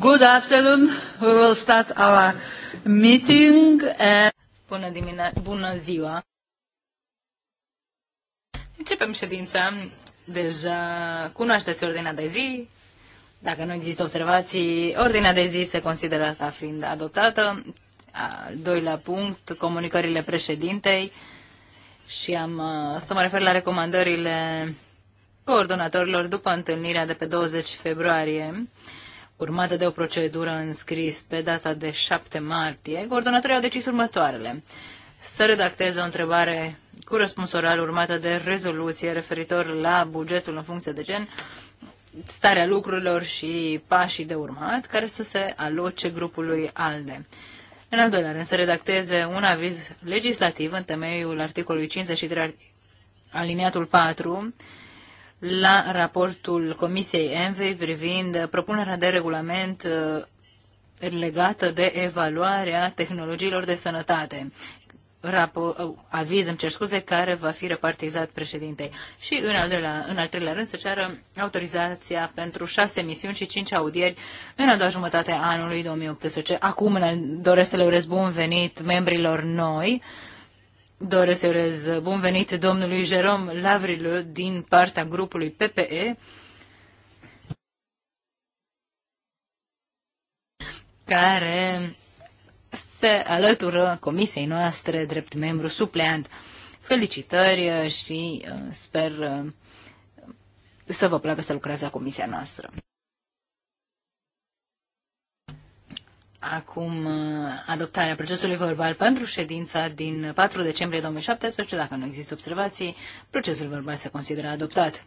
Good afternoon. We will start our meeting. Bună, dimine- bună ziua. Începem ședința. Deja cunoașteți ordinea de zi. Dacă nu există observații, ordinea de zi se consideră ca fiind adoptată. Al doilea punct, comunicările președintei și am uh, să mă refer la recomandările coordonatorilor după întâlnirea de pe 20 februarie urmată de o procedură înscris pe data de 7 martie, coordonatorii au decis următoarele. Să redacteze o întrebare cu răspuns oral urmată de rezoluție referitor la bugetul în funcție de gen, starea lucrurilor și pașii de urmat, care să se aloce grupului ALDE. În al doilea rând, să redacteze un aviz legislativ în temeiul articolului 53 aliniatul 4 la raportul Comisiei ENVI privind propunerea de regulament uh, legată de evaluarea tehnologiilor de sănătate. Rapo- uh, aviz, îmi cer scuze, care va fi repartizat președintei. Și în al, doilea, în al treilea rând se ceară autorizația pentru șase misiuni și cinci audieri în a doua jumătate a anului 2018. Acum doresc să le urez bun venit membrilor noi. Uh, Doresc să urez bun venit domnului Jerome Lavrilu din partea grupului PPE. care se alătură comisiei noastre drept membru supleant. Felicitări și uh, sper uh, să vă placă să lucrați la comisia noastră. acum uh, adoptarea procesului verbal pentru ședința din 4 decembrie 2017. Dacă nu există observații, procesul verbal se consideră adoptat.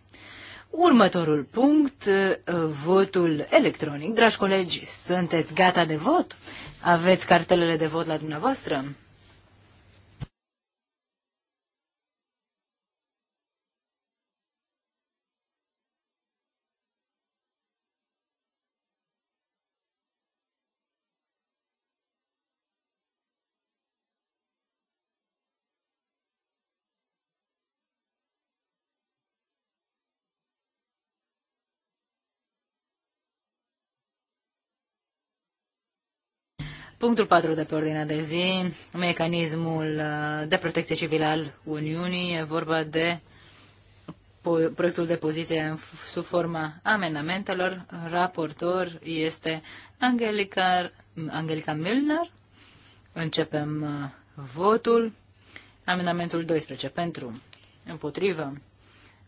Următorul punct, uh, votul electronic. Dragi colegi, sunteți gata de vot? Aveți cartelele de vot la dumneavoastră? Punctul 4 de pe ordinea de zi, mecanismul uh, de protecție civilă al Uniunii, e vorba de proiectul de poziție sub forma amendamentelor. Raportor este Angelica, Angelica Milner. Începem uh, votul. Amendamentul 12 pentru, împotrivă,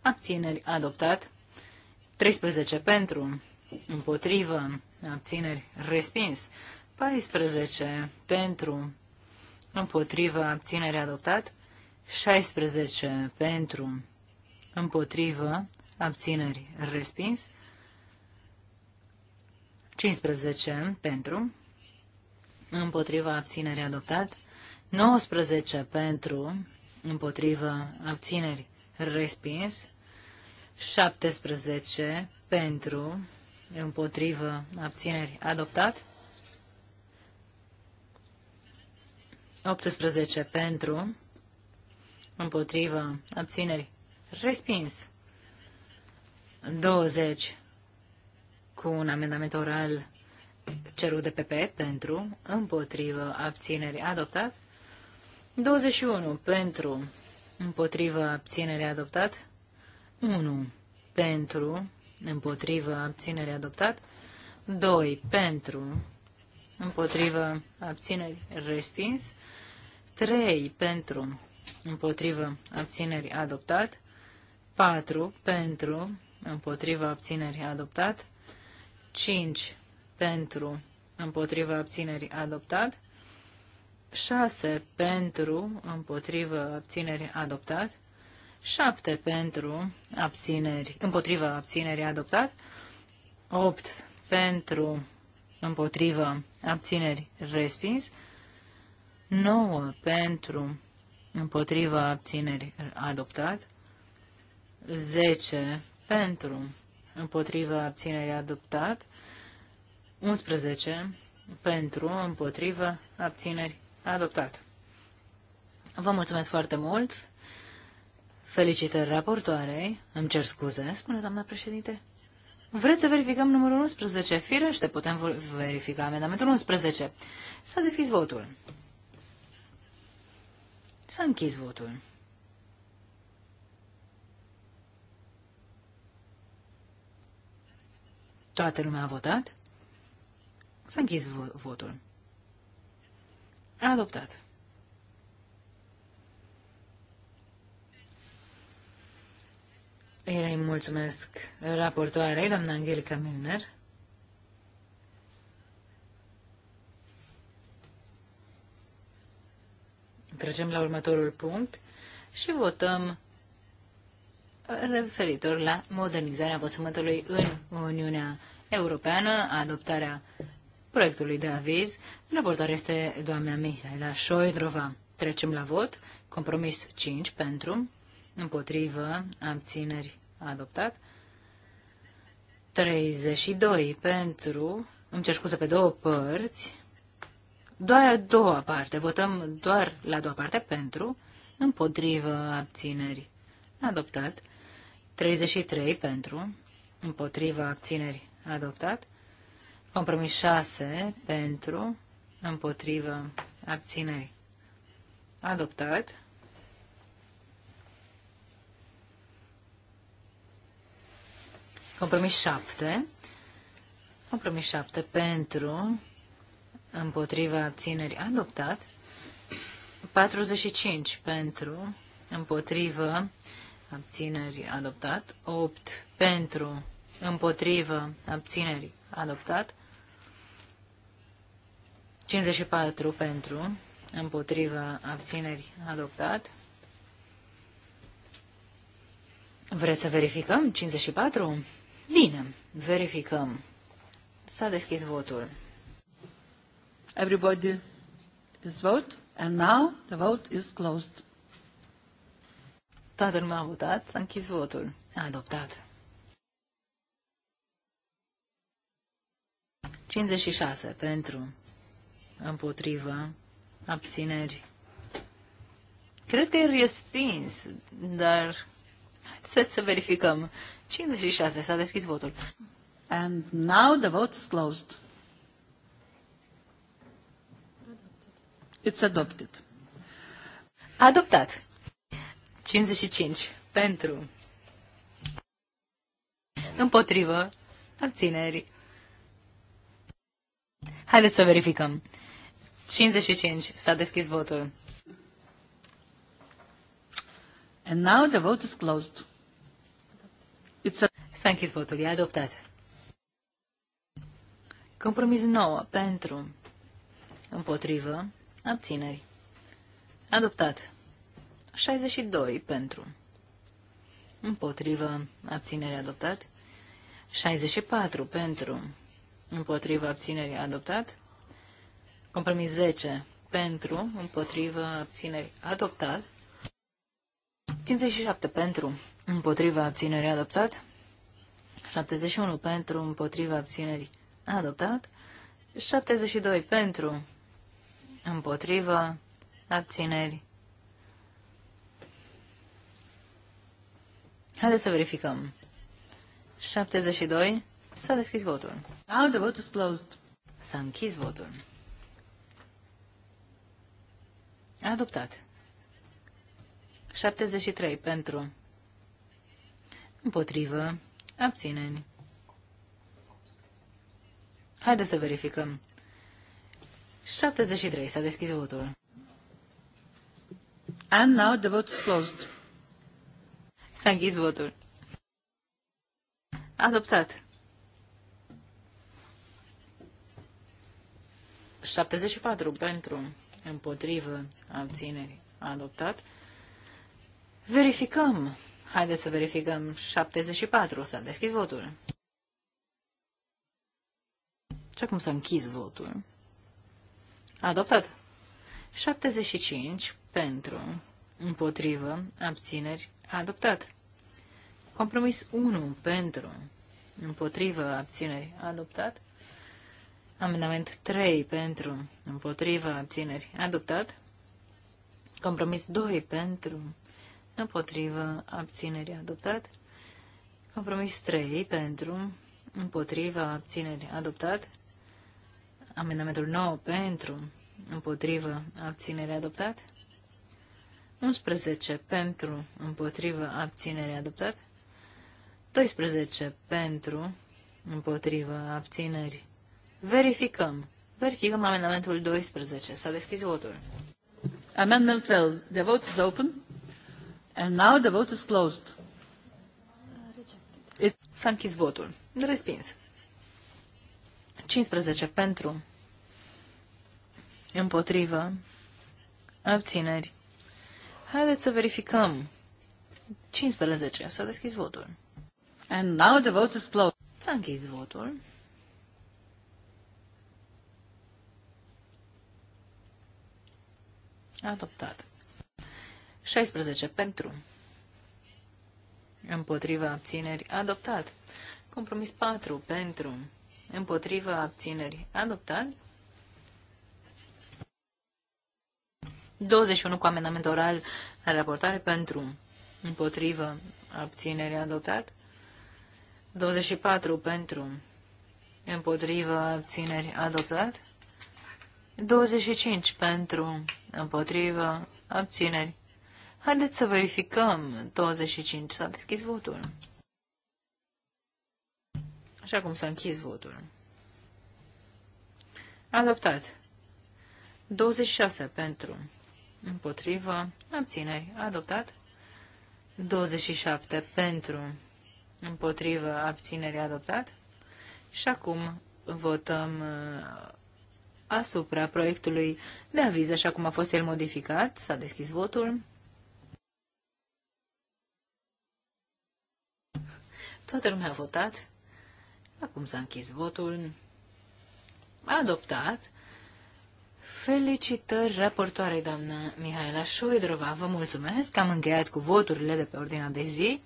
abțineri adoptat. 13 pentru, împotrivă, abțineri respins. 14 pentru, împotrivă, abținere adoptat, 16 pentru, împotrivă, abțineri respins, 15 pentru, împotriva abțineri adoptat, 19 pentru, împotriva abțineri respins, 17 pentru, împotriva abțineri adoptat, 18 pentru, împotrivă, abțineri, respins. 20 cu un amendament oral cerut de PP pentru, împotrivă, abțineri, adoptat. 21 pentru, împotrivă, abțineri, adoptat. 1 pentru, împotrivă, abțineri, adoptat. 2 pentru, împotrivă, abțineri, respins. 3 pentru, împotrivă, abțineri, adoptat. 4 pentru, împotrivă, abțineri, adoptat. 5 pentru, împotrivă, abțineri, adoptat. 6 pentru, împotrivă, abțineri, adoptat. 7 pentru, abțineri, împotrivă, abțineri, adoptat. 8 pentru, împotrivă, abțineri, respins. 9 pentru, împotriva abțineri adoptat, 10 pentru, împotriva abținerii adoptat, 11 pentru, împotriva abțineri adoptat. Vă mulțumesc foarte mult! Felicitări raportoarei. Îmi cer scuze, spune doamna președinte. Vreți să verificăm numărul 11? Firește, putem verifica amendamentul 11. S-a deschis votul. S-a închis votul. Toată lumea a votat? S-a închis votul. A adoptat. Îi mulțumesc raportoarei, doamna Angelica Milner. Trecem la următorul punct și votăm referitor la modernizarea învățământului în Uniunea Europeană, adoptarea proiectului de aviz. Raportarea este doamna Mihaela Șoidrova. Trecem la vot. Compromis 5 pentru, împotrivă, abțineri adoptat. 32 pentru, îmi cer scuze pe două părți, doar a doua parte. Votăm doar la a doua parte pentru, împotrivă, abțineri. Adoptat. 33 pentru, împotrivă abțineri. Adoptat. Compromis 6 pentru, împotrivă, abțineri. Adoptat. Compromis 7. Compromis 7 pentru, împotriva abținerii. adoptat, 45 pentru, împotrivă, abțineri adoptat, 8 pentru, împotrivă, abțineri adoptat, 54 pentru, împotrivă, abțineri adoptat. Vreți să verificăm? 54? Bine, verificăm. S-a deschis votul. Everybody is vote and now the vote is closed. Toată lumea a votat, s-a închis votul. A adoptat. 56 pentru, împotrivă, abțineri. Cred că e respins, dar haideți să verificăm. 56 s-a deschis votul. And now the vote is closed. It's adopted. Adoptat. 55. Pentru. Împotrivă. Abțineri. Haideți să verificăm. 55. S-a deschis votul. And now the vote is closed. It's a... S-a închis votul. E adoptat. Compromis 9. Pentru. Împotrivă. Abțineri. Adoptat. 62 pentru. Împotrivă. Abținere adoptat. 64 pentru. Împotrivă. Abținere adoptat. Compromis 10 pentru. Împotrivă. Abținere adoptat. 57 pentru. Împotrivă. Abținere adoptat. 71 pentru. Împotrivă. Abținerii adoptat. 72 pentru împotrivă, abțineri. Haideți să verificăm. 72. S-a deschis votul. Now the vote is closed. S-a închis votul. Adoptat. 73 pentru. Împotrivă. Abțineri. Haideți să verificăm. 73. S-a deschis votul. And now the vote is closed. S-a închis votul. Adoptat. 74 pentru, împotrivă, abțineri, adoptat. Verificăm. Haideți să verificăm. 74. S-a deschis votul. Și acum s-a închis votul. Adoptat. 75 pentru, împotrivă, abțineri, adoptat. Compromis 1 pentru, împotrivă, abțineri, adoptat. Amendament 3 pentru, împotrivă, abțineri, adoptat. Compromis 2 pentru, împotrivă, abțineri, adoptat. Compromis 3 pentru, împotrivă, abțineri, adoptat. Amendamentul 9 pentru, împotrivă, abținere adoptat. 11 pentru, împotrivă, abținere adoptat. 12 pentru, împotrivă, abțineri. Verificăm. Verificăm amendamentul 12. S-a deschis votul. Amendment 12. The vote is open. And now the vote is closed. S-a închis votul. Respins. 15 pentru, împotrivă, abțineri. Haideți să verificăm. 15. S-a deschis votul. And now the vote is closed. S-a închis votul. Adoptat. 16 pentru. Împotriva abțineri. Adoptat. Compromis 4 pentru împotriva abținerii adoptat. 21 cu amendament oral la raportare pentru, împotrivă, abținerii adoptat. 24 pentru, împotrivă, abțineri, adoptat. 25 pentru, împotrivă, abțineri. Haideți să verificăm 25. S-a deschis votul. Așa cum s-a închis votul. Adoptat. 26 pentru. Împotrivă. Abțineri. Adoptat. 27 pentru. Împotrivă. Abțineri. Adoptat. Și acum votăm uh, asupra proiectului de aviz, așa cum a fost el modificat. S-a deschis votul. Toată lumea a votat. Acum s-a închis votul. Adoptat. Felicitări raportoare, doamna Mihaela Șoidrova. Vă mulțumesc că am încheiat cu voturile de pe ordinea de zi.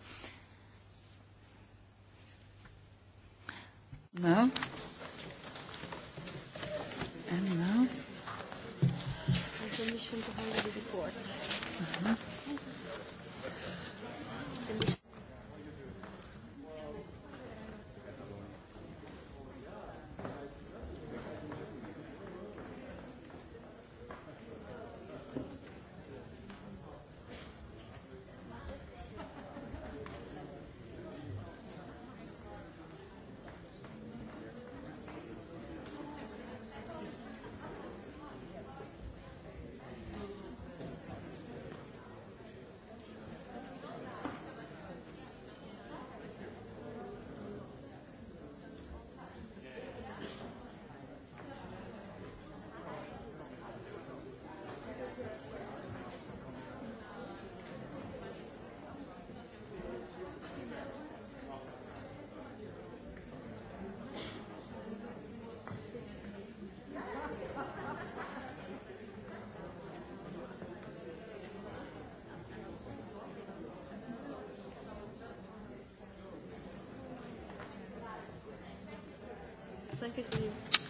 Da? And now...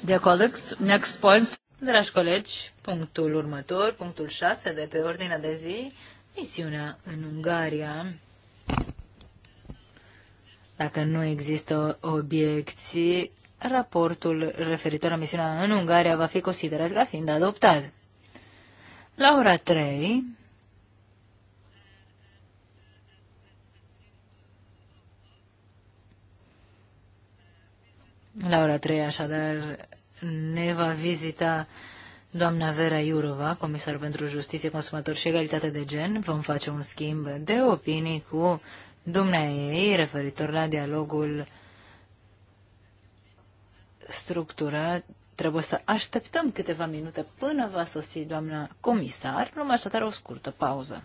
Dear colleagues, next point. Dragi colegi, punctul următor, punctul 6 de pe ordinea de zi, misiunea în Ungaria. Dacă nu există obiecții, raportul referitor la misiunea în Ungaria va fi considerat ca fiind adoptat. La ora 3, La ora 3, așadar, ne va vizita doamna Vera Iurova, comisar pentru justiție, consumator și egalitate de gen. Vom face un schimb de opinii cu ei referitor la dialogul structurat. Trebuie să așteptăm câteva minute până va sosi doamna comisar. mai așadar o scurtă pauză.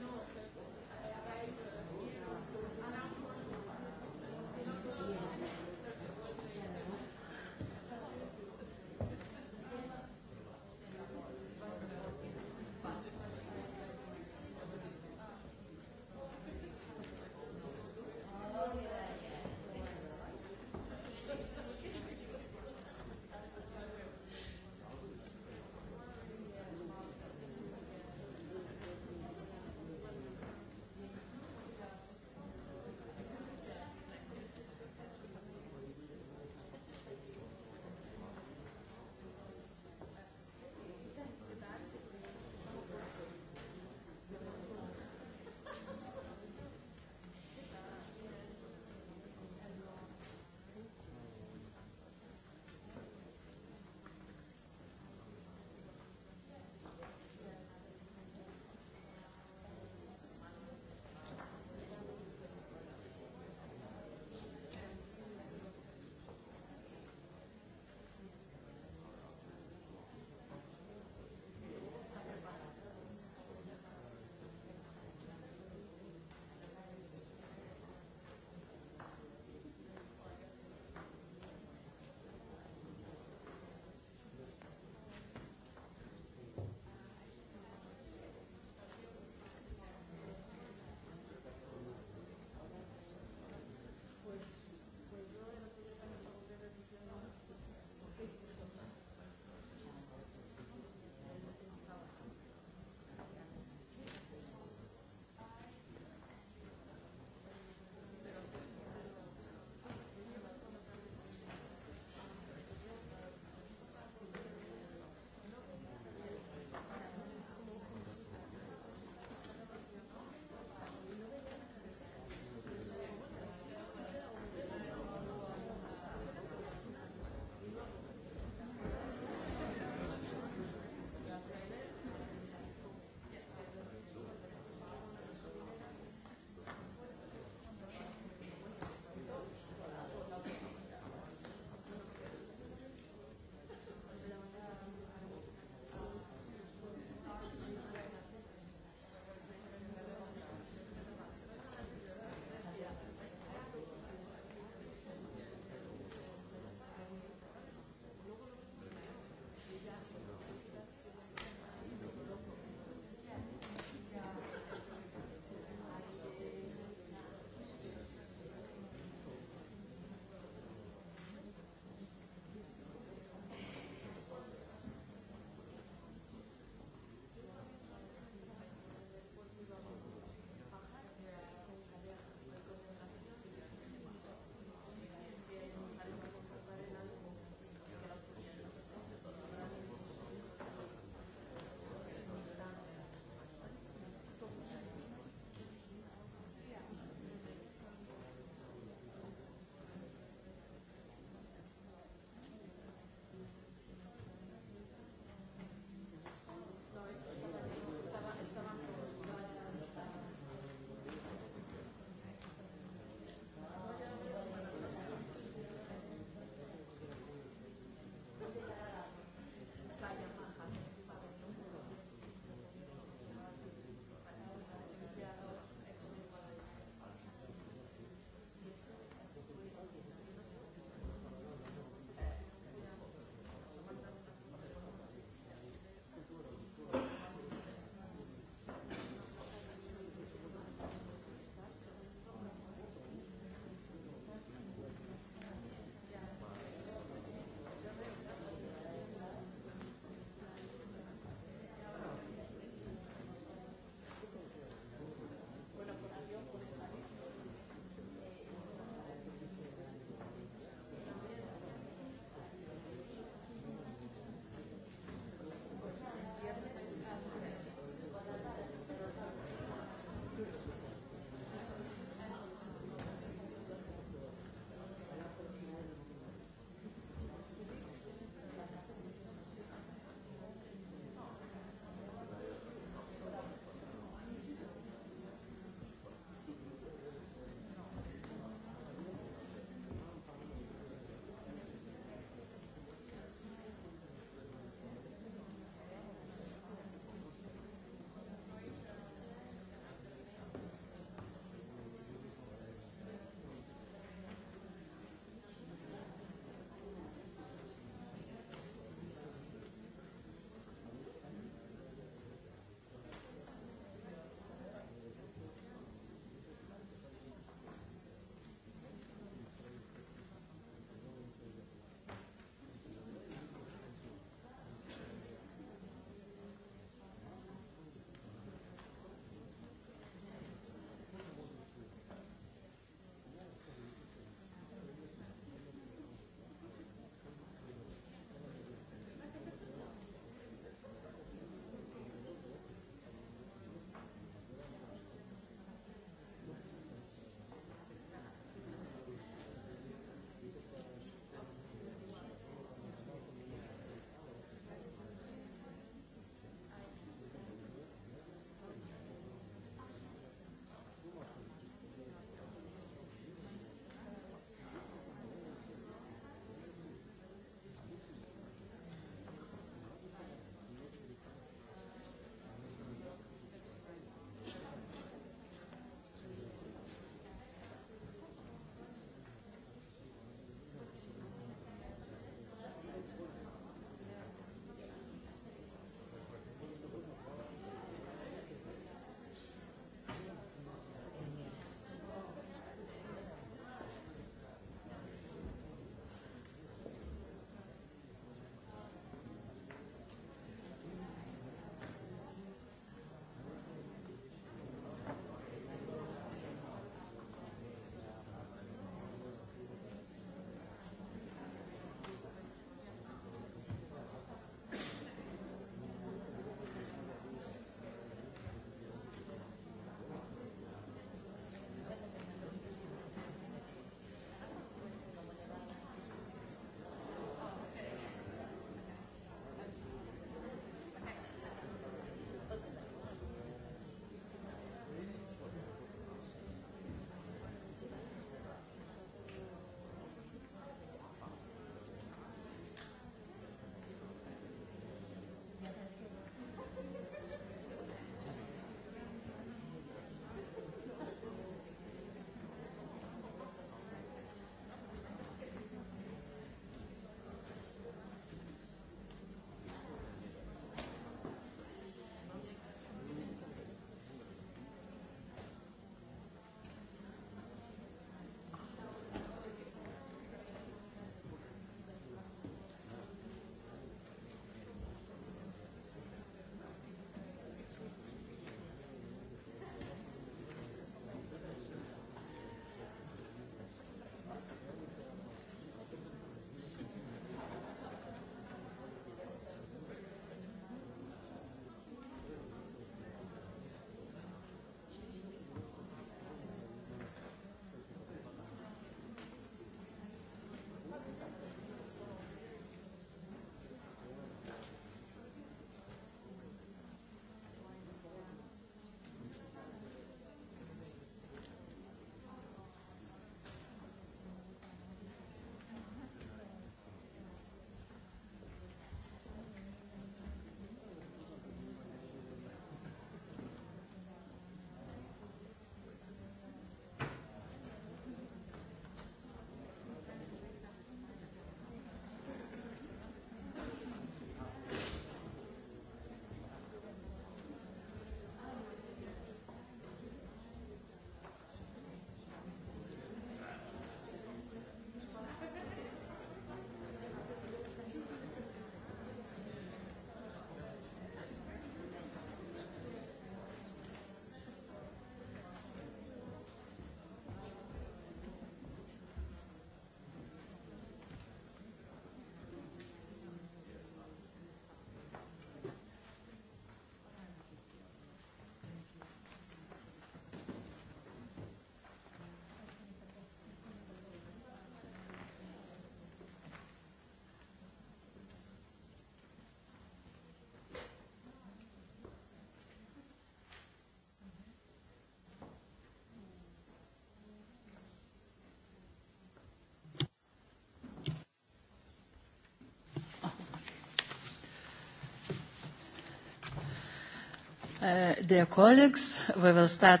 Uh, dear colleagues, we will start...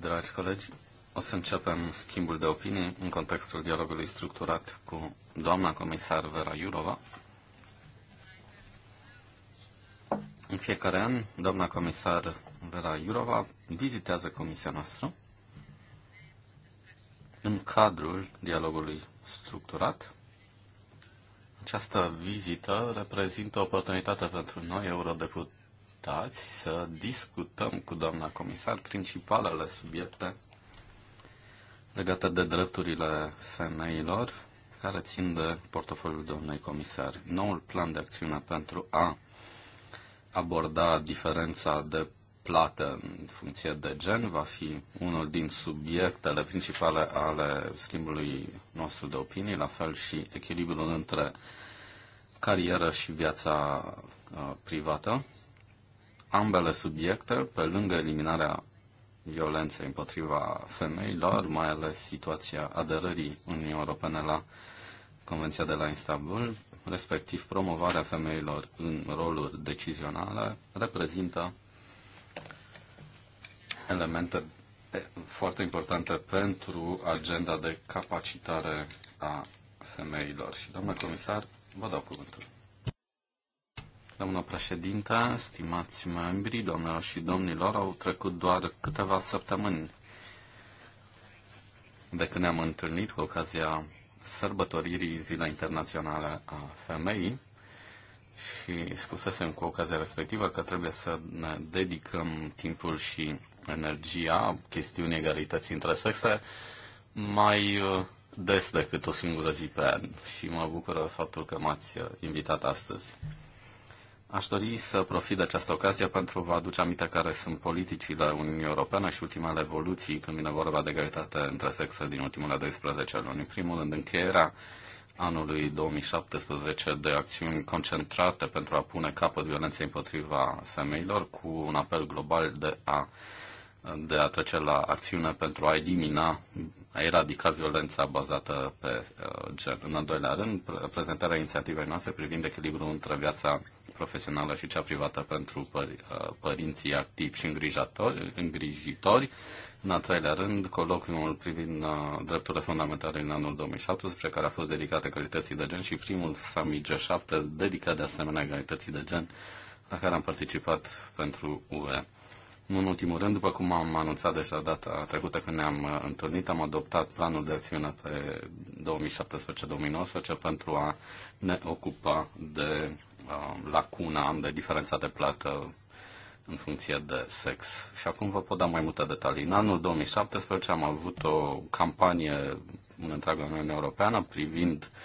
Dragi colegi, o să începem schimbul de opinii în contextul dialogului structurat cu doamna comisar Vera Iurova. În fiecare an, doamna comisar Vera Iurova vizitează comisia noastră în cadrul dialogului structurat. Această vizită reprezintă o oportunitate pentru noi, eurodeput invitați să discutăm cu doamna comisar principalele subiecte legate de drepturile femeilor care țin de portofoliul doamnei comisar. Noul plan de acțiune pentru a aborda diferența de plată în funcție de gen va fi unul din subiectele principale ale schimbului nostru de opinii, la fel și echilibrul între carieră și viața uh, privată ambele subiecte, pe lângă eliminarea violenței împotriva femeilor, mai ales situația aderării Uniunii Europene la Convenția de la Istanbul, respectiv promovarea femeilor în roluri decizionale, reprezintă elemente foarte importante pentru agenda de capacitare a femeilor. Și, doamnă comisar, vă dau cuvântul. Doamna președinte, stimați membri, doamnelor și domnilor, au trecut doar câteva săptămâni de când ne-am întâlnit cu ocazia sărbătoririi Zilei Internaționale a Femeii și spusesem cu ocazia respectivă că trebuie să ne dedicăm timpul și energia chestiunii egalității între sexe mai uh, des decât o singură zi pe an și mă bucură faptul că m-ați uh, invitat astăzi. Aș dori să profit de această ocazie pentru a vă aduce aminte care sunt politicile Uniunii Europene și ultimele evoluții când vine vorba de egalitate între sexe din ultimele 12 luni. În primul rând, încheierea anului 2017 de acțiuni concentrate pentru a pune capăt violenței împotriva femeilor cu un apel global de a, de a trece la acțiune pentru a elimina a eradica violența bazată pe uh, gen. În al doilea rând, prezentarea inițiativei noastre privind echilibrul între viața profesională și cea privată pentru păr- uh, părinții activi și îngrijitori, îngrijitori. În al treilea rând, colocviul privind uh, drepturile fundamentale în anul 2017, care a fost dedicat calității de gen și primul summit G7 dedicat de asemenea egalității de gen, la care am participat pentru UE. Nu în ultimul rând, după cum am anunțat deja data trecută când ne-am uh, întâlnit, am adoptat planul de acțiune pe 2017-2019 pentru a ne ocupa de uh, lacuna, de diferența de plată în funcție de sex. Și acum vă pot da mai multe detalii. În anul 2017 am avut o campanie în întreaga Uniune Europeană privind uh,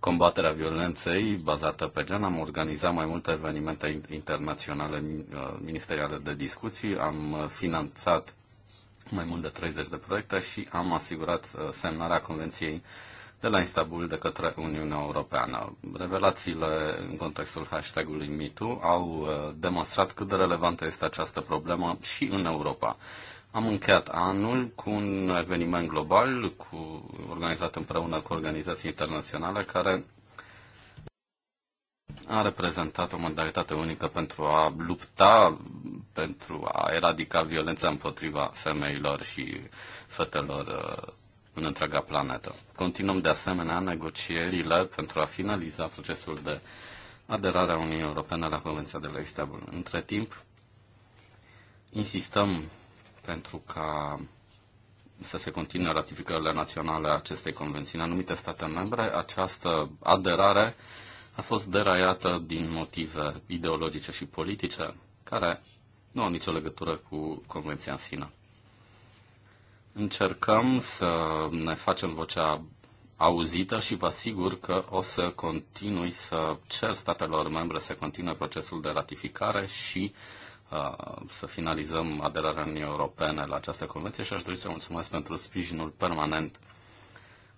combaterea violenței bazată pe gen. Am organizat mai multe evenimente internaționale uh, ministeriale de discuții, am uh, finanțat mai mult de 30 de proiecte și am asigurat uh, semnarea Convenției de la Istanbul de către Uniunea Europeană. Revelațiile în contextul hashtagului MeToo au demonstrat cât de relevantă este această problemă și în Europa. Am încheiat anul cu un eveniment global cu, organizat împreună cu organizații internaționale care a reprezentat o modalitate unică pentru a lupta, pentru a eradica violența împotriva femeilor și fetelor uh, în întreaga planetă. Continuăm de asemenea negocierile pentru a finaliza procesul de aderare a Uniunii Europene la Convenția de la Istanbul. Între timp, insistăm pentru ca să se continue ratificările naționale a acestei convenții în anumite state membre, această aderare a fost deraiată din motive ideologice și politice, care nu au nicio legătură cu convenția în sine. Încercăm să ne facem vocea auzită și vă asigur că o să continui să cer statelor membre să continue procesul de ratificare și uh, să finalizăm aderarea Uniunii Europene la această convenție și aș dori să mulțumesc pentru sprijinul permanent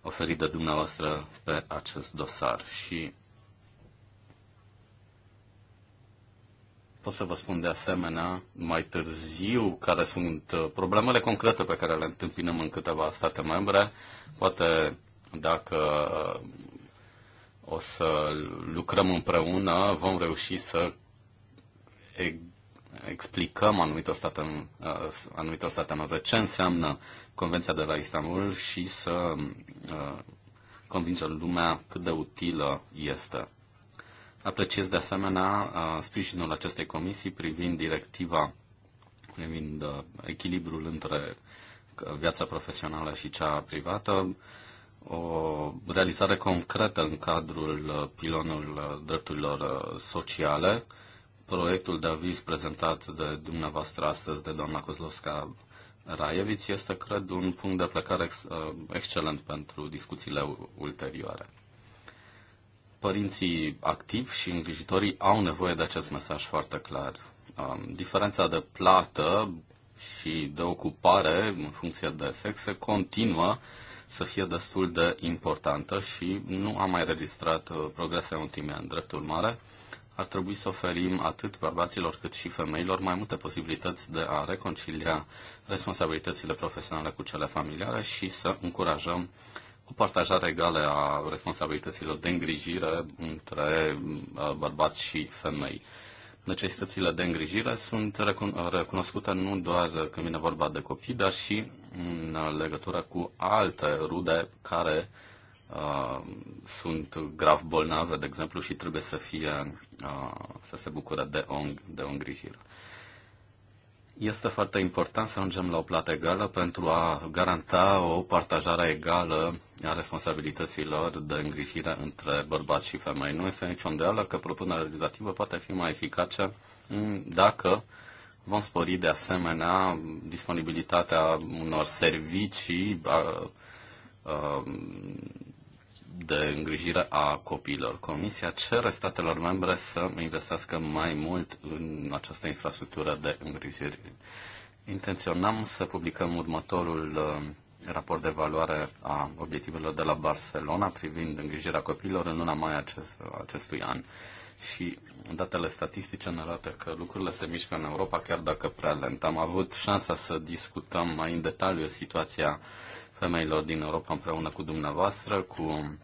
oferit de dumneavoastră pe acest dosar. Și pot să vă spun de asemenea mai târziu care sunt uh, problemele concrete pe care le întâmpinăm în câteva state membre. Poate dacă uh, o să lucrăm împreună, vom reuși să explicăm anumitor state, uh, anumitor state membre ce înseamnă Convenția de la Istanbul și să uh, convingem lumea cât de utilă este. Apreciez de asemenea uh, sprijinul acestei comisii privind directiva, privind echilibrul între viața profesională și cea privată, o realizare concretă în cadrul pilonului drepturilor sociale, proiectul de aviz prezentat de dumneavoastră astăzi de doamna Kozlovska Raieviț este, cred, un punct de plecare ex- uh, excelent pentru discuțiile ulterioare. Părinții activi și îngrijitorii au nevoie de acest mesaj foarte clar. Um, diferența de plată și de ocupare în funcție de sexe continuă să fie destul de importantă și nu am mai registrat uh, progrese în ultimii ani ar trebui să oferim atât bărbaților cât și femeilor mai multe posibilități de a reconcilia responsabilitățile profesionale cu cele familiale și să încurajăm o partajare egală a responsabilităților de îngrijire între uh, bărbați și femei. Necesitățile de îngrijire sunt uh, recunoscute nu doar când vine vorba de copii, dar și în legătură cu alte rude care uh, sunt grav bolnave, de exemplu, și trebuie să fie să se bucure de o, de o îngrijire. Este foarte important să ajungem la o plată egală pentru a garanta o partajare egală a responsabilităților de îngrijire între bărbați și femei. Nu este nicio îndoială că propunerea legislativă poate fi mai eficace dacă vom spori de asemenea disponibilitatea unor servicii a, a, de îngrijire a copiilor. Comisia cere statelor membre să investească mai mult în această infrastructură de îngrijire. Intenționam să publicăm următorul uh, raport de evaluare a obiectivelor de la Barcelona privind îngrijirea copiilor în luna mai acest, acestui an. Și datele statistice ne arată că lucrurile se mișcă în Europa, chiar dacă prea lent. Am avut șansa să discutăm mai în detaliu situația femeilor din Europa împreună cu dumneavoastră, cu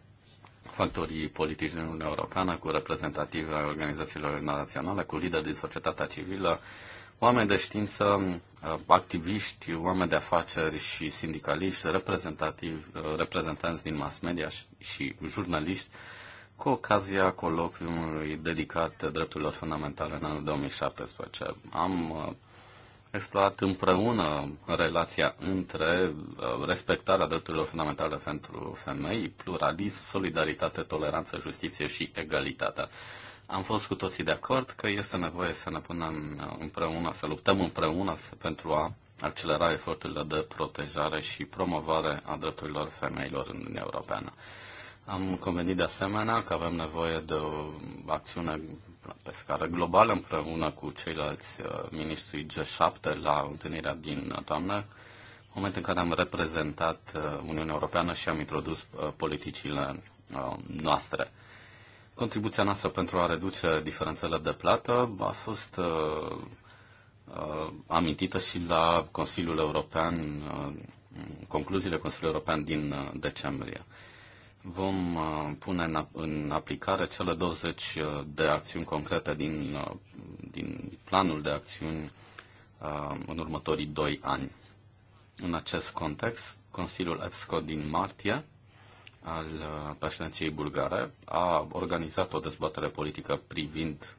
factorii politici din Uniunea Europeană, cu reprezentativi ai organizațiilor naționale, cu lideri din societatea civilă, oameni de știință, uh, activiști, oameni de afaceri și sindicaliști, reprezentativi, uh, reprezentanți din mass media și, jurnaliști, cu ocazia colocviului dedicat drepturilor fundamentale în anul 2017. Am uh, explorat împreună relația între uh, respectarea drepturilor fundamentale pentru femei, pluralism, solidaritate, toleranță, justiție și egalitate. Am fost cu toții de acord că este nevoie să ne punem uh, împreună, să luptăm împreună pentru a accelera eforturile de protejare și promovare a drepturilor femeilor în Uniunea Europeană. Am convenit de asemenea că avem nevoie de o acțiune pe scară globală împreună cu ceilalți uh, ministrii G7 la întâlnirea din toamnă, moment în care am reprezentat uh, Uniunea Europeană și am introdus uh, politicile noastre. Contribuția noastră pentru a reduce diferențele de plată a fost amintită și la Consiliul European, concluziile Consiliului European din decembrie vom uh, pune în, aplicare cele 20 uh, de acțiuni concrete din, uh, din planul de acțiuni în următorii 2 ani. În acest context, Consiliul EPSCO din martie al președinției bulgare a organizat o dezbatere politică privind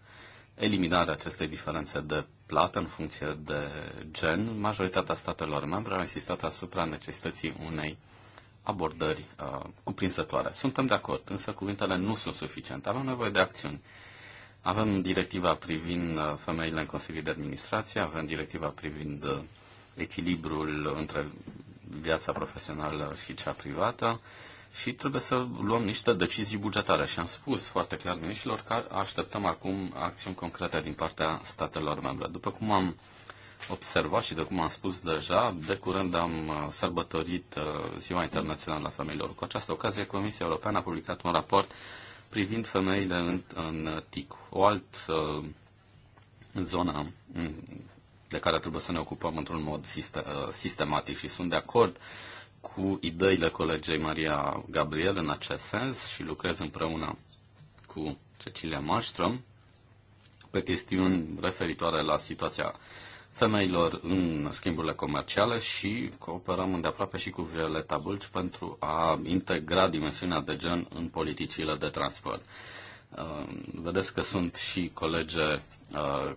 eliminarea acestei diferențe de plată în funcție de gen. Majoritatea statelor membre au insistat asupra necesității unei uh, abordări uh, cuprinsătoare. Suntem de acord, însă cuvintele nu sunt suficiente. Avem nevoie de acțiuni. Avem directiva privind uh, femeile în Consiliul de Administrație, avem directiva privind uh, echilibrul între viața profesională și cea privată și trebuie să luăm niște decizii bugetare. Și am spus foarte clar ministrilor că așteptăm acum acțiuni concrete din partea statelor membre. După cum am observat și de cum am spus deja, de curând am uh, sărbătorit uh, Ziua Internațională a Femeilor. Cu această ocazie, Comisia Europeană a publicat un raport privind femeile în, în TIC. O altă uh, zonă de care trebuie să ne ocupăm într-un mod sistematic și sunt de acord cu ideile colegei Maria Gabriel în acest sens și lucrez împreună cu Cecilia Malmström pe chestiuni referitoare la situația femeilor în schimburile comerciale și cooperăm îndeaproape și cu Violeta Bulci pentru a integra dimensiunea de gen în politicile de transport. Uh, vedeți că sunt și colege uh,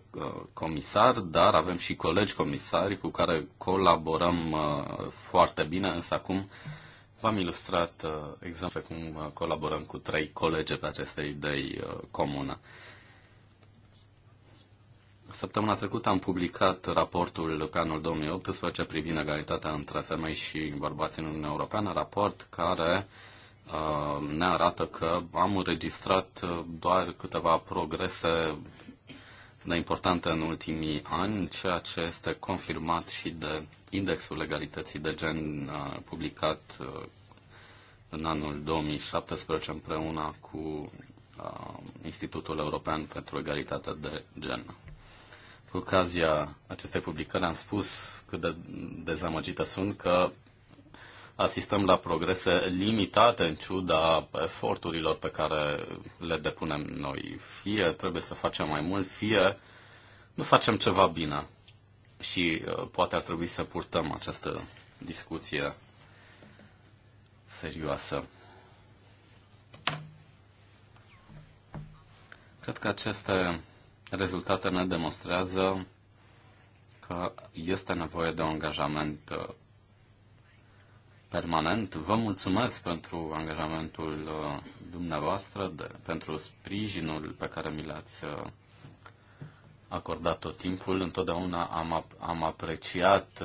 comisar, dar avem și colegi comisari cu care colaborăm uh, foarte bine, însă acum v-am ilustrat exemple cum colaborăm cu trei colege pe aceste idei comune. Săptămâna trecută am publicat raportul pe anul 2018 privind egalitatea între femei și bărbați în Uniunea Europeană, raport care uh, ne arată că am înregistrat uh, doar câteva progrese de importante în ultimii ani, ceea ce este confirmat și de indexul legalității de gen uh, publicat uh, în anul 2017 împreună cu uh, Institutul European pentru Egalitate de Gen. Cu ocazia acestei publicări am spus cât de dezamăgită sunt că asistăm la progrese limitate în ciuda eforturilor pe care le depunem noi. Fie trebuie să facem mai mult, fie nu facem ceva bine. Și uh, poate ar trebui să purtăm această discuție serioasă. Cred că aceste rezultatele demonstrează că este nevoie de un angajament uh, permanent. Vă mulțumesc pentru angajamentul uh, dumneavoastră, de, pentru sprijinul pe care mi l-ați uh, acordat tot timpul. Întotdeauna am, am apreciat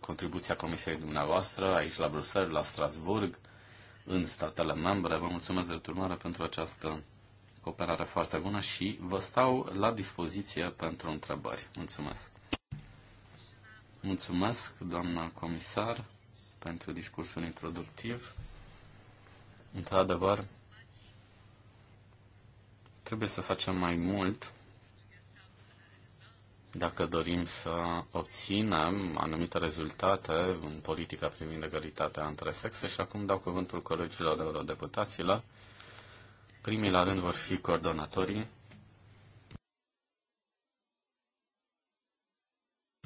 contribuția Comisiei dumneavoastră aici la Bruxelles, la Strasburg, în statele membre. Vă mulțumesc de urmare pentru această cooperare foarte bună și vă stau la dispoziție pentru întrebări. Mulțumesc! Mulțumesc, doamna comisar, pentru discursul introductiv. Într-adevăr, trebuie să facem mai mult dacă dorim să obținem anumite rezultate în politica privind egalitatea între sexe și acum dau cuvântul colegilor eurodeputaților. Primii la rând vor fi coordonatorii.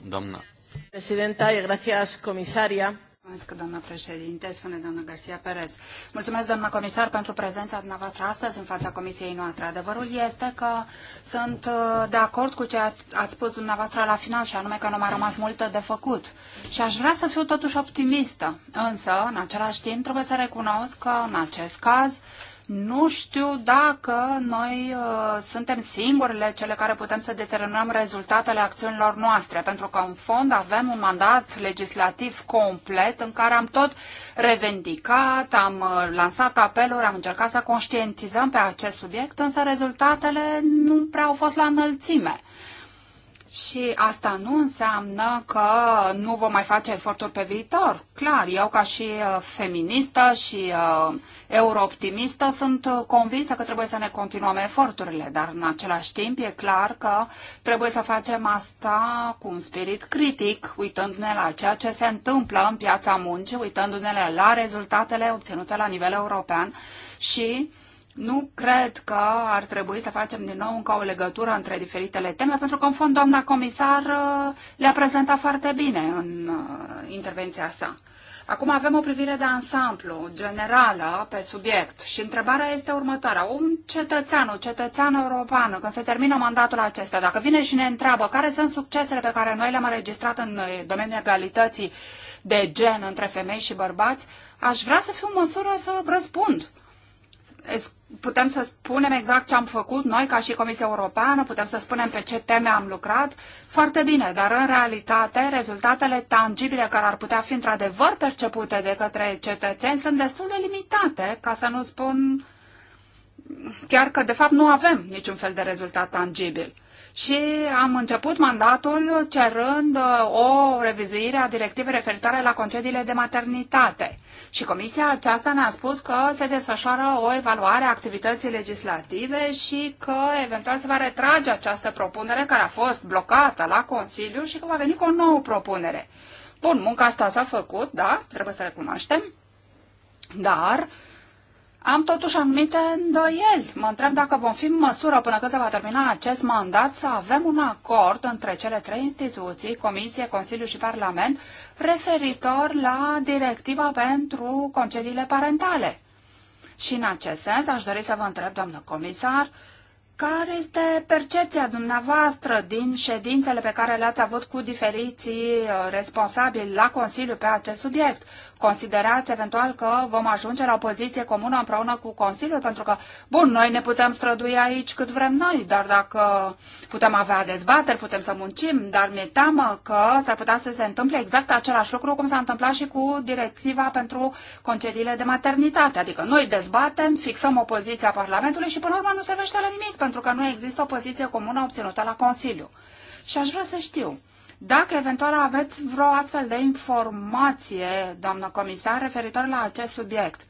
Doamna. Presidenta, e gracias, comisaria. Mulțumesc, doamna președinte, spune doamna Garcia Perez. Mulțumesc, doamna comisar, pentru prezența dumneavoastră astăzi în fața comisiei noastre. Adevărul este că sunt uh, de acord cu ce ați spus dumneavoastră la final, și anume că nu mai a rămas multe de făcut. Și aș vrea să fiu totuși optimistă, însă, în același timp, trebuie să recunosc că, în acest caz, nu știu dacă noi uh, suntem singurele cele care putem să determinăm rezultatele acțiunilor noastre, pentru că în fond avem un mandat legislativ complet în care am tot revendicat, am uh, lansat apeluri, am încercat să conștientizăm pe acest subiect, însă rezultatele nu prea au fost la înălțime. Și asta nu înseamnă că nu vom mai face eforturi pe viitor. Clar, eu ca și uh, feministă și uh, eurooptimistă sunt uh, convinsă că trebuie să ne continuăm eforturile, dar în același timp e clar că trebuie să facem asta cu un spirit critic, uitându-ne la ceea ce se întâmplă în piața muncii, uitându-ne la rezultatele obținute la nivel european și nu cred că ar trebui să facem din nou încă o legătură între diferitele teme, pentru că, în fond, doamna comisar uh, le-a prezentat foarte bine în uh, intervenția sa. Acum avem o privire de ansamblu generală pe subiect și întrebarea este următoarea. Un cetățean, o cetățeană europeană, când se termină mandatul acesta, dacă vine și ne întreabă care sunt succesele pe care noi le-am înregistrat în uh, domeniul egalității de gen între femei și bărbați, aș vrea să fiu în măsură să răspund putem să spunem exact ce am făcut noi ca și Comisia Europeană, putem să spunem pe ce teme am lucrat, foarte bine, dar în realitate rezultatele tangibile care ar putea fi într-adevăr percepute de către cetățeni sunt destul de limitate, ca să nu spun chiar că de fapt nu avem niciun fel de rezultat tangibil și am început mandatul cerând uh, o revizuire a directivei referitoare la concediile de maternitate. Și comisia aceasta ne-a spus că se desfășoară o evaluare a activității legislative și că eventual se va retrage această propunere care a fost blocată la Consiliu și că va veni cu o nouă propunere. Bun, munca asta s-a făcut, da, trebuie să recunoaștem, dar uh, am totuși anumite îndoieli. Mă întreb dacă vom fi în măsură, până când se va termina acest mandat, să avem un acord între cele trei instituții, Comisie, Consiliu și Parlament, referitor la directiva pentru concediile parentale. Și în acest sens aș dori să vă întreb, doamnă comisar, care este percepția dumneavoastră din ședințele pe care le-ați avut cu diferiții uh, responsabili la Consiliu pe acest subiect? Considerați eventual că vom ajunge la o poziție comună împreună cu Consiliul? Pentru că, bun, noi ne putem strădui aici cât vrem noi, dar dacă putem avea dezbateri, putem să muncim, dar mi-e teamă că s-ar putea să se întâmple exact același lucru cum s-a întâmplat și cu directiva pentru concediile de maternitate. Adică noi dezbatem, fixăm o poziție a Parlamentului și până la urmă nu servește la nimic, pentru că nu există o poziție comună obținută la Consiliu. Și aș vrea să știu, dacă eventual aveți vreo astfel de informație, doamnă comisar, referitor la acest subiect,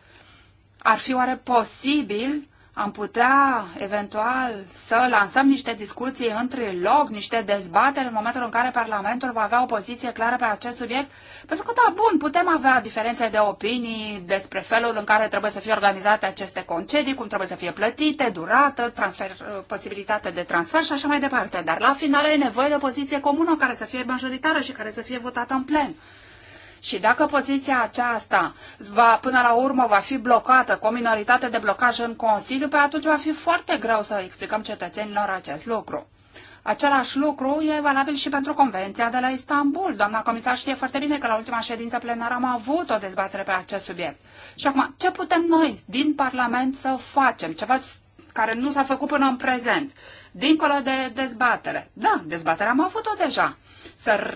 ar fi oare posibil am putea eventual să lansăm niște discuții între loc, niște dezbateri în momentul în care Parlamentul va avea o poziție clară pe acest subiect? Pentru că, da, bun, putem avea diferențe de opinii despre felul în care trebuie să fie organizate aceste concedii, cum trebuie să fie plătite, durată, transfer, uh, posibilitate de transfer și așa mai departe. Dar la final e nevoie de o poziție comună care să fie majoritară și care să fie votată în plen. Și dacă poziția aceasta va, până la urmă va fi blocată cu o minoritate de blocaj în Consiliu, pe atunci va fi foarte greu să explicăm cetățenilor acest lucru. Același lucru e valabil și pentru Convenția de la Istanbul. Doamna comisar știe foarte bine că la ultima ședință plenară am avut o dezbatere pe acest subiect. Și acum, ce putem noi din Parlament să facem? Ceva care nu s-a făcut până în prezent, dincolo de dezbatere. Da, dezbaterea am avut-o deja să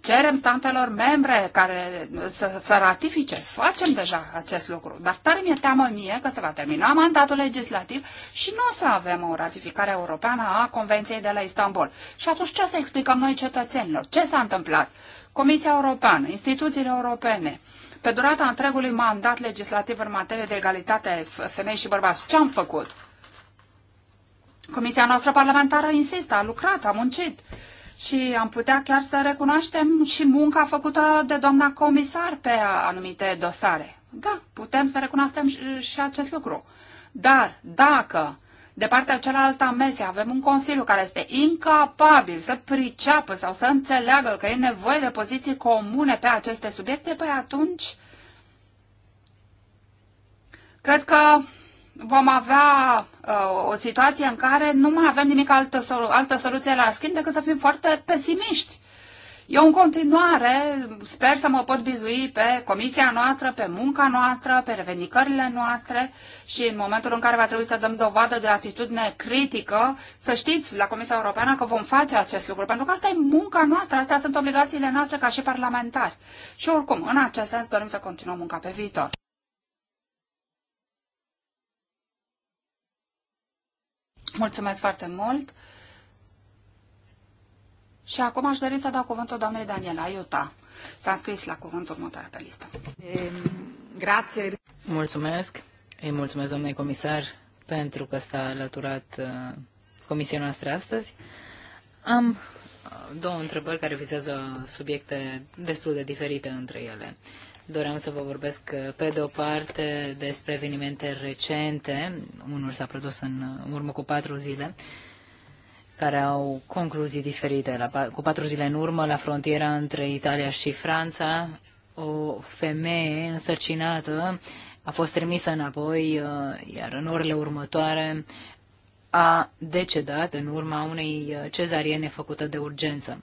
cerem statelor membre care să, să ratifice. Facem deja acest lucru, dar tare mi-e teamă mie că se va termina mandatul legislativ și nu o să avem o ratificare europeană a Convenției de la Istanbul. Și atunci ce să explicăm noi cetățenilor? Ce s-a întâmplat? Comisia Europeană, instituțiile europene, pe durata întregului mandat legislativ în materie de egalitate femei și bărbați, ce am făcut? Comisia noastră parlamentară insistă, a lucrat, a muncit și am putea chiar să recunoaștem și munca făcută de doamna comisar pe anumite dosare. Da, putem să recunoaștem și acest lucru. Dar dacă de partea cealaltă a mesei avem un consiliu care este incapabil să priceapă sau să înțeleagă că e nevoie de poziții comune pe aceste subiecte, păi atunci cred că vom avea uh, o situație în care nu mai avem nimic altă, solu- altă soluție la schimb decât să fim foarte pesimiști. Eu în continuare sper să mă pot bizui pe comisia noastră, pe munca noastră, pe revendicările noastre și în momentul în care va trebui să dăm dovadă de atitudine critică, să știți la Comisia Europeană că vom face acest lucru, pentru că asta e munca noastră, astea sunt obligațiile noastre ca și parlamentari. Și oricum, în acest sens dorim să continuăm munca pe viitor. Mulțumesc foarte mult. Și acum aș dori să dau cuvântul doamnei Daniela Iuta. S-a înscris la cuvântul următor pe listă. E, grație. Mulțumesc. Îi mulțumesc, domnule comisar, pentru că s-a alăturat uh, comisia noastră astăzi. Am uh, două întrebări care vizează subiecte destul de diferite între ele. Doream să vă vorbesc uh, pe de o parte despre evenimente recente, unul s-a produs în uh, urmă cu patru zile, care au concluzii diferite. La, cu patru zile în urmă, la frontiera între Italia și Franța, o femeie însărcinată a fost trimisă înapoi, uh, iar în orele următoare a decedat în urma unei cezariene făcută de urgență.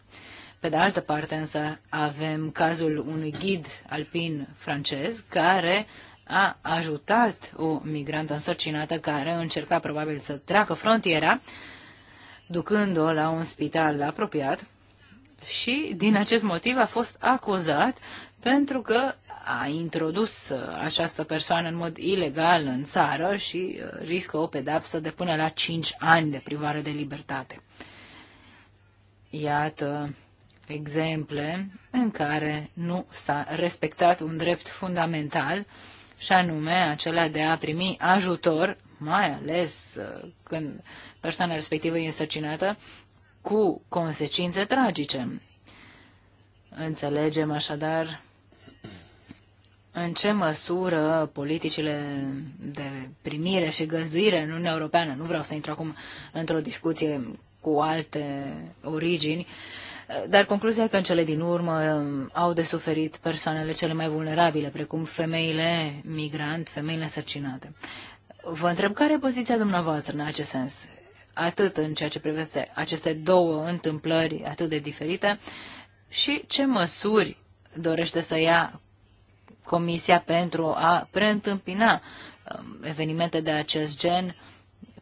Pe de altă parte însă avem cazul unui ghid alpin francez care a ajutat o migrantă însărcinată care încerca probabil să treacă frontiera, ducând-o la un spital apropiat și din acest motiv a fost acuzat pentru că a introdus uh, această persoană în mod ilegal în țară și uh, riscă o pedapsă de până la 5 ani de privare de libertate. Iată exemple în care nu s-a respectat un drept fundamental, și anume acela de a primi ajutor, mai ales uh, când persoana respectivă e însărcinată, cu consecințe tragice. Înțelegem așadar în ce măsură politicile de primire și găzduire în Uniunea Europeană, nu vreau să intru acum într-o discuție cu alte origini, uh, dar concluzia e că în cele din urmă um, au de suferit persoanele cele mai vulnerabile, precum femeile migrant, femeile însărcinate. Vă întreb care e poziția dumneavoastră în acest sens? Atât în ceea ce privește aceste două întâmplări atât de diferite și ce măsuri dorește să ia Comisia pentru a preîntâmpina um, evenimente de acest gen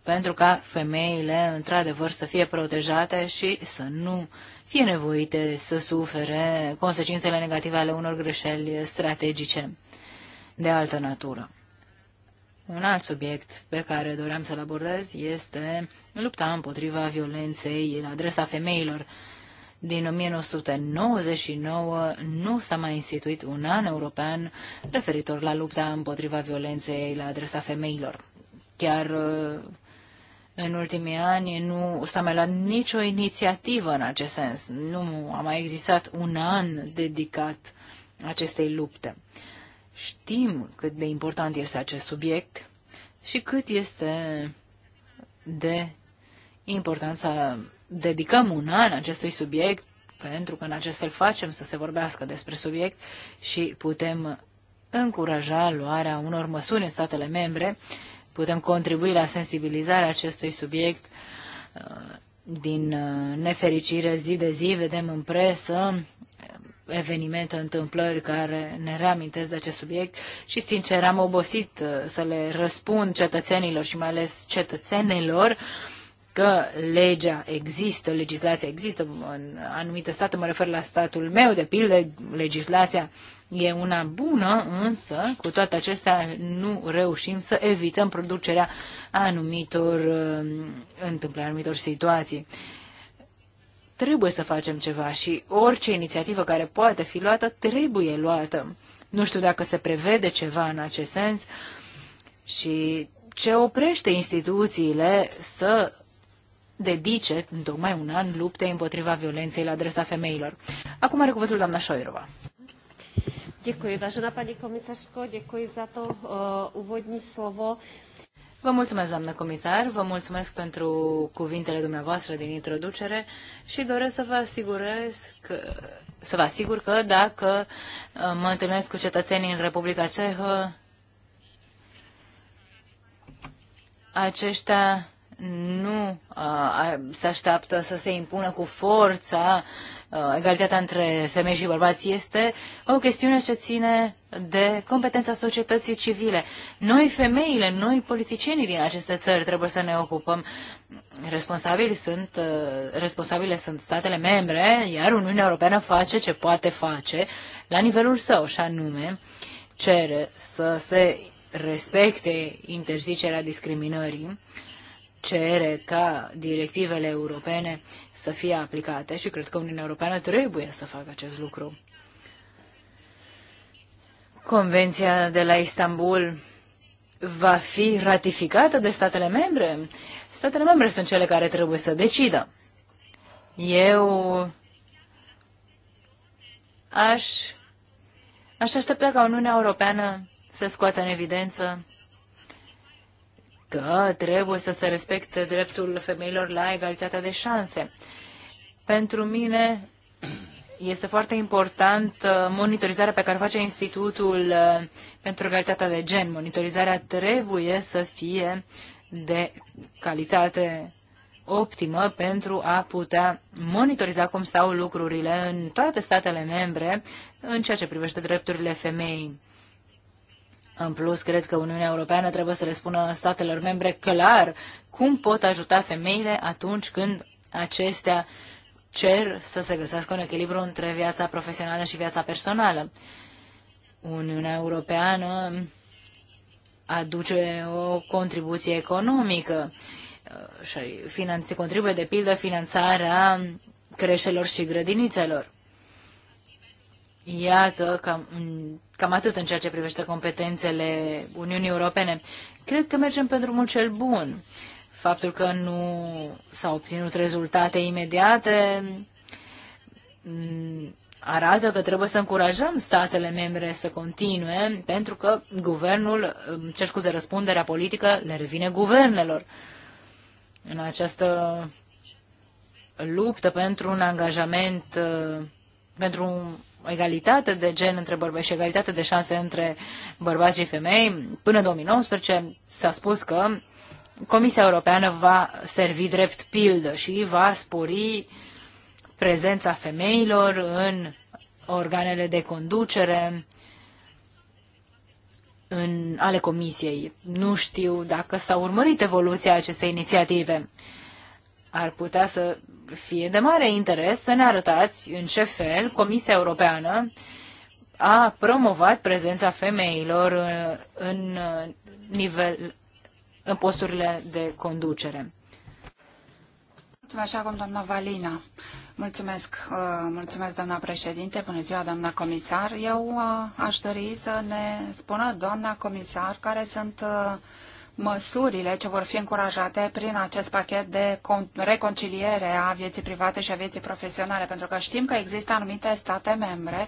pentru ca femeile, într-adevăr, să fie protejate și să nu uh, fie nevoite să sufere consecințele negative ale unor greșeli strategice de altă natură. Un alt subiect pe care doream să-l abordez este lupta împotriva violenței la adresa femeilor. Din 1999 nu s-a mai instituit un an european referitor la lupta împotriva violenței la adresa femeilor. Chiar uh, în ultimii ani nu s-a mai luat nicio inițiativă în acest sens. Nu a mai existat un an dedicat acestei lupte. Știm cât de important este acest subiect și cât este de important să dedicăm un an acestui subiect, pentru că în acest fel facem să se vorbească despre subiect și putem încuraja luarea unor măsuri în statele membre putem contribui la sensibilizarea acestui subiect. Uh, din uh, nefericire, zi de zi vedem în presă uh, evenimente, întâmplări care ne reamintesc de acest subiect și, sincer, am obosit să le răspund cetățenilor și mai ales cetățenilor că legea există, legislația există în anumite state, mă refer la statul meu, de pildă, legislația e una bună, însă cu toate acestea nu reușim să evităm producerea anumitor uh, întâmplări, anumitor situații. Trebuie să facem ceva și orice inițiativă care poate fi luată trebuie luată. Nu știu dacă se prevede ceva în acest sens și ce oprește instituțiile să dedice în tocmai un an lupte împotriva violenței la adresa femeilor. Acum are cuvântul doamna Șoirova. Děkuji, vážená paní komisařko, děkuji za to uh, úvodní slovo. Vă mulțumesc, doamnă comisar, vă mulțumesc pentru cuvintele dumneavoastră din introducere și doresc să vă asigurez că, să vă asigur că dacă uh, mă întâlnesc cu cetățenii în Republica Cehă, aceștia nu uh, se așteaptă să se impună cu forța uh, egalitatea între femei și bărbați. Este o chestiune ce ține de competența societății civile. Noi, femeile, noi, politicienii din aceste țări, trebuie să ne ocupăm. Responsabili sunt, uh, responsabile sunt statele membre, iar Uniunea Europeană face ce poate face la nivelul său, și anume cere să se respecte interzicerea discriminării, cere ca directivele europene să fie aplicate și cred că Uniunea Europeană trebuie să facă acest lucru. Convenția de la Istanbul va fi ratificată de statele membre? Statele membre sunt cele care trebuie să decidă. Eu aș, aș aștepta ca Uniunea Europeană să scoată în evidență că trebuie să se respecte dreptul femeilor la egalitatea de șanse. Pentru mine este foarte important uh, monitorizarea pe care face Institutul uh, pentru Egalitatea de Gen. Monitorizarea trebuie să fie de calitate optimă pentru a putea monitoriza cum stau lucrurile în toate statele membre în ceea ce privește drepturile femeii. În plus, cred că Uniunea Europeană trebuie să le spună statelor membre clar cum pot ajuta femeile atunci când acestea cer să se găsească un echilibru între viața profesională și viața personală. Uniunea Europeană aduce o contribuție economică uh, și finanțe, contribuie de pildă finanțarea creșelor și grădinițelor. Iată că Cam atât în ceea ce privește competențele Uniunii Europene. Cred că mergem pe drumul cel bun. Faptul că nu s-au obținut rezultate imediate mm, arată că trebuie să încurajăm statele membre să continue, pentru că guvernul, cer scuze, răspunderea politică le revine guvernelor. În această luptă pentru un angajament, uh, pentru egalitate de gen între bărbați și egalitate de șanse între bărbați și femei. Până în 2019 s-a spus că Comisia Europeană va servi drept pildă și va spori prezența femeilor în organele de conducere în, ale Comisiei. Nu știu dacă s-a urmărit evoluția acestei inițiative ar putea să fie de mare interes să ne arătați în ce fel Comisia Europeană a promovat prezența femeilor uh, în uh, nivel în posturile de conducere. Mulțumesc acum, doamna Valina. Mulțumesc, uh, mulțumesc, doamna președinte. Bună ziua, doamna comisar. Eu aș dori să ne spună, doamna comisar, care sunt uh, măsurile ce vor fi încurajate prin acest pachet de reconciliere a vieții private și a vieții profesionale, pentru că știm că există anumite state membre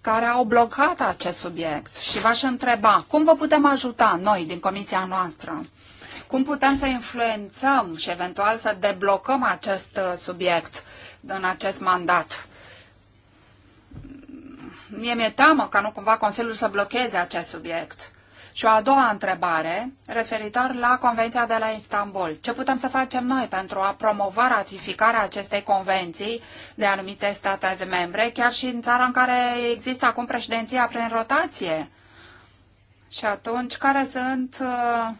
care au blocat acest subiect și v-aș întreba cum vă putem ajuta noi din comisia noastră? Cum putem să influențăm și eventual să deblocăm acest uh, subiect în acest mandat? Mie mi-e teamă ca nu cumva Consiliul să blocheze acest subiect. Și o a doua întrebare, referitor la Convenția de la Istanbul. Ce putem să facem noi pentru a promova ratificarea acestei convenții de anumite state de membre, chiar și în țara în care există acum președinția prin rotație? Și atunci, care sunt uh,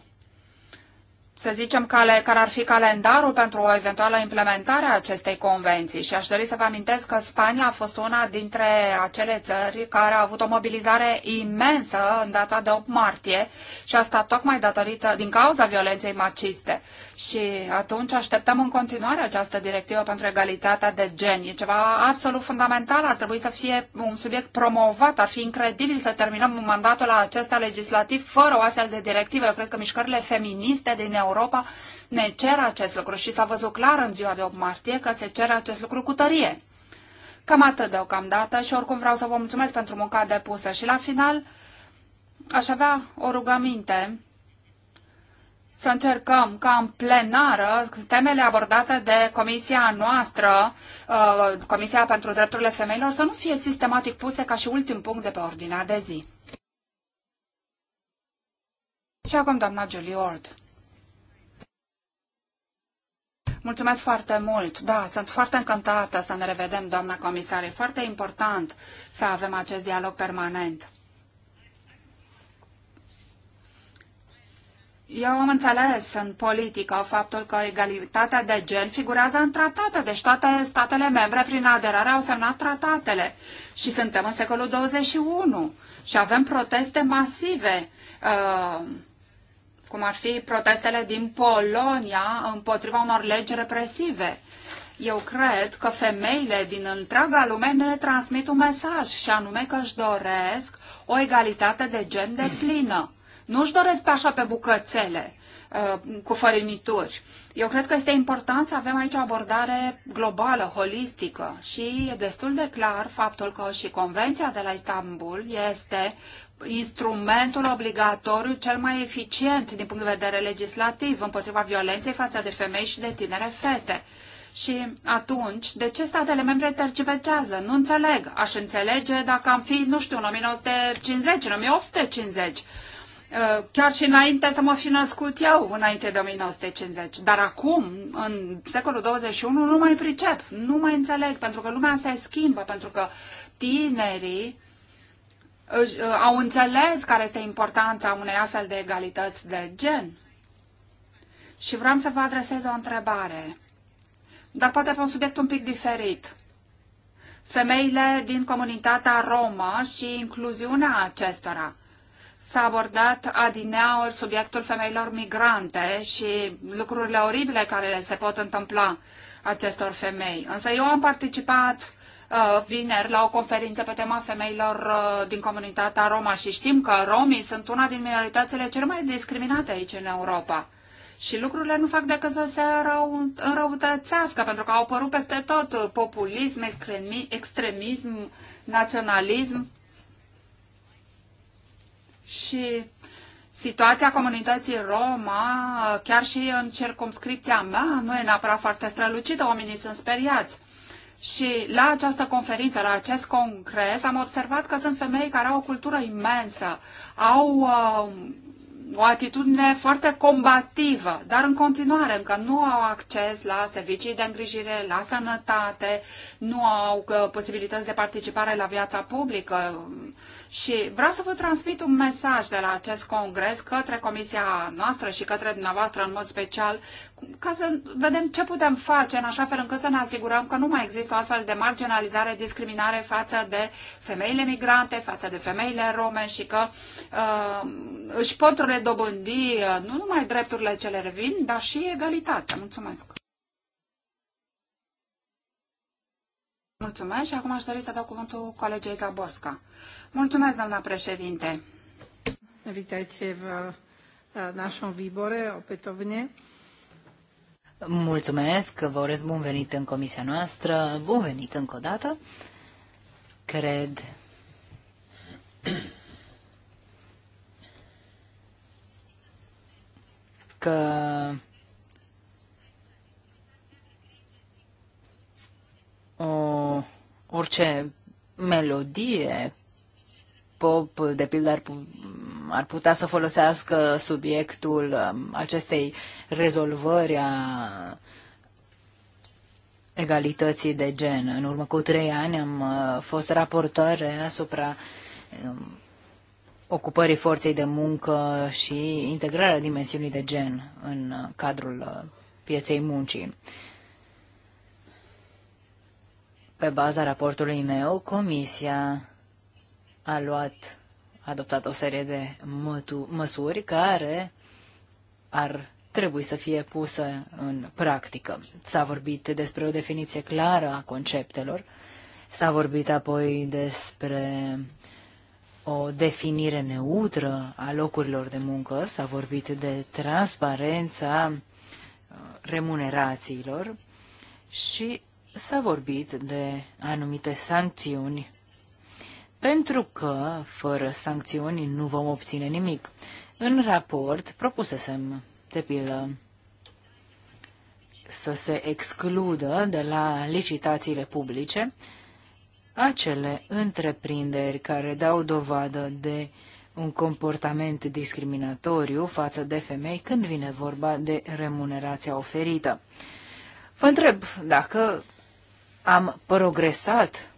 să zicem, cale, care ar fi calendarul pentru o eventuală implementare a acestei convenții. Și aș dori să vă amintesc că Spania a fost una dintre acele țări care a avut o mobilizare imensă în data de 8 martie și asta tocmai datorită, din cauza violenței maciste. Și atunci așteptăm în continuare această directivă pentru egalitatea de gen. E ceva absolut fundamental, ar trebui să fie un subiect promovat, ar fi incredibil să terminăm mandatul acesta legislativ fără o astfel de directivă. Eu cred că mișcările feministe din Europa ne cer acest lucru și s-a văzut clar în ziua de 8 martie că se cere acest lucru cu tărie. Cam atât deocamdată și oricum vreau să vă mulțumesc pentru munca depusă și la final aș avea o rugăminte să încercăm ca în plenară temele abordate de comisia noastră, uh, Comisia pentru Drepturile Femeilor, să nu fie sistematic puse ca și ultim punct de pe ordinea de zi. Și acum doamna Julie Ord. Mulțumesc foarte mult. Da, sunt foarte încântată să ne revedem, doamna comisar. E foarte important să avem acest dialog permanent. Eu am înțeles în politică faptul că egalitatea de gen figurează în tratate, deci toate statele membre prin aderare au semnat tratatele și suntem în secolul 21 și avem proteste masive. Uh, cum ar fi protestele din Polonia împotriva unor legi represive. Eu cred că femeile din întreaga lume ne transmit un mesaj și anume că își doresc o egalitate de gen de plină. Nu își doresc pe așa pe bucățele, uh, cu fărimituri. Eu cred că este important să avem aici o abordare globală, holistică și e destul de clar faptul că și Convenția de la Istanbul este instrumentul obligatoriu cel mai eficient din punct de vedere legislativ împotriva violenței față de femei și de tinere fete. Și atunci, de ce statele membre tergivergează? Nu înțeleg. Aș înțelege dacă am fi, nu știu, în 1950, în 1850, uh, chiar și înainte să mă fi născut eu, înainte de 1950. Dar acum, în secolul 21, nu mai pricep, nu mai înțeleg, pentru că lumea se schimbă, pentru că tinerii Uh, au înțeles care este importanța unei astfel de egalități de gen. Și vreau să vă adresez o întrebare, dar poate pe un subiect un pic diferit. Femeile din comunitatea romă și incluziunea acestora. S-a abordat adineaori subiectul femeilor migrante și lucrurile oribile care se pot întâmpla acestor femei. Însă eu am participat Uh, vineri la o conferință pe tema femeilor uh, din comunitatea Roma și știm că romii sunt una din minoritățile cele mai discriminate aici în Europa. Și lucrurile nu fac decât să se rău, înrăutățească, pentru că au apărut peste tot uh, populism, extremism, naționalism. Și situația comunității Roma, chiar și în circumscripția mea, nu e neapărat foarte strălucită, oamenii sunt speriați. Și la această conferință, la acest congres, am observat că sunt femei care au o cultură imensă, au uh, o atitudine foarte combativă, dar în continuare încă nu au acces la servicii de îngrijire, la sănătate, nu au uh, posibilități de participare la viața publică. Și vreau să vă transmit un mesaj de la acest congres către comisia noastră și către dumneavoastră în mod special, ca să vedem ce putem face în așa fel încât să ne asigurăm că nu mai există o astfel de marginalizare, discriminare față de femeile migrante, față de femeile rome și că uh, își pot spre dobândi nu numai drepturile ce le revin, dar și egalitatea. Mulțumesc! Mulțumesc și acum aș dori să dau cuvântul colegei Zabosca. Mulțumesc, doamna președinte! Vitajte v našom výbore opätovne. Mulțumesc, vă urez bun venit în comisia noastră, bun venit încă o dată. Cred că o, orice melodie pop, de pildă, ar, ar putea să folosească subiectul um, acestei rezolvări a egalității de gen. În urmă cu trei ani am uh, fost raportoare asupra um, ocupării forței de muncă și integrarea dimensiunii de gen în cadrul uh, pieței muncii. Pe baza raportului meu, Comisia a luat, a adoptat o serie de mătu, măsuri care ar trebui să fie pusă în practică. S-a vorbit despre o definiție clară a conceptelor, s-a vorbit apoi despre o definire neutră a locurilor de muncă, s-a vorbit de transparența uh, remunerațiilor și s-a vorbit de anumite sancțiuni, pentru că fără sancțiuni nu vom obține nimic. În raport propusesem, de pilă, să se excludă de la licitațiile publice acele întreprinderi care dau dovadă de un comportament discriminatoriu față de femei când vine vorba de remunerația oferită. Vă întreb dacă am progresat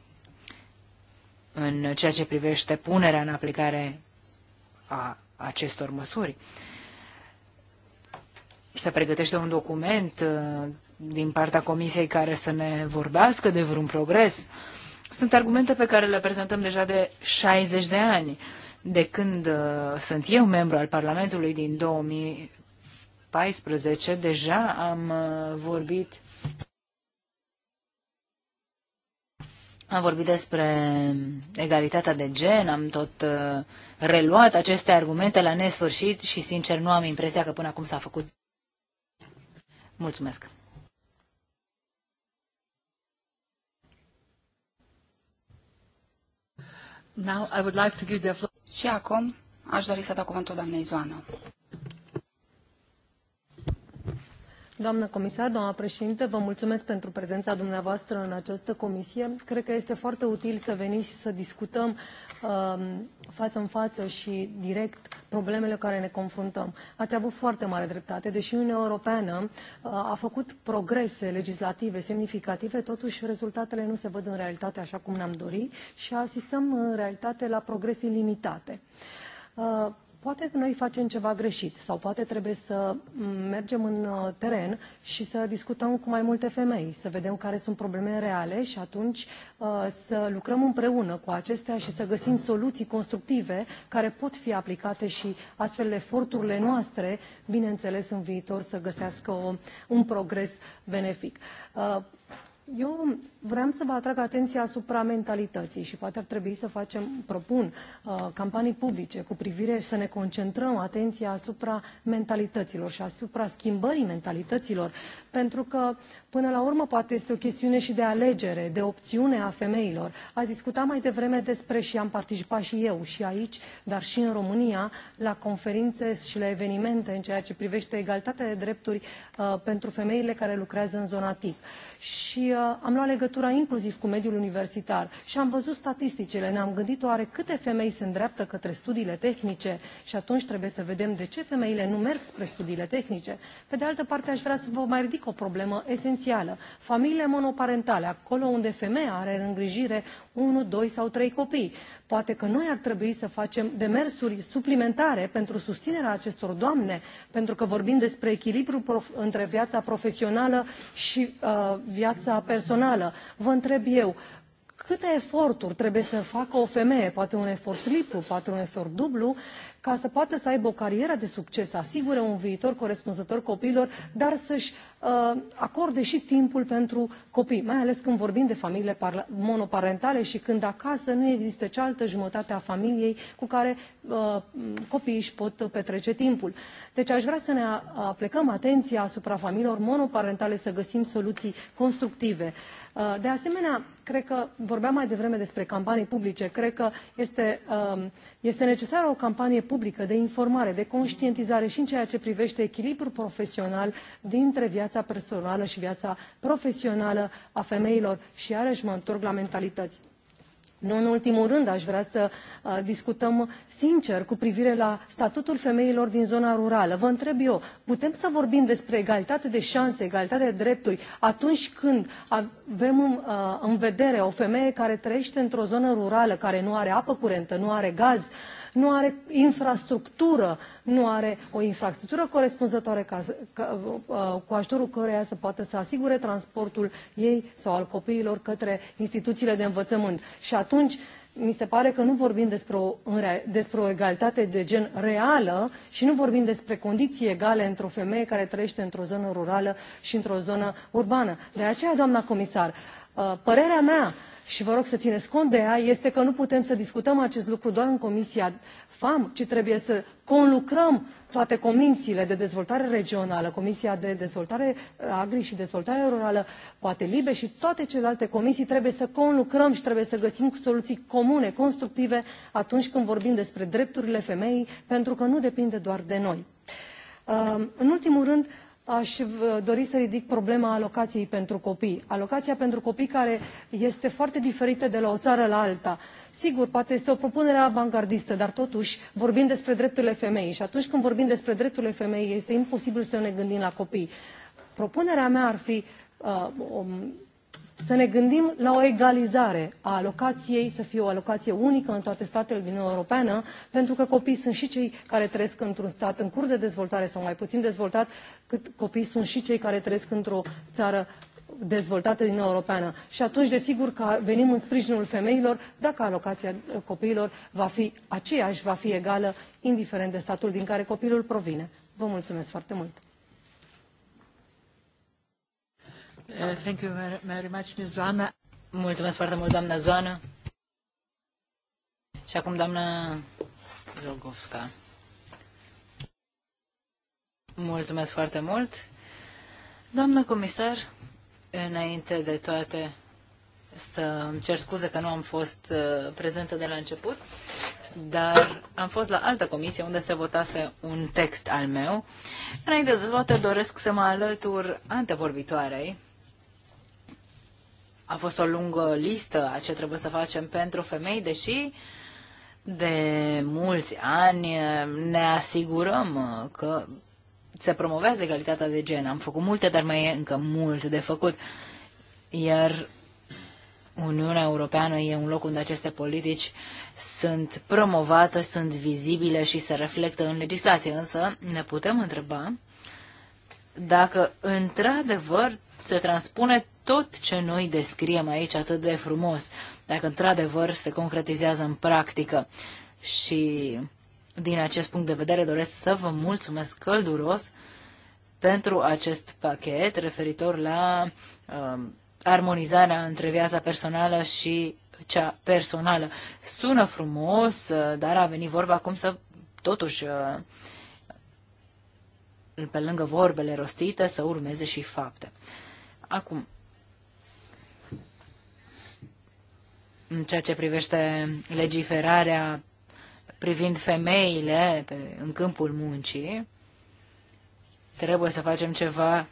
în ceea ce privește punerea în aplicare a acestor măsuri. Se pregătește un document uh, din partea Comisiei care să ne vorbească de vreun progres. Sunt argumente pe care le prezentăm deja de 60 de ani. De când uh, sunt eu membru al Parlamentului din 2014, deja am uh, vorbit Am vorbit despre egalitatea de gen, am tot uh, reluat aceste argumente la nesfârșit și, sincer, nu am impresia că până acum s-a făcut. Mulțumesc. Now I would like to give the floor. Și acum aș dori să dau cuvântul doamnei Zoană. Doamnă comisar, doamnă președinte, vă mulțumesc pentru prezența dumneavoastră în această comisie. Cred că este foarte util să veniți și să discutăm um, față în față și direct problemele care ne confruntăm. Ați avut foarte mare dreptate. Deși Uniunea Europeană uh, a făcut progrese legislative semnificative, totuși rezultatele nu se văd în realitate așa cum ne-am dorit și asistăm în realitate la progrese limitate. Uh, poate că noi facem ceva greșit sau poate trebuie să mm, mergem în uh, teren și să discutăm cu mai multe femei, să vedem care sunt problemele reale și atunci uh, să lucrăm împreună cu acestea și să găsim soluții constructive care pot fi aplicate și astfel eforturile noastre, bineînțeles, în viitor să găsească un progres benefic. Uh, eu vreau să vă atrag atenția asupra mentalității și poate ar trebui să facem, propun, uh, campanii publice cu privire să ne concentrăm atenția asupra mentalităților și asupra schimbării mentalităților, pentru că până la urmă poate este o chestiune și de alegere, de opțiune a femeilor. A discutat mai devreme despre și am participat și eu și aici, dar și în România, la conferințe și la evenimente în ceea ce privește egalitatea de drepturi uh, pentru femeile care lucrează în zona TIC. Și Uh, am luat legătura inclusiv cu mediul universitar și am văzut statisticile, ne-am gândit oare câte femei se îndreaptă către studiile tehnice și atunci trebuie să vedem de ce femeile nu merg spre studiile tehnice. Pe de altă parte, aș vrea să vă mai ridic o problemă esențială. Familiile monoparentale, acolo unde femeia are în îngrijire unu, doi sau trei copii. Poate că noi ar trebui să facem demersuri suplimentare pentru susținerea acestor doamne, pentru că vorbim despre echilibru între viața profesională și uh, viața personală. Vă întreb eu, câte eforturi trebuie să facă o femeie, poate un efort triplu, poate un efort dublu, ca să poată să aibă o carieră de succes, să asigure un viitor corespunzător copiilor, dar să-și uh, acorde și timpul pentru copii, mai ales când vorbim de familiile monoparentale și când acasă nu există cealaltă jumătate a familiei cu care uh, copiii își pot petrece timpul. Deci aș vrea să ne aplecăm atenția asupra familiilor monoparentale, să găsim soluții constructive. Uh, de asemenea, cred că vorbeam mai devreme despre campanii publice, cred că este, um, este necesară o campanie publică de informare, de conștientizare și în ceea ce privește echilibrul profesional dintre viața personală și viața profesională a femeilor. Și iarăși mă întorc la mentalități nu în ultimul rând aș vrea să uh, discutăm sincer cu privire la statutul femeilor din zona rurală. Vă întreb eu, putem să vorbim despre egalitate de șanse, egalitate de drepturi atunci când avem uh, în vedere o femeie care trăiește într-o zonă rurală, care nu are apă curentă, nu are gaz, uh, nu are infrastructură, nu are o infrastructură corespunzătoare ca, ca, uh, uh, cu ajutorul căreia să poată să asigure transportul ei sau al copiilor către instituțiile de învățământ. Și atunci, mi se pare că nu vorbim despre o, despre o egalitate de gen reală și nu vorbim despre condiții egale între o femeie care trăiește într-o zonă rurală și într-o zonă urbană. De aceea, doamna comisar, uh, părerea mea și vă rog să țineți cont de ea este că nu putem să discutăm acest lucru doar în comisia femm ci trebuie să conlucrăm toate comisiile de dezvoltare regională comisia de dezvoltare eh, agri și dezvoltare rurală poate libe și toate celelalte comisii trebuie să conlucrăm și trebuie să găsim soluții comune constructive atunci când vorbim despre drepturile femeii pentru că nu depinde doar de noi. Eh, în ultimul rând aș uh, dori să ridic problema alocației pentru copii. Alocația pentru copii care este foarte diferită de la o țară la alta. Sigur, poate este o propunere avangardistă, dar totuși vorbim despre drepturile femeii și atunci când vorbim despre drepturile femeii este imposibil să ne gândim la copii. Propunerea mea ar fi uh, să ne gândim la o egalizare a alocației, să fie o alocație unică în toate statele din Uniunea Europeană, pentru că copiii sunt și cei care trăiesc într-un stat în curs de dezvoltare sau mai puțin dezvoltat, cât copiii sunt și cei care trăiesc într-o țară dezvoltată din Uniunea Europeană. Și atunci, desigur, că venim în sprijinul femeilor dacă alocația copiilor va fi aceeași, va fi egală, indiferent de statul din care copilul provine. Vă mulțumesc foarte mult! Uh, Mulțumesc foarte mult, doamna Zoană. Și acum, doamna Rogovska. Mulțumesc foarte mult. Doamnă comisar, înainte de toate să îmi cer scuze că nu am fost uh, prezentă de la început, dar am fost la altă comisie unde se votase un text al meu. Înainte de toate doresc să mă alătur antevorbitoarei a fost o lungă listă a ce trebuie să facem pentru femei, deși de mulți ani ne asigurăm că se promovează egalitatea de gen. Am făcut multe, dar mai e încă mult de făcut. Iar Uniunea Europeană e un loc unde aceste politici sunt promovate, sunt vizibile și se reflectă în legislație. Însă ne putem întreba dacă într-adevăr se transpune tot ce noi descriem aici atât de frumos, dacă într-adevăr se concretizează în practică. Și din acest punct de vedere doresc să vă mulțumesc călduros pentru acest pachet referitor la uh, armonizarea între viața personală și cea personală. Sună frumos, uh, dar a venit vorba acum să totuși uh, pe lângă vorbele rostite să urmeze și fapte. Acum, în ceea ce privește legiferarea privind femeile pe, în câmpul muncii, trebuie să facem ceva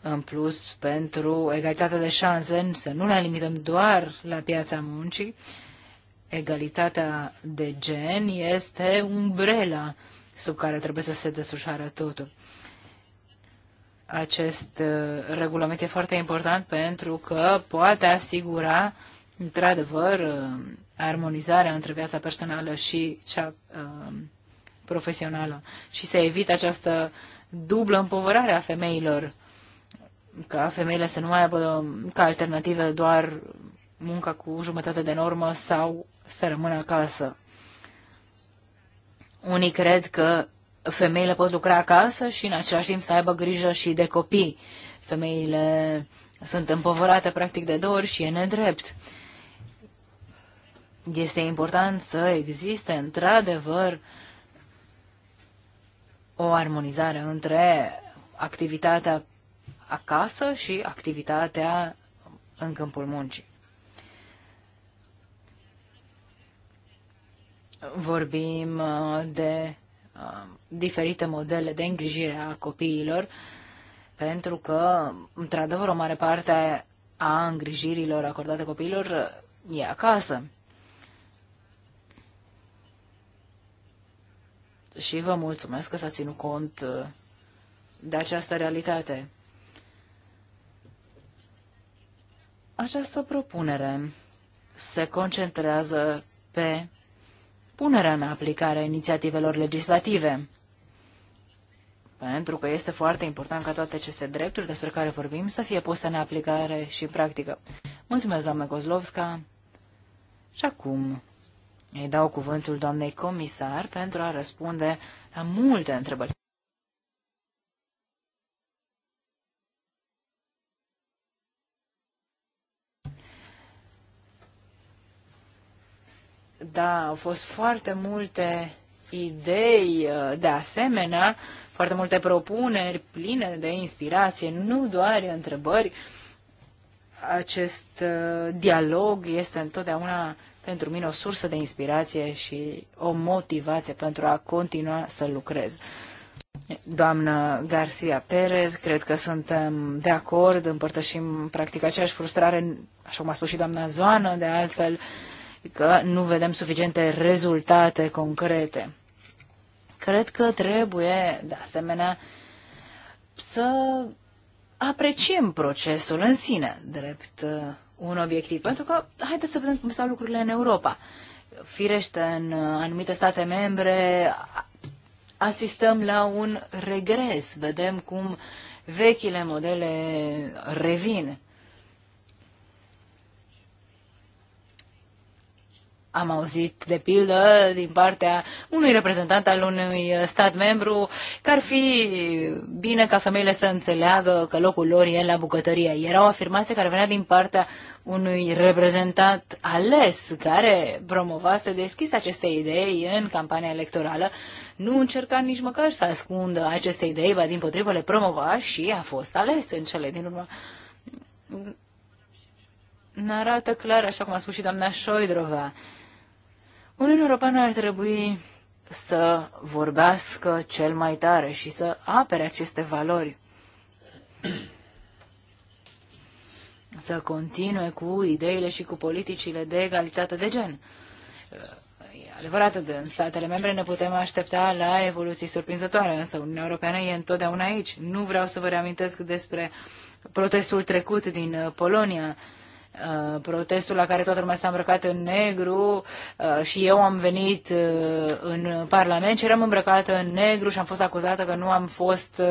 în plus pentru egalitatea de șanse, să nu ne limităm doar la piața muncii. Egalitatea de gen este umbrela sub care trebuie să se desfășoare totul acest uh, regulament e foarte important pentru că poate asigura, într-adevăr, uh, armonizarea între viața personală și cea uh, profesională și să evite această dublă împovărare a femeilor, ca femeile să nu mai aibă ca alternativă doar munca cu jumătate de normă sau să rămână acasă. Unii cred că femeile pot lucra acasă și în același timp să aibă grijă și de copii. Femeile sunt împovărate practic de două ori și e nedrept. Este important să existe într-adevăr o armonizare între activitatea acasă și activitatea în câmpul muncii. Vorbim uh, de Um, diferite modele de îngrijire a copiilor, pentru că, într-adevăr, o mare parte a îngrijirilor acordate copiilor uh, e acasă. Și vă mulțumesc că s-a ținut cont uh, de această realitate. Această propunere se concentrează pe punerea în aplicare a inițiativelor legislative. Pentru că este foarte important ca toate aceste drepturi despre care vorbim să fie puse în aplicare și în practică. Mulțumesc, doamnă Kozlovska. Și acum îi dau cuvântul doamnei comisar pentru a răspunde la multe întrebări. Da, au fost foarte multe idei uh, de asemenea, foarte multe propuneri pline de inspirație, nu doar întrebări. Acest uh, dialog este întotdeauna pentru mine o sursă de inspirație și o motivație pentru a continua să lucrez. Doamnă Garcia Perez, cred că suntem de acord, împărtășim practic aceeași frustrare, așa cum a spus și doamna Zoană, de altfel, uh, că nu vedem suficiente rezultate concrete. Cred că trebuie, de asemenea, să apreciem procesul în sine, drept uh, un obiectiv. Pentru că, haideți să vedem cum stau lucrurile în Europa. Firește, în uh, anumite state membre asistăm la un regres. Vedem cum vechile modele revin. Am auzit, de pildă, din partea unui reprezentant al unui uh, stat membru, că ar fi bine ca femeile să înțeleagă că locul lor e la bucătărie. Era o afirmație care venea din partea unui reprezentant ales care promova să deschis aceste idei în campania electorală. Nu încerca nici măcar să ascundă aceste idei, ba din potrivă le promova și a fost ales în cele din urmă ne arată clar, așa cum a spus și doamna Șoidrova, Uniunea Europeană ar trebui să vorbească cel mai tare și să apere aceste valori. Să continue cu ideile și cu politicile de egalitate de gen. E adevărat, în statele membre ne putem aștepta la evoluții surprinzătoare, însă Uniunea Europeană e întotdeauna aici. Nu vreau să vă reamintesc despre protestul trecut din Polonia, Uh, protestul la care toată lumea s-a îmbrăcat în negru uh, și eu am venit uh, în Parlament și eram îmbrăcată în negru și am fost acuzată că nu am fost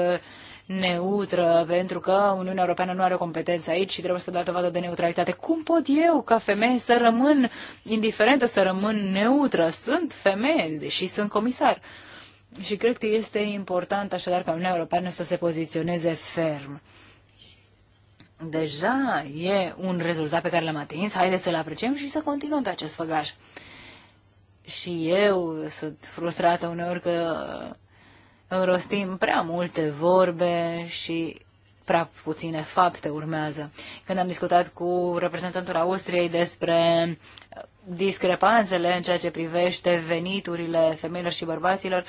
neutră, pentru că Uniunea Europeană nu are o competență aici și trebuie să dea dovadă de neutralitate. Cum pot eu, ca femeie, să rămân indiferentă, să rămân neutră? Sunt femeie, și sunt comisar. Și cred că este important, așadar, ca Uniunea Europeană să se poziționeze ferm deja e un rezultat pe care l-am atins, haideți să-l apreciem și să continuăm pe acest făgaș. Și eu sunt frustrată uneori că uh, înrostim prea multe vorbe și prea puține fapte urmează. Când am discutat cu reprezentantul Austriei despre uh, discrepanțele în ceea ce privește veniturile femeilor și bărbaților,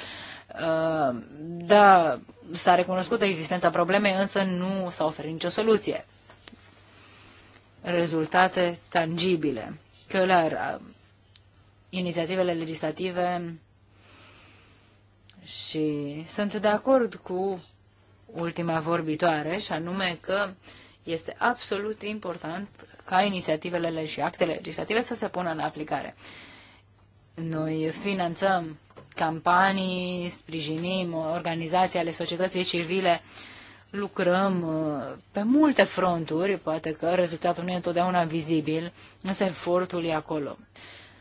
uh, da, s-a recunoscut existența problemei, însă nu s-a oferit nicio soluție rezultate tangibile. Clar, uh, inițiativele legislative și sunt de acord cu ultima vorbitoare, și anume că este absolut important ca inițiativele și actele legislative să se pună în aplicare. Noi finanțăm campanii, sprijinim organizații ale societății civile uh, lucrăm uh, pe multe fronturi, poate că rezultatul nu e întotdeauna vizibil, însă efortul e acolo.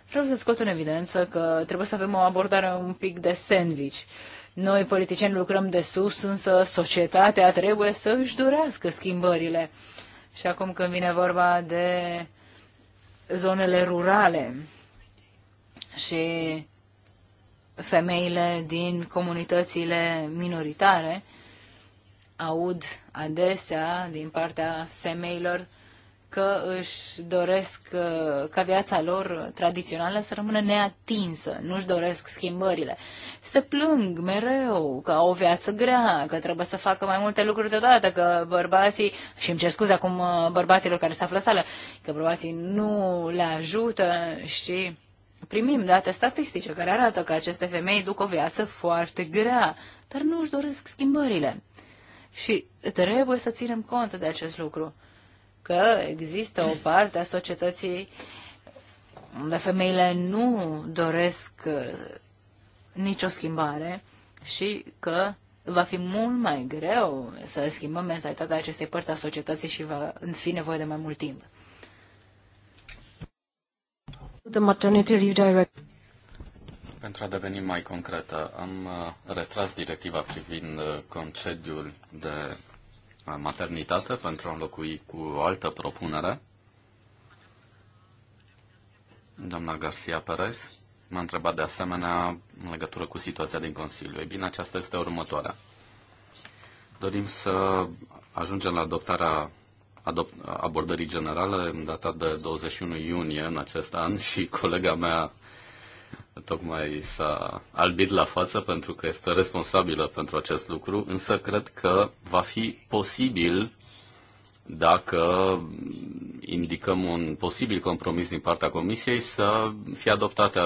Vreau să scot în evidență că trebuie să avem o abordare un pic de sandwich. Noi, politicieni, lucrăm de sus, însă societatea trebuie să își durească schimbările. Și acum când vine vorba de zonele rurale și femeile din comunitățile minoritare, aud adesea din partea femeilor că își doresc uh, ca viața lor tradițională să rămână neatinsă, nu-și doresc schimbările. Se plâng mereu că au o viață grea, că trebuie să facă mai multe lucruri deodată, că bărbații, și îmi cer scuze acum uh, bărbaților care se află sală, că bărbații nu le ajută și primim date statistice care arată că aceste femei duc o viață foarte grea, dar nu își doresc schimbările. Și trebuie să ținem cont de acest lucru, că există o parte a societății unde femeile nu doresc uh, nicio schimbare și că va fi mult mai greu să schimbăm mentalitatea acestei părți a societății și va fi nevoie de mai mult timp. The maternity leave pentru a deveni mai concretă, am uh, retras directiva privind uh, concediul de uh, maternitate pentru a înlocui cu o altă propunere. Doamna Garcia Perez m-a întrebat de asemenea în legătură cu situația din Consiliu. Ei bine, aceasta este următoarea. Dorim să ajungem la adoptarea adop- abordării generale în data de 21 iunie în acest an și colega mea Tocmai s-a albit la față pentru că este responsabilă pentru acest lucru, însă cred că va fi posibil dacă indicăm un posibil compromis din partea Comisiei să fie adoptate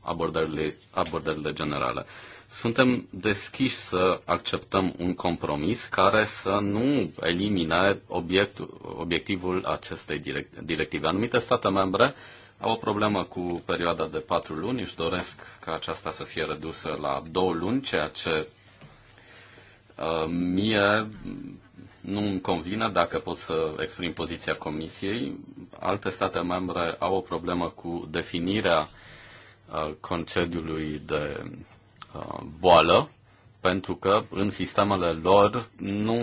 abordările, abordările generale. Suntem deschiși să acceptăm un compromis care să nu elimine obiect, obiectivul acestei directive. Anumite state membre au o problemă cu perioada de patru luni, își doresc ca aceasta să fie redusă la două luni, ceea ce uh, mie nu îmi convine dacă pot să exprim poziția Comisiei. Alte state membre au o problemă cu definirea uh, concediului de uh, boală pentru că în sistemele lor nu,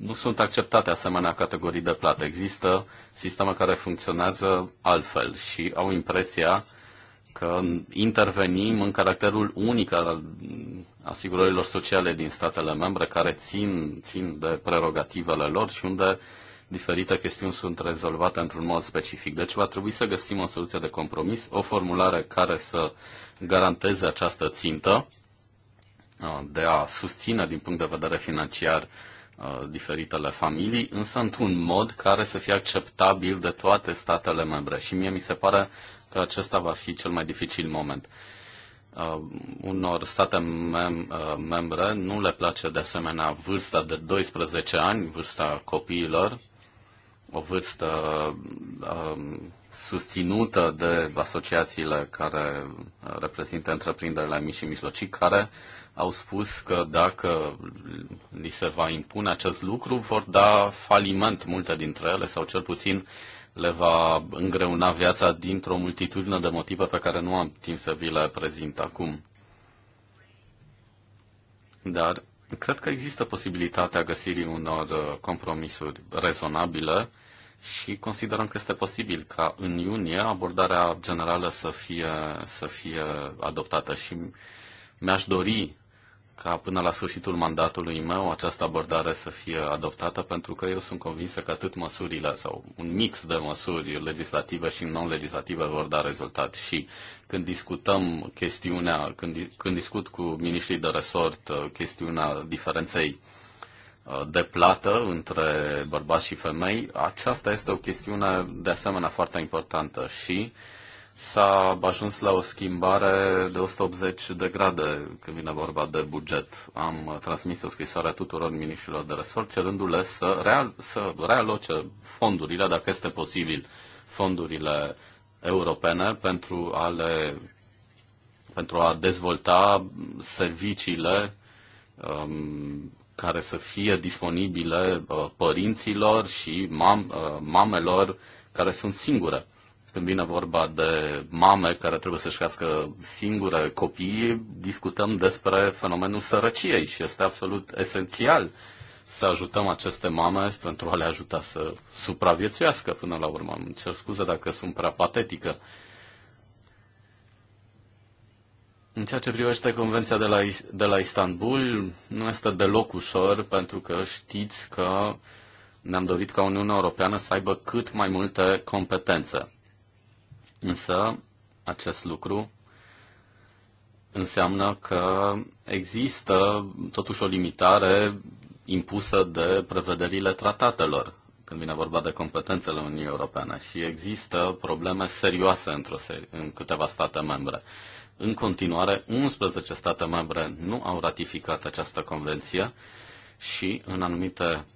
nu sunt acceptate asemenea categorii de plată. Există sisteme care funcționează altfel și au impresia că intervenim în caracterul unic al asigurărilor sociale din statele membre care țin, țin de prerogativele lor și unde diferite chestiuni sunt rezolvate într-un mod specific. Deci va trebui să găsim o soluție de compromis, o formulare care să garanteze această țintă Uh, de a susține din punct de vedere financiar uh, diferitele familii, însă într-un mod care să fie acceptabil de toate statele membre. Și mie mi se pare că acesta va fi cel mai dificil moment. Uh, unor state mem- uh, membre nu le place de asemenea vârsta de 12 ani, vârsta copiilor, o vârstă uh, susținută de asociațiile care reprezintă întreprinderile mici și mijlocii, care uh, au spus că dacă li se va impune acest lucru, vor da faliment multe dintre ele sau cel puțin le va îngreuna viața dintr-o multitudine de motive pe care nu am timp să vi le prezint acum. Dar cred că există posibilitatea găsirii unor uh, compromisuri rezonabile și considerăm că este posibil ca în iunie abordarea generală să fie, să fie adoptată și mi-aș dori ca până la sfârșitul mandatului meu această abordare să fie adoptată, pentru că eu sunt convinsă că atât măsurile sau un mix de măsuri legislative și non-legislative vor da rezultat. Și când discutăm chestiunea, când, când discut cu ministrii de resort uh, chestiunea diferenței uh, de plată între bărbați și femei, aceasta este o chestiune de asemenea foarte importantă și uh, s-a ajuns la o schimbare de 180 de grade când vine vorba de buget. Am transmis o scrisoare a tuturor miniștrilor de resort cerându-le să, real, să realoce fondurile, dacă este posibil, fondurile europene pentru a, le, pentru a dezvolta serviciile um, care să fie disponibile uh, părinților și mam, uh, mamelor care sunt singure când vine vorba de mame care trebuie să-și crească singure copiii, discutăm despre fenomenul sărăciei și este absolut esențial să ajutăm aceste mame pentru a le ajuta să supraviețuiască până la urmă. Îmi cer scuze dacă sunt prea patetică. În ceea ce privește Convenția de la, de la Istanbul, nu este deloc ușor pentru că știți că ne-am dorit ca Uniunea Europeană să aibă cât mai multe competențe. Însă, acest lucru înseamnă că există totuși o limitare impusă de prevederile tratatelor când vine vorba de competențele Uniunii Europene și există probleme serioase într-o seri, în câteva state membre. În continuare, 11 state membre nu au ratificat această convenție și în anumite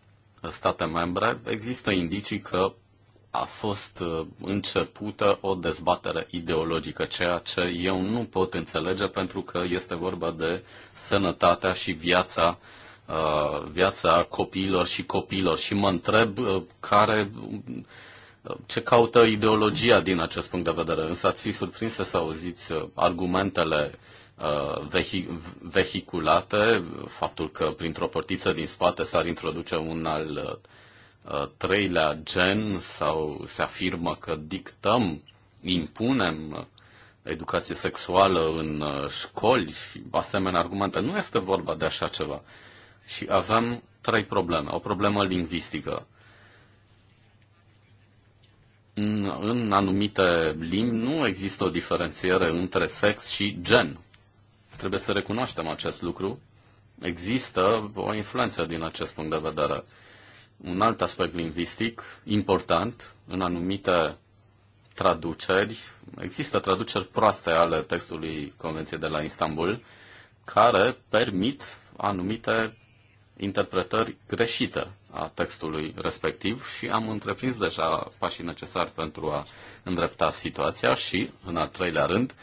state membre există indicii că a fost uh, începută o dezbatere ideologică, ceea ce eu nu pot înțelege pentru că este vorba de sănătatea și viața uh, viața copiilor și copiilor și mă întreb uh, care ce caută ideologia din acest punct de vedere. Însă ați fi surprins să auziți argumentele vehiculate, faptul că printr-o portiță din spate s-ar introduce un al Uh, treilea gen sau se afirmă că dictăm, impunem educație sexuală în uh, școli și asemenea argumente. Nu este vorba de așa ceva. Și avem trei probleme. O problemă lingvistică. În, în anumite limbi nu există o diferențiere între sex și gen. Trebuie să recunoaștem acest lucru. Există o influență din acest punct de vedere un alt aspect lingvistic important în anumite traduceri. Există traduceri proaste ale textului Convenției de la Istanbul care permit anumite interpretări greșite a textului respectiv și am întreprins deja pașii necesari pentru a îndrepta situația și, în al treilea rând,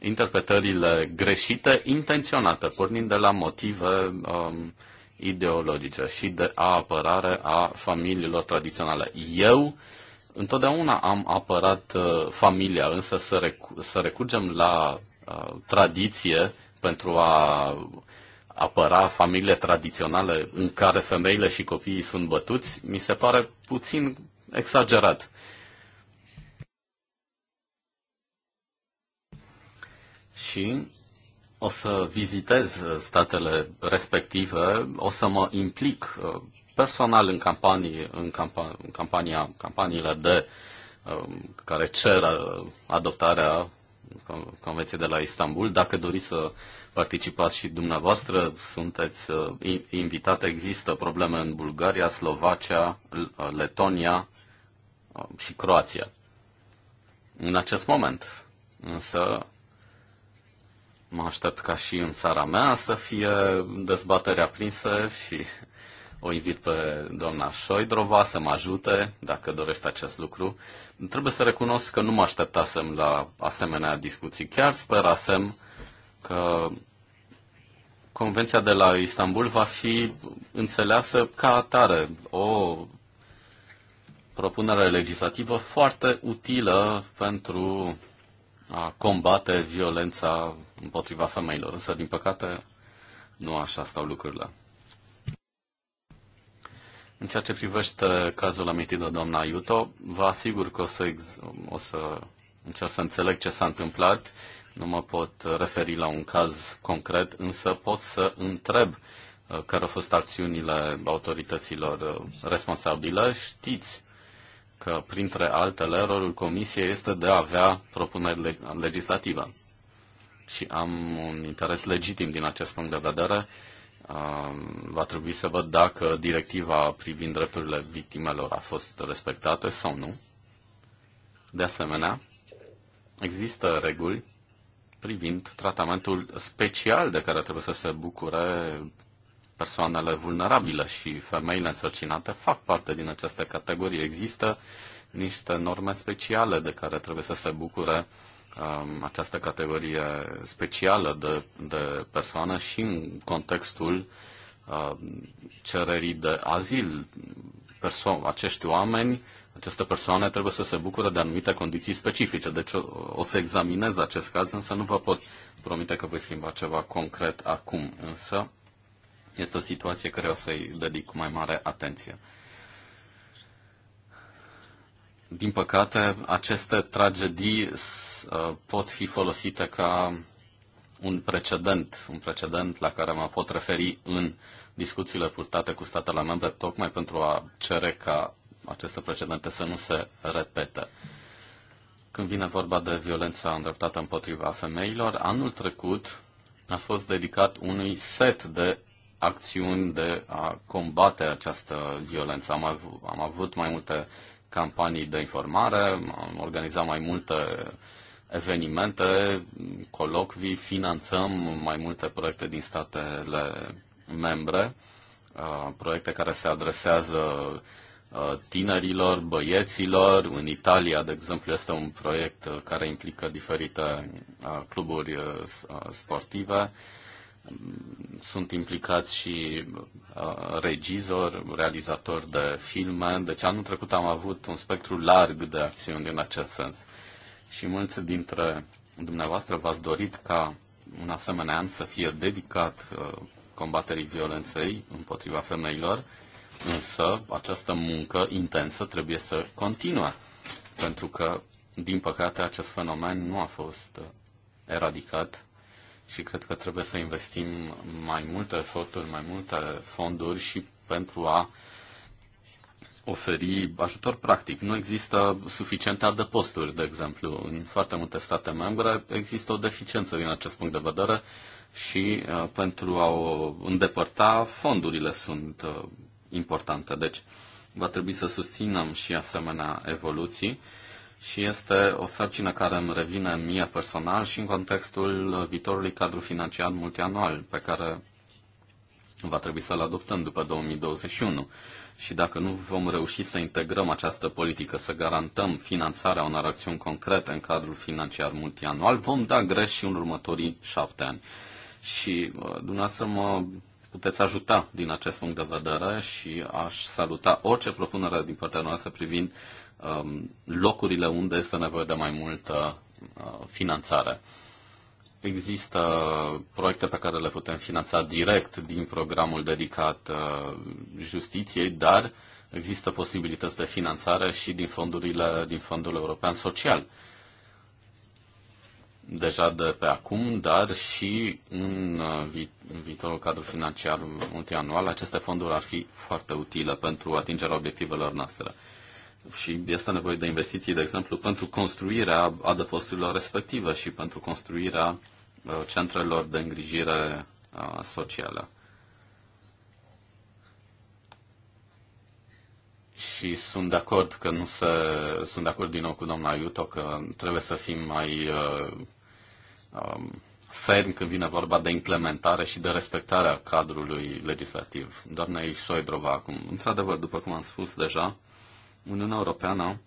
interpretările greșite intenționate, pornind de la motive um, ideologice și de apărare a familiilor tradiționale. Eu întotdeauna am apărat uh, familia, însă să, rec- să recurgem la uh, tradiție pentru a apăra familiile tradiționale în care femeile și copiii sunt bătuți, mi se pare puțin exagerat. Și o să vizitez uh, statele respective, o să mă implic uh, personal în, campanii, în, campa, în campania, campaniile de um, care cer uh, adoptarea Convenției de la Istanbul. Dacă doriți să participați și dumneavoastră, sunteți invitate. Există probleme în Bulgaria, Slovacia, Letonia și Croația. În acest moment, însă, Mă aștept ca și în țara mea să fie dezbaterea prinsă și o invit pe doamna Șoidrova să mă ajute dacă dorește acest lucru. Trebuie să recunosc că nu mă așteptasem la asemenea discuții. Chiar sperasem că Convenția de la Istanbul va fi înțeleasă ca atare, o propunere legislativă foarte utilă pentru a combate violența împotriva femeilor, însă, din păcate, nu așa stau lucrurile. În ceea ce privește cazul amintit de doamna Iuto, vă asigur că o să, ex- o să încerc să înțeleg ce s-a întâmplat. Nu mă pot referi la un caz concret, însă pot să întreb uh, care au fost acțiunile autorităților uh, responsabile. Știți că, printre altele, rolul Comisiei este de a avea propuneri legislative și am un interes legitim din acest punct de vedere. Va trebui să văd dacă directiva privind drepturile victimelor a fost respectată sau nu. De asemenea, există reguli privind tratamentul special de care trebuie să se bucure persoanele vulnerabile și femeile însărcinate fac parte din această categorie. Există niște norme speciale de care trebuie să se bucure Um, această categorie specială de, de persoană și în contextul uh, cererii de azil. Perso- acești oameni, aceste persoane trebuie să se bucure de anumite condiții specifice. Deci o, o să examinez acest caz, însă nu vă pot promite că voi schimba ceva concret acum. Însă este o situație care o să-i dedic cu mai mare atenție. Din păcate, aceste tragedii uh, pot fi folosite ca un precedent, un precedent la care mă pot referi în discuțiile purtate cu statele membre, tocmai pentru a cere ca aceste precedente să nu se repete. Când vine vorba de violența îndreptată împotriva femeilor, anul trecut a fost dedicat unui set de acțiuni de a combate această violență. Am, am avut mai multe campanii de informare, am organizat mai multe evenimente, colocvii, finanțăm mai multe proiecte din statele membre, uh, proiecte care se adresează uh, tinerilor, băieților. În Italia, de exemplu, este un proiect care implică diferite uh, cluburi sportive sunt implicați și uh, regizori, realizatori de filme, deci anul trecut am avut un spectru larg de acțiuni în acest sens. Și mulți dintre dumneavoastră v-ați dorit ca un asemenea an să fie dedicat uh, combaterii violenței împotriva femeilor, însă această muncă intensă trebuie să continue, pentru că, din păcate, acest fenomen nu a fost uh, eradicat și cred că trebuie să investim mai multe eforturi, mai multe fonduri și pentru a oferi ajutor practic. Nu există suficiente adăposturi, de exemplu. În foarte multe state membre există o deficiență din acest punct de vedere și uh, pentru a o îndepărta, fondurile sunt uh, importante. Deci va trebui să susținem și asemenea evoluții și este o sarcină care îmi revine mie personal și în contextul viitorului cadru financiar multianual pe care va trebui să-l adoptăm după 2021. Și dacă nu vom reuși să integrăm această politică, să garantăm finanțarea unor acțiuni concrete în cadrul financiar multianual, vom da greș și în următorii șapte ani. Și uh, dumneavoastră mă puteți ajuta din acest punct de vedere și aș saluta orice propunere din partea noastră privind Um, locurile unde este nevoie de mai multă uh, finanțare. Există proiecte pe care le putem finanța direct din programul dedicat uh, justiției, dar există posibilități de finanțare și din fondurile din Fondul European Social. Deja de pe acum, dar și în, uh, viitorul cadru financiar multianual, aceste fonduri ar fi foarte utile pentru atingerea obiectivelor noastre și este nevoie de investiții, de exemplu, pentru construirea adăposturilor respective și pentru construirea uh, centrelor de îngrijire uh, socială. Și sunt de acord că nu se... Sunt de acord din nou cu doamna Iuto că trebuie să fim mai uh, um, ferm când vine vorba de implementare și de respectarea cadrului legislativ. Doamna Ișoidrova, acum, într-adevăr, după cum am spus deja, Uniunea Europeană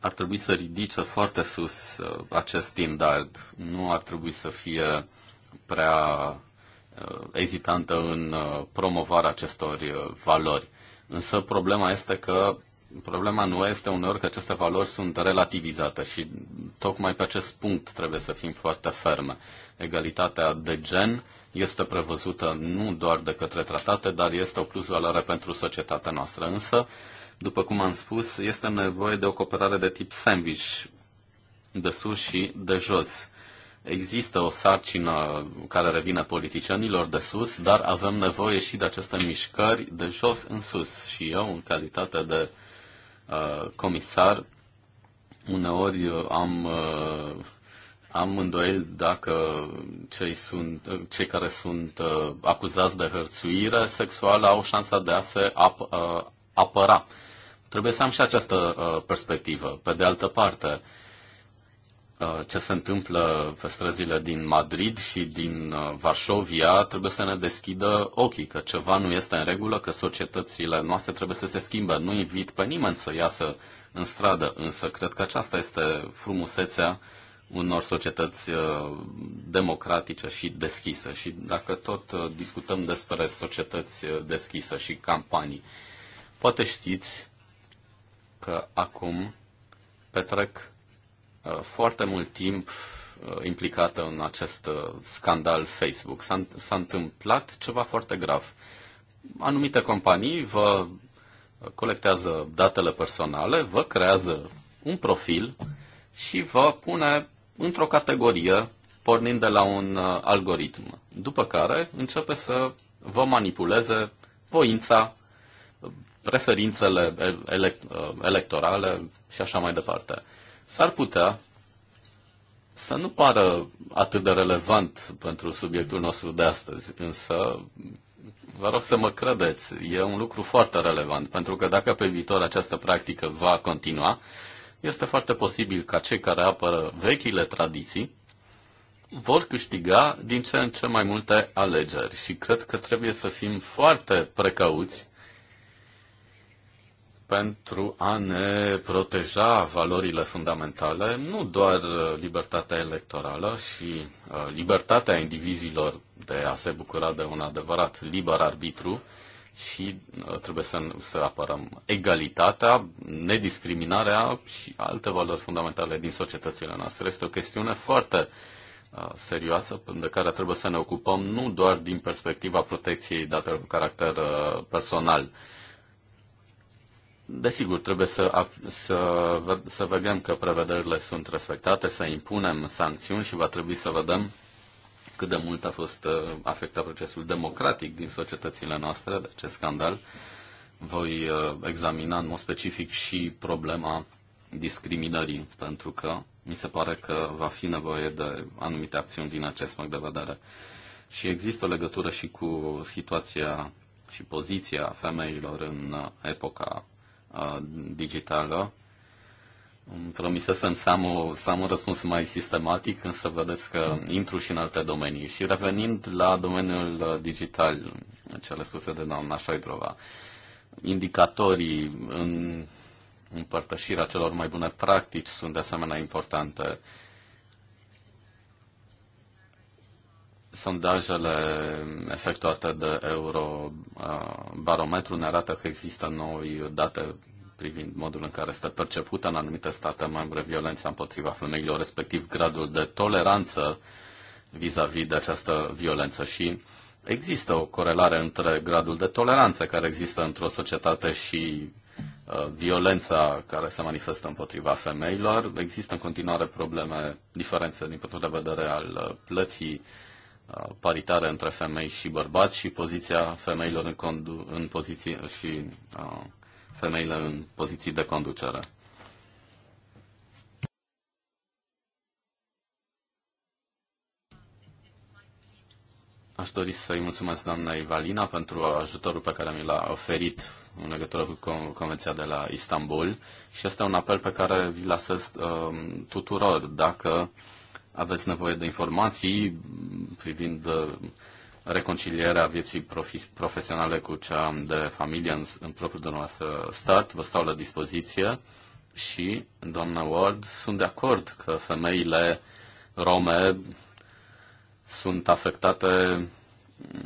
ar trebui să ridice foarte sus uh, acest standard. Nu ar trebui să fie prea uh, ezitantă în uh, promovarea acestor valori. Însă problema este că problema nu este uneori că aceste valori sunt relativizate și tocmai pe acest punct trebuie să fim foarte ferme. Egalitatea de gen este prevăzută nu doar de către tratate, dar este o plusvaloare pentru societatea noastră. Însă după cum am spus, este nevoie de o cooperare de tip sandwich, de sus și de jos. Există o sarcină care revine politicienilor de sus, dar avem nevoie și de aceste mișcări de jos în sus. Și eu, în calitate de uh, comisar, uneori uh, am, uh, am îndoiel dacă cei, sunt, uh, cei care sunt uh, acuzați de hărțuire sexuală au șansa de a se ap, uh, apăra. Uh, Trebuie să am și această uh, perspectivă. Pe de altă parte, uh, ce se întâmplă pe străzile din Madrid și din uh, Varșovia trebuie să ne deschidă ochii că ceva nu este în regulă, că societățile noastre trebuie să se schimbe. Nu invit pe nimeni să iasă în stradă, însă cred că aceasta este frumusețea unor societăți uh, democratice și deschise. Și dacă tot uh, discutăm despre societăți uh, deschise și campanii, poate știți că acum petrec uh, foarte mult timp uh, implicată în acest uh, scandal Facebook. S-a, s-a întâmplat ceva foarte grav. Anumite companii vă colectează datele personale, vă creează un profil și vă pune într-o categorie pornind de la un algoritm, după care începe să vă manipuleze voința, preferințele elect- electorale și așa mai departe. S-ar putea să nu pară atât de relevant pentru subiectul nostru de astăzi, însă vă rog să mă credeți, e un lucru foarte relevant, pentru că dacă pe viitor această practică va continua, este foarte posibil ca cei care apără vechile tradiții vor câștiga din ce în ce mai multe alegeri și cred că trebuie să fim foarte precauți pentru a ne proteja valorile fundamentale, nu doar uh, libertatea electorală și uh, libertatea indivizilor de a se bucura de un adevărat liber arbitru, și uh, trebuie să, să apărăm egalitatea, nediscriminarea și alte valori fundamentale din societățile noastre. Este o chestiune foarte serioasă de care trebuie să ne ocupăm nu doar din perspectiva protecției datelor cu caracter personal, Desigur, trebuie să, să, să vedem că prevederile sunt respectate, să impunem sancțiuni și va trebui să vedem cât de mult a fost uh, afectat procesul democratic din societățile noastre de acest scandal. Voi uh, examina în mod specific și problema discriminării, pentru că mi se pare că va fi nevoie de anumite acțiuni din acest punct de vedere. Și există o legătură și cu situația și poziția femeilor în epoca digitală. Îmi promisesem să am, o, să am un răspuns mai sistematic, însă vedeți că intru și în alte domenii. Și revenind la domeniul digital, cele spuse de doamna Șoidrova, indicatorii în împărtășirea celor mai bune practici sunt de asemenea importante. Uh, sondajele efectuate de Eurobarometru ne arată că există noi date privind modul în care este percepută în anumite state membre violența împotriva femeilor, respectiv gradul de toleranță vis-a-vis -vis de această violență și există o corelare între gradul de toleranță care există într-o societate și uh, violența care se manifestă împotriva femeilor. Există în continuare probleme, diferențe din punctul de vedere al uh, plății uh, paritare între femei și bărbați și poziția femeilor în, condu- în poziții și uh, femeile în poziții de conducere. Aș dori să-i mulțumesc doamnei Valina pentru ajutorul pe care mi l-a oferit în legătură cu Convenția de la Istanbul și este un apel pe care vi-l lasez uh, um, tuturor. Dacă uh, aveți nevoie de informații privind uh, reconcilierea vieții profesionale cu cea de familie în, în propriul dumneavoastră stat, vă stau la dispoziție și, doamna Ward, sunt de acord că femeile rome sunt afectate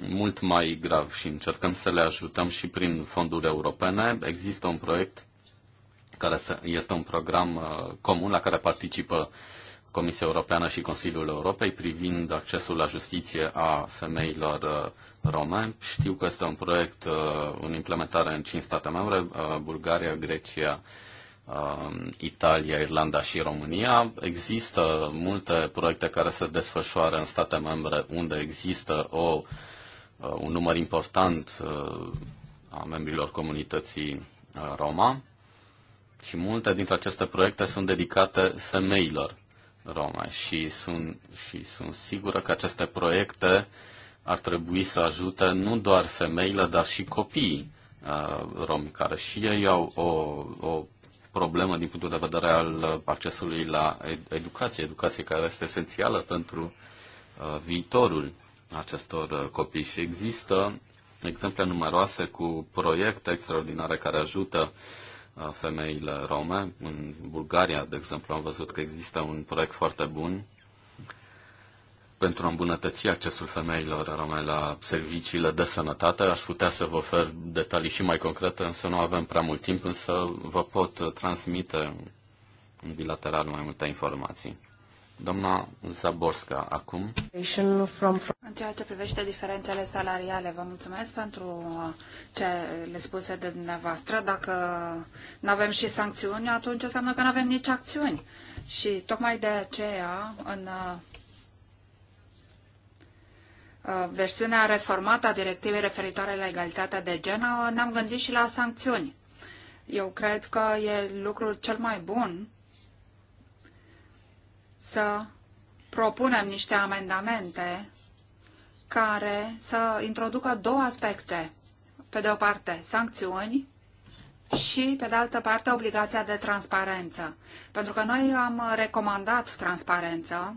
mult mai grav și încercăm să le ajutăm și prin fonduri europene. Există un proiect care este un program uh, comun la care participă Comisia Europeană și Consiliul Europei privind accesul la justiție a femeilor uh, rome. Știu că este un proiect uh, în implementare în cinci state membre, uh, Bulgaria, Grecia, um, Italia, Irlanda și România. Există multe proiecte care se desfășoară în state membre unde există o, un număr important a membrilor comunității Roma și multe dintre aceste proiecte sunt dedicate femeilor. Roma și sunt, și sunt sigură că aceste proiecte ar trebui să ajute nu doar femeile, dar și copiii uh, romi, care și ei au o, o problemă din punctul de vedere al accesului la educație, educație care este esențială pentru uh, viitorul acestor uh, copii. Și există exemple numeroase cu proiecte extraordinare care ajută uh, femeile rome. În Bulgaria, de exemplu, am văzut că există un proiect foarte bun pentru a îmbunătăți accesul femeilor rome la serviciile de sănătate. Aș putea să vă ofer detalii și mai concrete, însă nu avem prea mult timp, însă vă pot transmite în bilateral mai multe informații. Doamna Zaborska, acum. În ceea ce privește diferențele salariale, vă mulțumesc pentru ce le spuse de dumneavoastră. Dacă nu avem și sancțiuni, atunci înseamnă că nu avem nici acțiuni. Și tocmai de aceea, în uh, versiunea reformată a directivei referitoare la egalitatea de gen, ne-am gândit și la sancțiuni. Eu cred că e lucrul cel mai bun să propunem niște amendamente care să introducă două aspecte. Pe de o parte, sancțiuni și, pe de altă parte, obligația de transparență. Pentru că noi am recomandat transparență.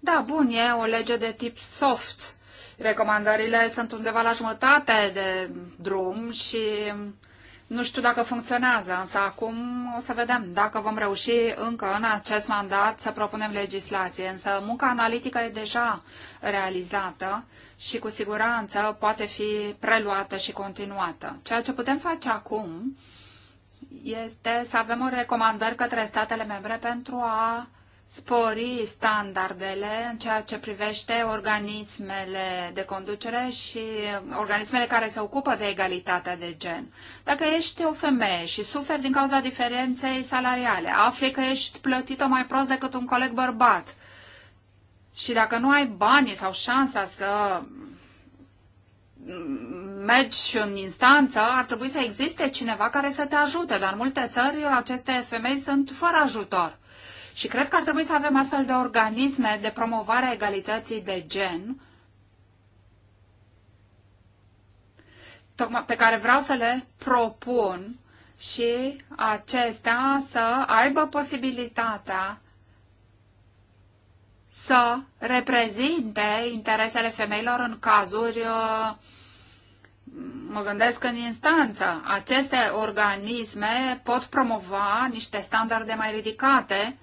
Da, bun, e o lege de tip soft. Recomandările sunt undeva la jumătate de drum și nu știu dacă funcționează, însă acum o să vedem dacă vom reuși încă în acest mandat să propunem legislație. Însă munca analitică e deja realizată și cu siguranță poate fi preluată și continuată. Ceea ce putem face acum este să avem o recomandări către statele membre pentru a spori standardele în ceea ce privește organismele de conducere și organismele care se ocupă de egalitatea de gen. Dacă ești o femeie și suferi din cauza diferenței salariale, afli că ești plătită mai prost decât un coleg bărbat și dacă nu ai banii sau șansa să mergi în instanță, ar trebui să existe cineva care să te ajute, dar în multe țări aceste femei sunt fără ajutor. Și cred că ar trebui să avem astfel de organisme de promovare a egalității de gen pe care vreau să le propun și acestea să aibă posibilitatea să reprezinte interesele femeilor în cazuri, uh, mă gândesc în instanță, aceste organisme pot promova niște standarde mai ridicate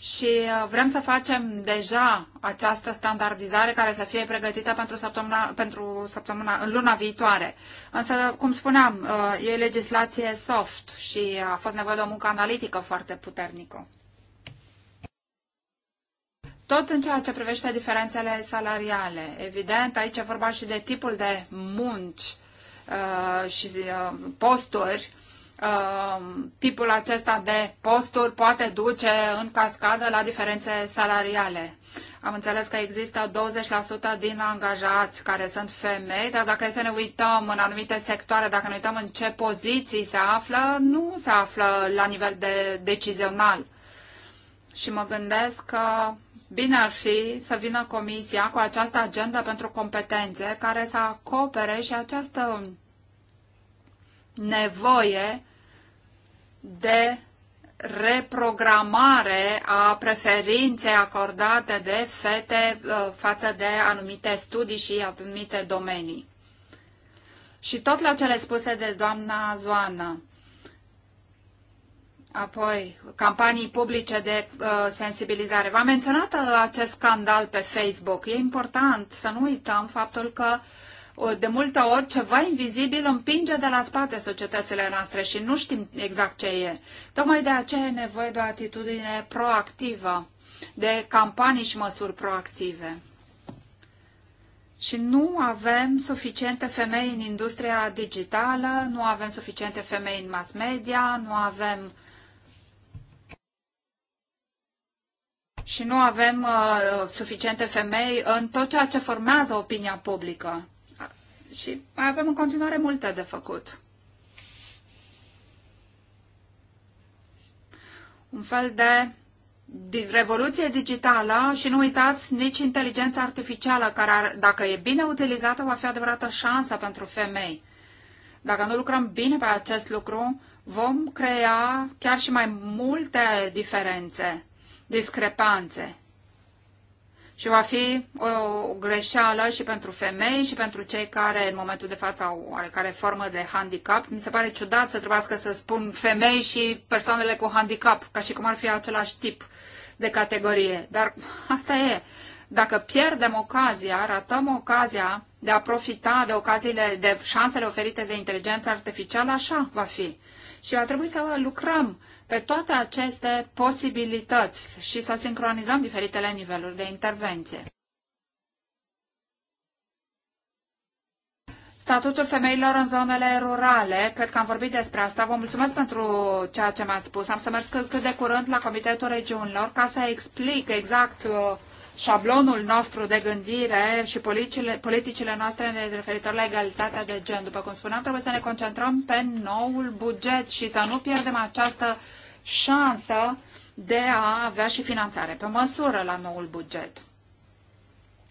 și uh, vrem să facem deja această standardizare care să fie pregătită pentru săptămâna, pentru săptămâna, în luna viitoare. Însă, cum spuneam, uh, e legislație soft și a fost nevoie de o muncă analitică foarte puternică. Tot în ceea ce privește diferențele salariale, evident, aici e vorba și de tipul de munci uh, și posturi Um, tipul acesta de posturi poate duce în cascadă la diferențe salariale. Am înțeles că există 20% din angajați care sunt femei, dar dacă să ne uităm în anumite sectoare, dacă ne uităm în ce poziții se află, nu se află la nivel de decizional. Și mă gândesc că bine ar fi să vină comisia cu această agendă pentru competențe care să acopere și această nevoie de reprogramare a preferinței acordate de fete uh, față de anumite studii și anumite domenii. Și tot la cele spuse de doamna Zoană, apoi campanii publice de uh, sensibilizare. V-am menționat uh, acest scandal pe Facebook. E important să nu uităm faptul că uh, de multe ori ceva invizibil împinge de la spate societățile noastre și nu știm exact ce e. Tocmai de aceea e nevoie de o atitudine proactivă, de campanii și măsuri proactive. Și nu avem suficiente femei în industria digitală, nu avem suficiente femei în mass media, nu avem și nu avem uh, suficiente femei în tot ceea ce formează opinia publică și mai avem în continuare multe de făcut. Un fel de revoluție digitală și nu uitați nici inteligența artificială, care ar, dacă e bine utilizată, va fi adevărată șansă pentru femei. Dacă nu lucrăm bine pe acest lucru, vom crea chiar și mai multe diferențe, discrepanțe și va fi o greșeală și pentru femei și pentru cei care în momentul de față au oarecare formă de handicap. Mi se pare ciudat să trebuiască să spun femei și persoanele cu handicap, ca și cum ar fi același tip de categorie. Dar asta e. Dacă pierdem ocazia, ratăm ocazia de a profita de ocaziile, de șansele oferite de inteligența artificială, așa va fi. Și a trebuit să lucrăm pe toate aceste posibilități și să sincronizăm diferitele niveluri de intervenție. Statutul femeilor în zonele rurale, cred că am vorbit despre asta. Vă mulțumesc pentru ceea ce m-ați spus. Am să merg cât de curând la Comitetul Regiunilor ca să explic exact uh, șablonul nostru de gândire și politicile, politicile noastre referitor la egalitatea de gen. După cum spuneam, trebuie să ne concentrăm pe noul buget și să nu pierdem această șansă de a avea și finanțare pe măsură la noul buget.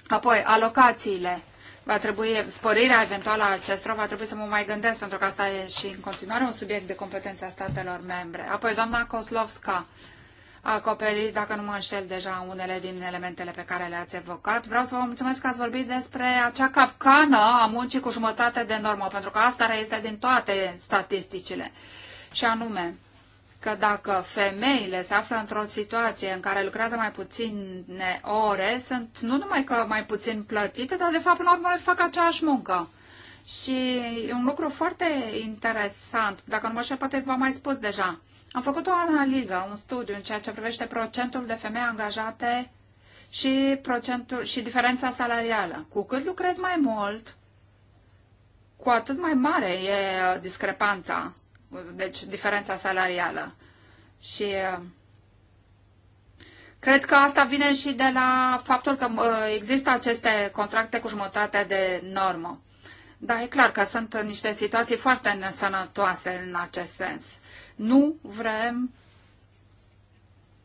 Apoi, alocațiile. Va trebui, sporirea eventuală a acestor va trebui să mă mai gândesc, pentru că asta e și în continuare un subiect de competența statelor membre. Apoi, doamna Koslovska, acoperit, dacă nu mă înșel, deja unele din elementele pe care le-ați evocat. Vreau să vă mulțumesc că ați vorbit despre acea capcană a muncii cu jumătate de normă, pentru că asta reiese din toate statisticile. Și anume, că dacă femeile se află într-o situație în care lucrează mai puține ore, sunt nu numai că mai puțin plătite, dar de fapt, în la urmă, fac aceeași muncă. Și e un lucru foarte interesant, dacă nu mă știu, poate v-am mai spus deja. Am făcut o analiză, un studiu în ceea ce privește procentul de femei angajate și, procentul, și diferența salarială. Cu cât lucrezi mai mult, cu atât mai mare e uh, discrepanța, uh, deci diferența salarială. Și uh, Cred că asta vine și de la faptul că există aceste contracte cu jumătate de normă. Da, e clar că sunt niște situații foarte nesănătoase în acest sens. Nu vrem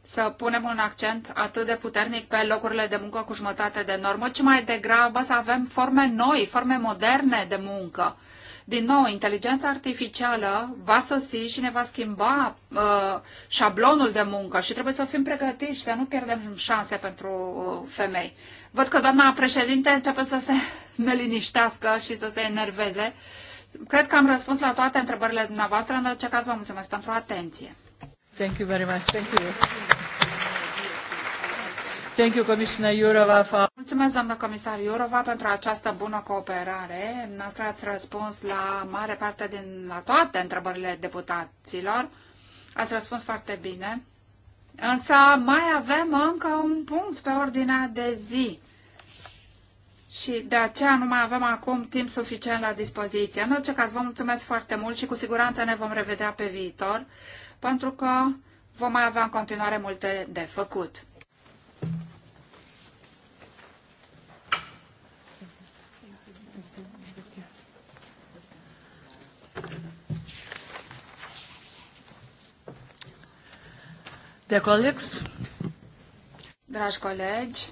să punem un accent atât de puternic pe locurile de muncă cu jumătate de normă, ci mai degrabă să avem forme noi, forme moderne de muncă din nou, inteligența artificială va sosi și ne va schimba uh, șablonul de muncă și trebuie să fim pregătiți, să nu pierdem șanse pentru uh, femei. Văd că doamna președinte începe să se neliniștească și să se enerveze. Cred că am răspuns la toate întrebările dumneavoastră. În orice caz, vă mulțumesc pentru atenție. Thank you very much. Thank you. Thank you, Commissioner Jourova. For... Mulțumesc, doamnă comisar Iurova, pentru această bună cooperare. Noastră ați răspuns la mare parte din la toate întrebările deputaților. Ați răspuns foarte bine. Însă mai avem încă un punct pe ordinea de zi. Și de aceea nu mai avem acum timp suficient la dispoziție. În orice caz, vă mulțumesc foarte mult și cu siguranță ne vom revedea pe viitor, pentru că vom mai avea în continuare multe de făcut. Dear colleagues, Dragi colegi,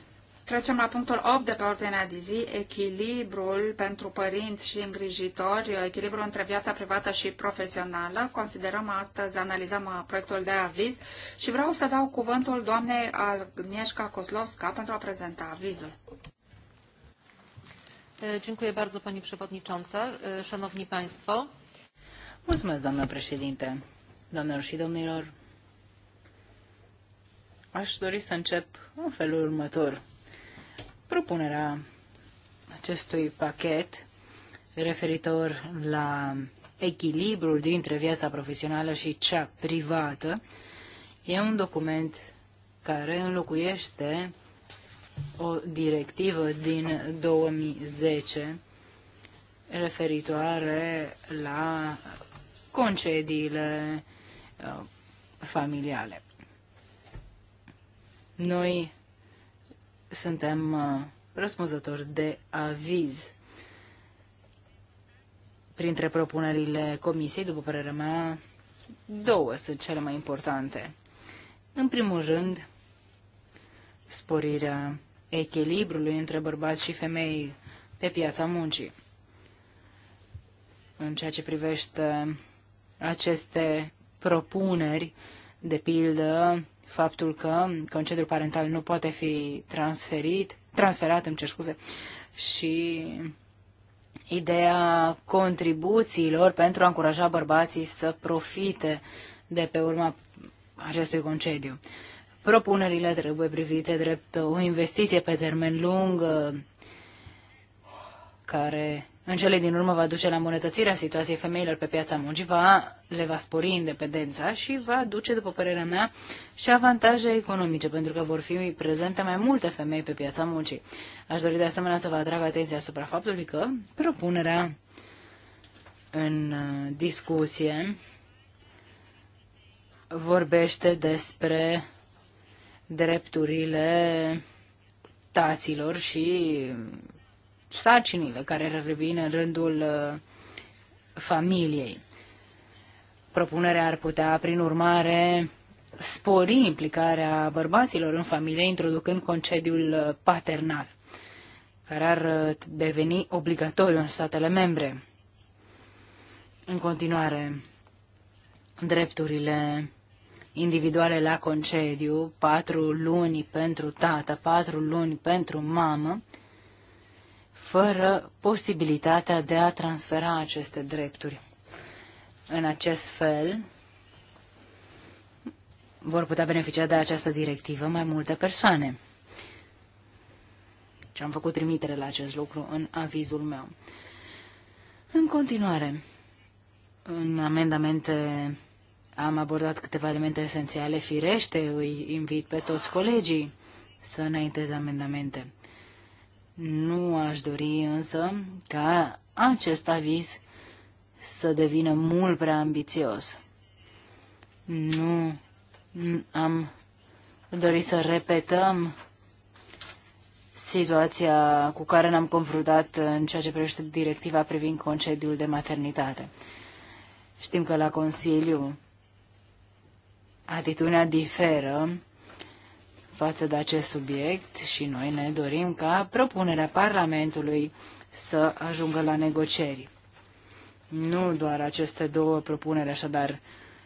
Trecem la punctul 8 de pe ordinea de zi, echilibrul pentru părinți și îngrijitori, echilibrul între viața privată și profesională. Considerăm astăzi, analizăm uh, proiectul de aviz și vreau să dau cuvântul doamnei Agnieszka Kozlowska pentru a prezenta avizul. Dziękuję bardzo Pani Przewodnicząca, Szanowni Państwo. Mulțumesc, doamnă președinte, doamnelor și domnilor. Aș dori să încep în felul următor. Propunerea acestui pachet referitor la echilibrul dintre viața profesională și cea privată e un document care înlocuiește o directivă din 2010 referitoare la concediile uh, familiale. Noi suntem uh, răspunzători de aviz. Printre propunerile comisiei, după părerea mea, două sunt cele mai importante. În primul rând, sporirea echilibrului între bărbați și femei pe piața muncii. În ceea ce privește aceste propuneri, de pildă, faptul că concediul parental nu poate fi transferit, transferat, îmi cer scuze, și ideea contribuțiilor pentru a încuraja bărbații să profite de pe urma acestui concediu. Propunerile trebuie privite drept o investiție pe termen lung care în cele din urmă va duce la îmbunătățirea situației femeilor pe piața muncii, va, le va spori independența și va duce, după părerea mea, și avantaje economice, pentru că vor fi prezente mai multe femei pe piața muncii. Aș dori de asemenea să vă atrag atenția asupra faptului că propunerea în uh, discuție vorbește despre drepturile taților și sarcinile care revin în rândul uh, familiei. Propunerea ar putea, prin urmare, spori implicarea bărbaților în familie, introducând concediul uh, paternal, care ar uh, deveni obligatoriu în statele membre. În continuare, drepturile individuale la concediu, patru luni pentru tată, patru luni pentru mamă, fără posibilitatea de a transfera aceste drepturi. În acest fel, vor putea beneficia de această directivă mai multe persoane. Și am făcut trimitere la acest lucru în avizul meu. În continuare, în amendamente am abordat câteva elemente esențiale. Firește, îi invit pe toți colegii să înainteze amendamente. Nu aș dori însă ca acest aviz să devină mult prea ambițios. Nu am dorit să repetăm situația cu care ne-am confruntat în ceea ce privește directiva privind concediul de maternitate. Știm că la Consiliu atitudinea diferă față de acest subiect și noi ne dorim ca propunerea Parlamentului să ajungă la negocieri. Nu doar aceste două propuneri, așadar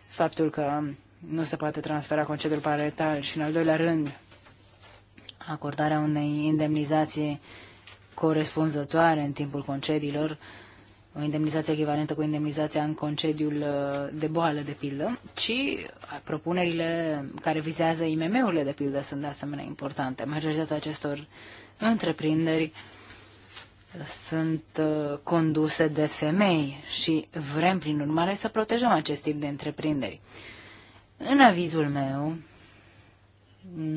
faptul că nu se poate transfera concediul parental și, în al doilea rând, acordarea unei indemnizații corespunzătoare în timpul concediilor o indemnizație echivalentă cu indemnizația în concediul uh, de boală, de pildă, ci propunerile care vizează IMM-urile, de pildă, sunt de asemenea importante. Majoritatea acestor întreprinderi sunt uh, conduse de femei și vrem, prin urmare, să protejăm acest tip de întreprinderi. În avizul meu,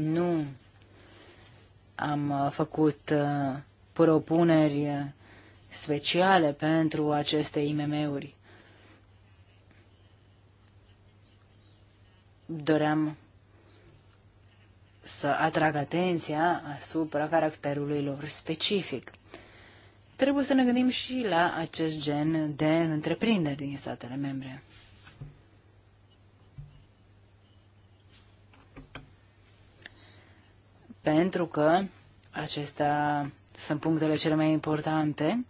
nu am uh, făcut propuneri speciale pentru aceste IMM-uri. Doream să atrag atenția asupra caracterului lor specific. Trebuie să ne gândim și la acest gen de întreprinderi din statele membre. Pentru că acestea sunt punctele cele mai importante.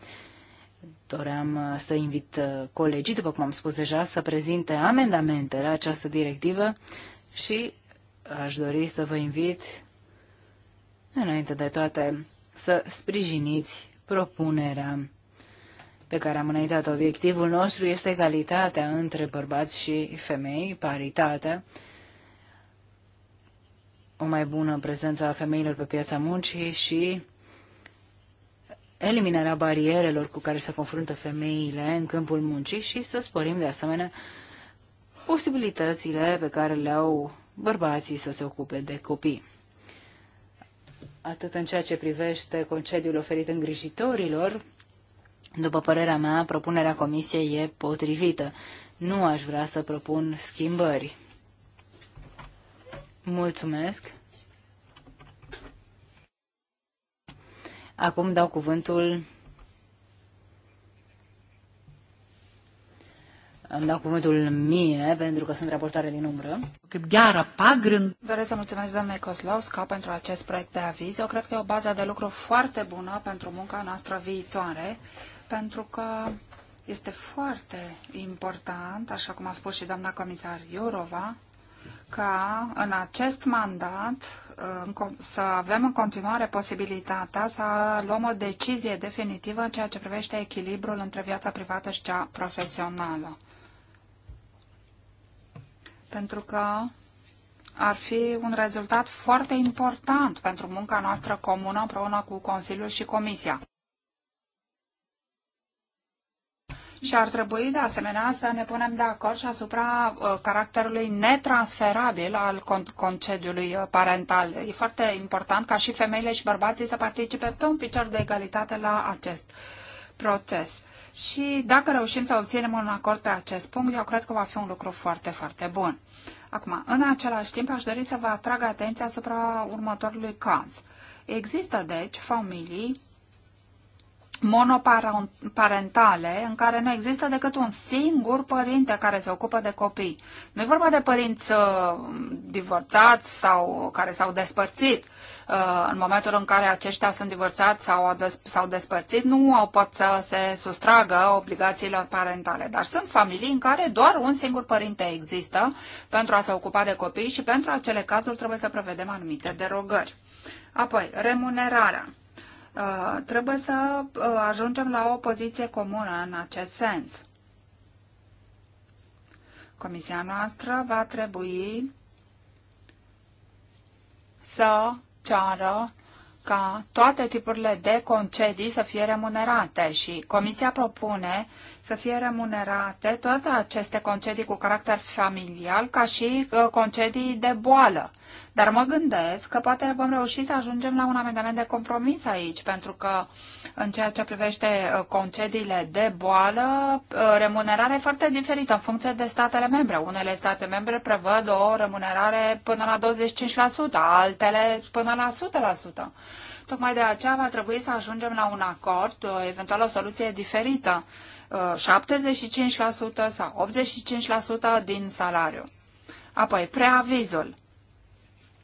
Doream uh, să invit uh, colegii, după cum am spus deja, să prezinte amendamente la această directivă și aș dori să vă invit, înainte de toate, să sprijiniți propunerea pe care am înaintat. Obiectivul nostru este egalitatea între bărbați și femei, paritatea, o mai bună prezență a femeilor pe piața muncii și eliminarea barierelor cu care se confruntă femeile în câmpul muncii și să sporim de asemenea posibilitățile pe care le au bărbații să se ocupe de copii. Atât în ceea ce privește concediul oferit îngrijitorilor, după părerea mea, propunerea comisiei e potrivită. Nu aș vrea să propun schimbări. Mulțumesc. Acum dau cuvântul Îmi dau cuvântul mie, pentru că sunt raportare din umbră. Gheara Pagrân. Doresc să mulțumesc doamnei Kozlovska pentru acest proiect de aviz. Eu cred că e o bază de lucru foarte bună pentru munca noastră viitoare, pentru că este foarte important, așa cum a spus și doamna comisar Iurova, ca în acest mandat uh, să avem în continuare posibilitatea să luăm o decizie definitivă în ceea ce privește echilibrul între viața privată și cea profesională. Pentru că ar fi un rezultat foarte important pentru munca noastră comună împreună cu Consiliul și Comisia. și ar trebui de asemenea să ne punem de acord și asupra uh, caracterului netransferabil al concediului uh, parental. E foarte important ca și femeile și bărbații să participe pe un picior de egalitate la acest proces. Și dacă reușim să obținem un acord pe acest punct, eu cred că va fi un lucru foarte, foarte bun. Acum, în același timp, aș dori să vă atrag atenția asupra următorului caz. Există, deci, familii monoparentale în care nu există decât un singur părinte care se ocupă de copii. Nu e vorba de părinți uh, divorțați sau care s-au despărțit. Uh, în momentul în care aceștia sunt divorțați sau s-au despărțit, nu au pot să se sustragă obligațiilor parentale. Dar sunt familii în care doar un singur părinte există pentru a se ocupa de copii și pentru acele cazuri trebuie să prevedem anumite derogări. Apoi, remunerarea. Uh, trebuie să uh, ajungem la o poziție comună în acest sens. Comisia noastră va trebui să ceară ca toate tipurile de concedii să fie remunerate și Comisia propune să fie remunerate toate aceste concedii cu caracter familial ca și uh, concedii de boală. Dar mă gândesc că poate vom reuși să ajungem la un amendament de compromis aici, pentru că în ceea ce privește uh, concediile de boală, uh, remunerarea e foarte diferită în funcție de statele membre. Unele state membre prevăd o remunerare până la 25%, altele până la 100%. Tocmai de aceea va trebui să ajungem la un acord, uh, eventual o soluție diferită, 75% uh, sau 85% din salariu. Apoi, preavizul,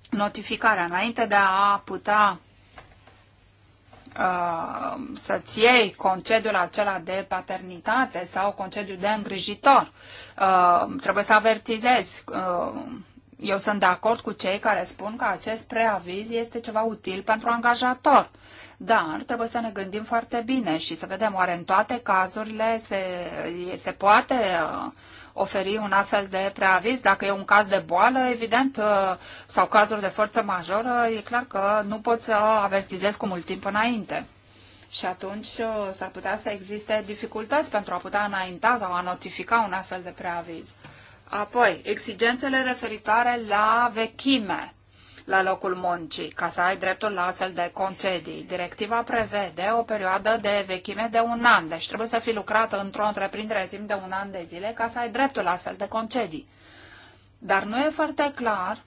notificarea înainte de a putea uh, să-ți iei concediul acela de paternitate sau concediul de îngrijitor. Uh, trebuie să avertizezi uh, eu sunt de acord cu cei care spun că acest preaviz este ceva util pentru angajator. Dar trebuie să ne gândim foarte bine și să vedem oare în toate cazurile se, se poate uh, oferi un astfel de preaviz. Dacă e un caz de boală, evident, uh, sau cazuri de forță majoră, e clar că nu pot să avertizez cu mult timp înainte. Și atunci uh, s-ar putea să existe dificultăți pentru a putea înainta sau a notifica un astfel de preaviz. Apoi, exigențele referitoare la vechime la locul muncii, ca să ai dreptul la astfel de concedii. Directiva prevede o perioadă de vechime de un an, deci trebuie să fi lucrat într-o întreprindere timp de un an de zile ca să ai dreptul la astfel de concedii. Dar nu e foarte clar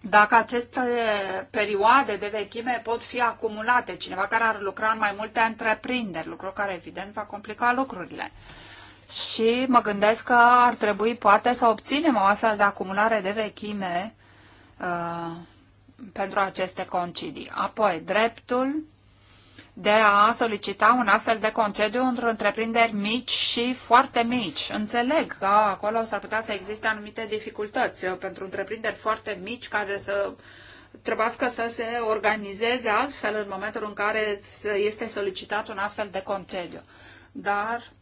dacă aceste perioade de vechime pot fi acumulate. Cineva care ar lucra în mai multe întreprinderi, lucru care evident va complica lucrurile și mă gândesc că ar trebui poate să obținem o astfel de acumulare de vechime uh, pentru aceste concedii. Apoi, dreptul de a solicita un astfel de concediu într-o întreprinderi mici și foarte mici. Înțeleg că acolo s-ar putea să existe anumite dificultăți uh, pentru întreprinderi foarte mici care să trebuiască să se organizeze altfel în momentul în care este solicitat un astfel de concediu. Dar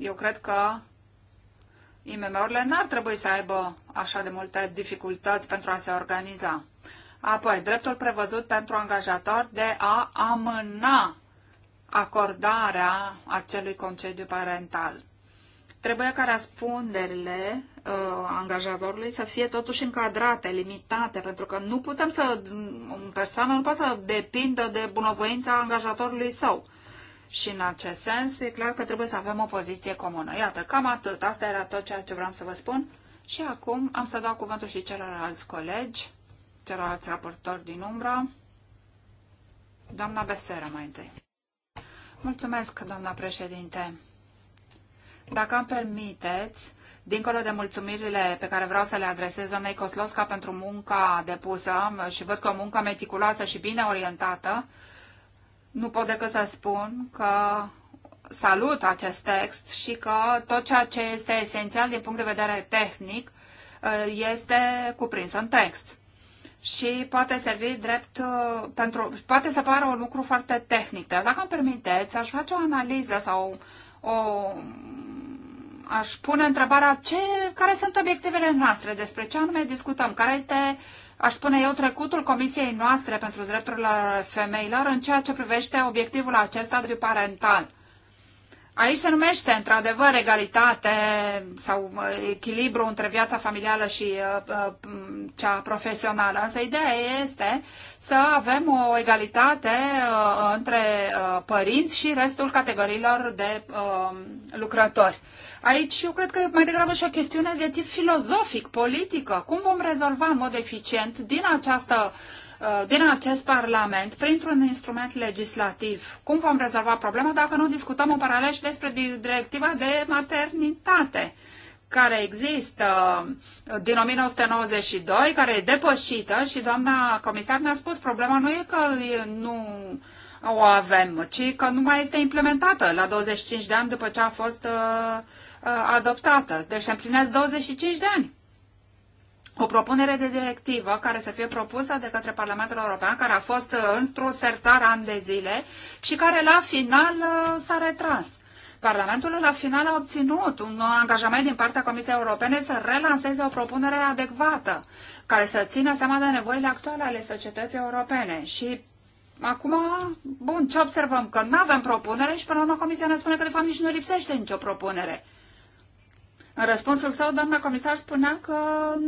eu cred că IMM-urile n-ar trebui să aibă așa de multe dificultăți pentru a se organiza. Apoi, dreptul prevăzut pentru angajator de a amâna acordarea acelui concediu parental. Trebuie ca răspunderile uh, angajatorului să fie totuși încadrate, limitate, pentru că nu putem să, o persoană nu poate să depindă de bunăvoința angajatorului său. Și în acest sens, e clar că trebuie să avem o poziție comună. Iată, cam atât. Asta era tot ceea ce vreau să vă spun. Și acum am să dau cuvântul și celorlalți colegi, celorlalți raportori din umbră. Doamna Beseră, mai întâi. Mulțumesc, doamna președinte. Dacă îmi permiteți, dincolo de mulțumirile pe care vreau să le adresez doamnei Coslosca pentru munca depusă și văd că o muncă meticuloasă și bine orientată, nu pot decât să spun că salut acest text și că tot ceea ce este esențial din punct de vedere tehnic uh, este cuprins în text și poate servi drept uh, pentru, poate să pară un lucru foarte tehnic, dar dacă îmi permiteți, aș face o analiză sau o, aș pune întrebarea ce, care sunt obiectivele noastre, despre ce anume discutăm, care este aș spune eu, trecutul Comisiei noastre pentru drepturile femeilor în ceea ce privește obiectivul acesta triparental. Aici se numește, într-adevăr, egalitate sau echilibru între viața familială și uh, uh, cea profesională. Însă ideea este să avem o egalitate uh, între părinți și restul categoriilor de lucrători. Aici eu cred că e mai degrabă și o chestiune de tip filozofic, politică. Cum vom rezolva în mod eficient din această uh, din acest Parlament printr-un instrument legislativ. Cum vom rezolva problema dacă nu discutăm în paralel și despre directiva de maternitate? care există uh, din 1992, care e depășită și doamna comisar ne-a spus problema nu e că nu o avem, ci că nu mai este implementată la 25 de ani după ce a fost uh, Uh, adoptată. Deci se împlinesc 25 de ani. O propunere de directivă care să fie propusă de către Parlamentul European, care a fost uh, într o sertar ani de zile și care la final uh, s-a retras. Parlamentul la final a obținut un angajament din partea Comisiei Europene să relanseze o propunere adecvată, care să țină seama de nevoile actuale ale societății europene. Și acum, bun, ce observăm? Că nu avem propunere și până la urmă Comisia ne spune că de fapt nici nu lipsește nicio propunere. În răspunsul său, doamna comisar spunea că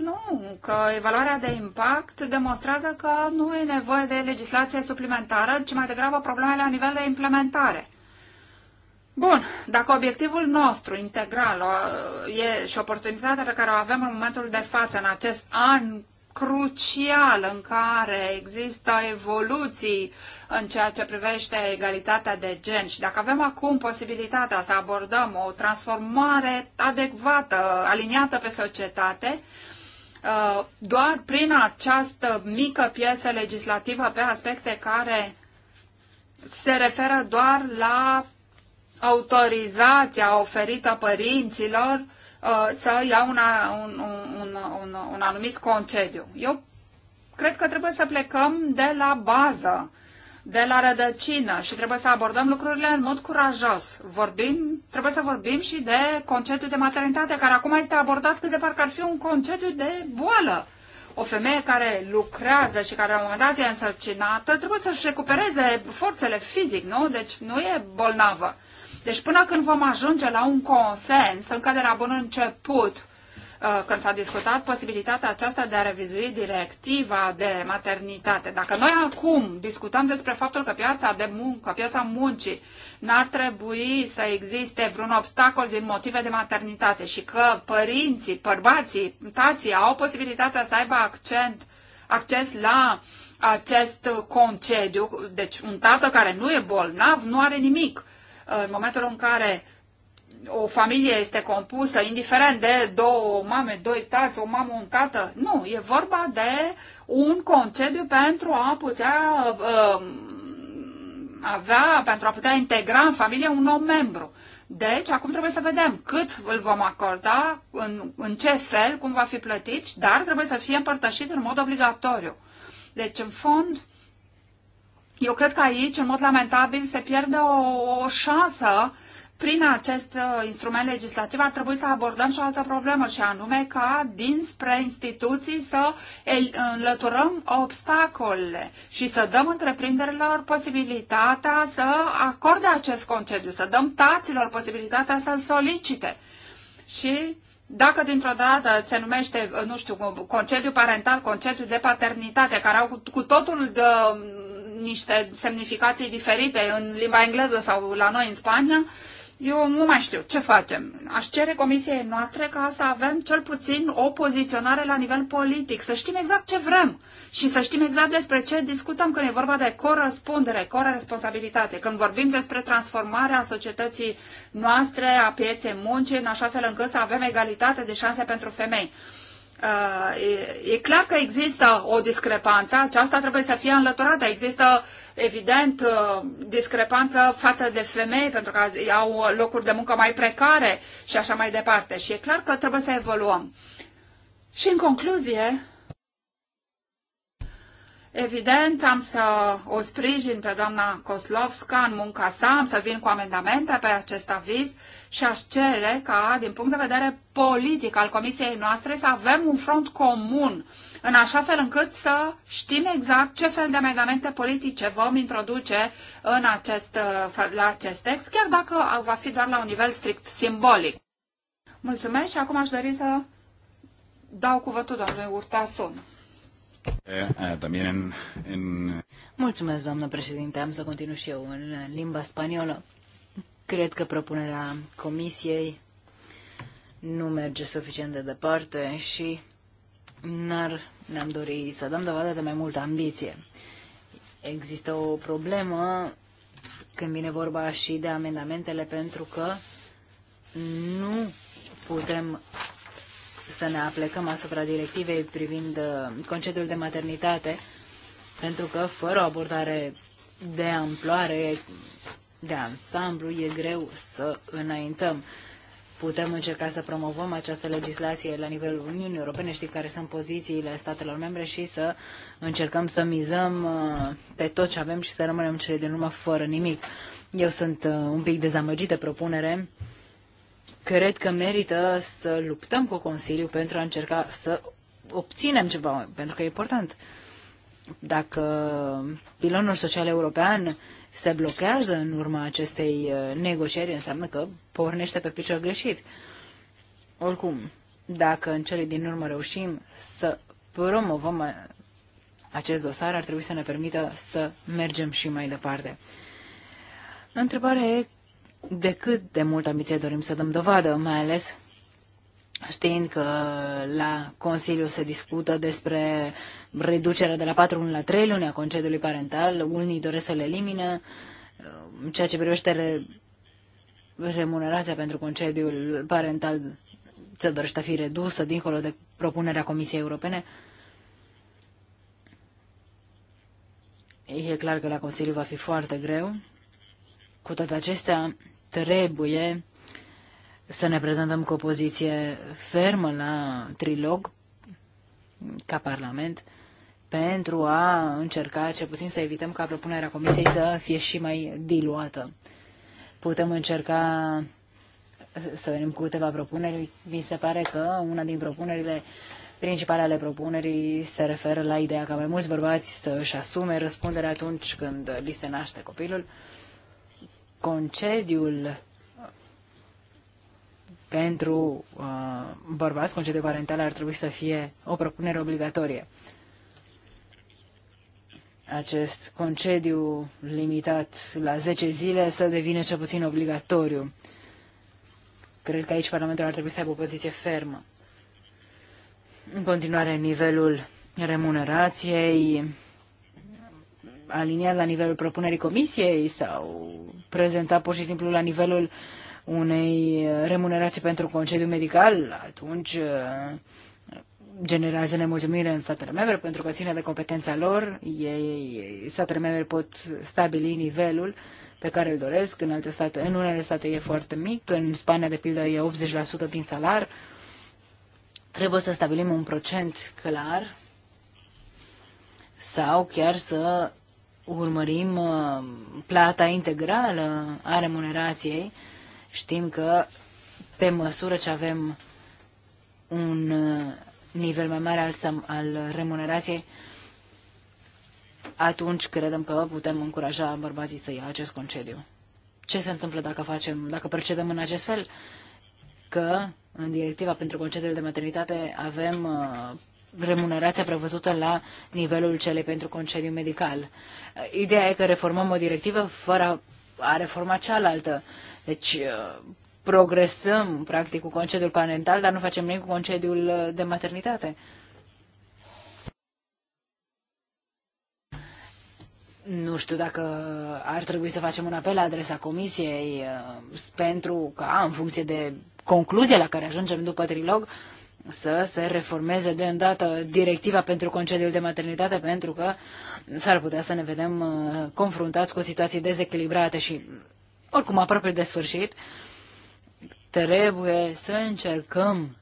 nu, că evaluarea de impact demonstrează că nu e nevoie de legislație suplimentară, ci mai degrabă probleme la nivel de implementare. Bun, dacă obiectivul nostru integral uh, e și oportunitatea pe care o avem în momentul de față, în acest an crucial în care există evoluții în ceea ce privește egalitatea de gen și dacă avem acum posibilitatea să abordăm o transformare adecvată, aliniată pe societate, uh, doar prin această mică piesă legislativă pe aspecte care se referă doar la autorizația oferită părinților Uh, să ia una, un, un, un, un anumit concediu. Eu cred că trebuie să plecăm de la bază, de la rădăcină și trebuie să abordăm lucrurile în mod curajos. Vorbim, trebuie să vorbim și de concediu de maternitate, care acum este abordat cât de parcă ar fi un concediu de boală. O femeie care lucrează și care la un moment dat e însărcinată trebuie să-și recupereze forțele fizic, nu? Deci nu e bolnavă. Deci până când vom ajunge la un consens, încă de la bun început, uh, când s-a discutat posibilitatea aceasta de a revizui directiva de maternitate. Dacă noi acum discutăm despre faptul că piața de muncă, piața muncii, n-ar trebui să existe vreun obstacol din motive de maternitate și că părinții, bărbații, tații au posibilitatea să aibă accent, acces la acest concediu, deci un tată care nu e bolnav nu are nimic în momentul în care o familie este compusă, indiferent de două mame, doi tați, o mamă, un tată. Nu, e vorba de un concediu pentru a putea uh, avea, pentru a putea integra în familie un nou membru. Deci, acum trebuie să vedem cât îl vom acorda, în, în ce fel, cum va fi plătit, dar trebuie să fie împărtășit în mod obligatoriu. Deci, în fond, eu cred că aici, în mod lamentabil, se pierde o, o șansă prin acest uh, instrument legislativ ar trebui să abordăm și o altă problemă, și anume ca dinspre instituții să înlăturăm obstacolele și să dăm întreprinderilor posibilitatea să acorde acest concediu, să dăm taților posibilitatea să-l solicite. Și dacă dintr-o dată se numește, uh, nu știu, concediu parental, concediu de paternitate, care au cu totul de uh, niște semnificații diferite în limba engleză sau la noi în Spania, eu nu mai știu ce facem. Aș cere comisiei noastre ca să avem cel puțin o poziționare la nivel politic, să știm exact ce vrem și să știm exact despre ce discutăm când e vorba de corespundere, corresponsabilitate, când vorbim despre transformarea societății noastre, a pieței muncii, în așa fel încât să avem egalitate de șanse pentru femei. Uh, e clar că există o discrepanță, aceasta trebuie să fie înlăturată. Există, evident, uh, discrepanță față de femei, pentru că au locuri de muncă mai precare și așa mai departe. Și e clar că trebuie să evoluăm. Și în concluzie, Evident, am să o sprijin pe doamna Koslovska în munca sa, am să vin cu amendamente pe acest aviz și aș cere ca, din punct de vedere politic al comisiei noastre, să avem un front comun, în așa fel încât să știm exact ce fel de amendamente politice vom introduce în acest, la acest text, chiar dacă va fi doar la un nivel strict simbolic. Mulțumesc și acum aș dori să dau cuvântul doamnei Urtasun. Eh, eh, Mulțumesc, doamnă președinte. Am să continu și eu în limba spaniolă. Cred că propunerea comisiei nu merge suficient de departe și n-ar, ne-am dorit să dăm dovadă de mai multă ambiție. Există o problemă când vine vorba și de amendamentele, pentru că nu putem să ne aplecăm asupra directivei privind uh, concediul de maternitate, pentru că fără o abordare de amploare, de ansamblu, e greu să înaintăm. Putem încerca să promovăm această legislație la nivelul Uniunii Europene, știi care sunt pozițiile statelor membre și să încercăm să mizăm uh, pe tot ce avem și să rămânem cele din urmă fără nimic. Eu sunt uh, un pic dezamăgită propunere cred că merită să luptăm cu Consiliul pentru a încerca să obținem ceva, pentru că e important. Dacă pilonul social european se blochează în urma acestei uh, negocieri, înseamnă că pornește pe picior greșit. Oricum, dacă în cele din urmă reușim să promovăm uh, acest dosar, ar trebui să ne permită să mergem și mai departe. Întrebarea e de cât de mult ambiție dorim să dăm dovadă, mai ales știind că la Consiliu se discută despre reducerea de la 4 luni la 3 luni a concediului parental, unii doresc să le elimine, ceea ce privește remunerația pentru concediul parental ce dorește a fi redusă dincolo de propunerea Comisiei Europene. E clar că la Consiliu va fi foarte greu. Cu toate acestea, trebuie să ne prezentăm cu o poziție fermă la trilog ca Parlament pentru a încerca cel puțin să evităm ca propunerea Comisiei să fie și mai diluată. Putem încerca să venim cu câteva propuneri. Mi se pare că una din propunerile principale ale propunerii se referă la ideea ca mai mulți bărbați să își asume răspunderea atunci când li se naște copilul concediul pentru uh, bărbați, concediul parental ar trebui să fie o propunere obligatorie. Acest concediu limitat la 10 zile să devină cel puțin obligatoriu. Cred că aici Parlamentul ar trebui să aibă o poziție fermă. În continuare, nivelul remunerației, aliniat la nivelul propunerii comisiei sau prezentat pur și simplu la nivelul unei remunerații pentru concediu medical, atunci uh, generează nemulțumire în statele membre pentru că ține de competența lor. Ei, statele membre pot stabili nivelul pe care îl doresc. În alte state, în unele state e foarte mic, în Spania, de pildă, e 80% din salar. Trebuie să stabilim un procent clar sau chiar să urmărim uh, plata integrală a remunerației, știm că pe măsură ce avem un uh, nivel mai mare al, al remunerației, atunci credem că putem încuraja bărbații să ia acest concediu. Ce se întâmplă dacă facem, dacă procedăm în acest fel? Că în directiva pentru concediul de maternitate avem uh, remunerația prevăzută la nivelul celei pentru concediu medical. Ideea e că reformăm o directivă fără a reforma cealaltă. Deci uh, progresăm, practic, cu concediul parental, dar nu facem nimic cu concediul uh, de maternitate. Nu știu dacă ar trebui să facem un apel la adresa comisiei uh, pentru ca, în funcție de concluzia la care ajungem după trilog, să se reformeze de îndată directiva pentru concediul de maternitate, pentru că s-ar putea să ne vedem uh, confruntați cu situații dezechilibrate și oricum aproape de sfârșit. Trebuie să încercăm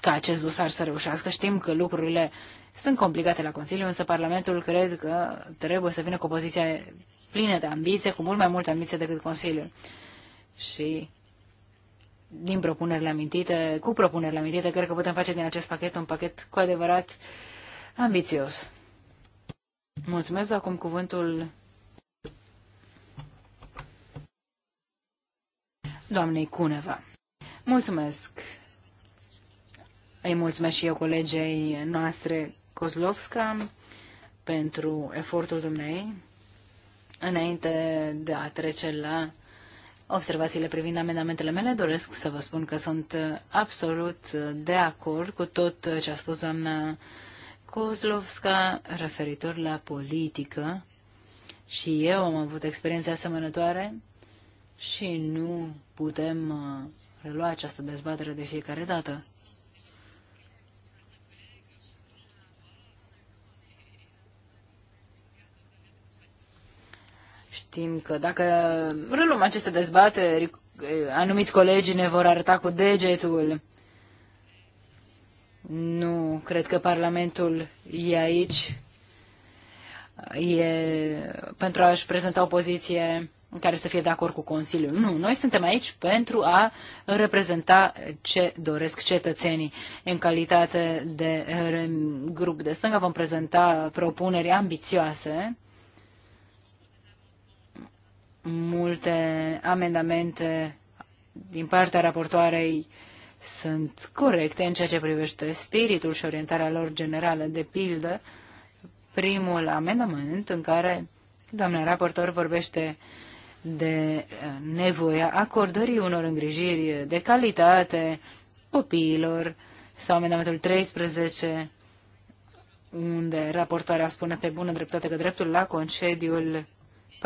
ca acest dosar să reușească. Știm că lucrurile sunt complicate la Consiliu, însă Parlamentul cred că trebuie să vină cu o poziție plină de ambiție, cu mult mai multă ambiție decât Consiliul. Și din propunerile amintite, cu propunerile amintite, cred că putem face din acest pachet un pachet cu adevărat ambițios. Mulțumesc, acum cuvântul doamnei Cuneva. Mulțumesc. Îi mulțumesc și eu colegei noastre Kozlovska pentru efortul dumnei înainte de a trece la observațiile privind amendamentele mele, doresc să vă spun că sunt uh, absolut uh, de acord cu tot uh, ce a spus doamna Kozlovska referitor la politică. Și eu am avut experiențe asemănătoare și nu putem relua această dezbatere de fiecare dată. știm că dacă reluăm aceste dezbateri, anumiți colegi ne vor arăta cu degetul. Nu, cred că Parlamentul e aici e pentru a-și prezenta o poziție în care să fie de acord cu Consiliul. Nu, noi suntem aici pentru a reprezenta ce doresc cetățenii. În calitate de grup de stânga vom prezenta propuneri ambițioase Multe amendamente din partea raportoarei sunt corecte în ceea ce privește spiritul și orientarea lor generală. De pildă, primul amendament în care doamna raportor vorbește de eh, nevoia acordării unor îngrijiri de calitate copiilor sau amendamentul 13 unde raportoarea spune pe bună dreptate că dreptul la concediul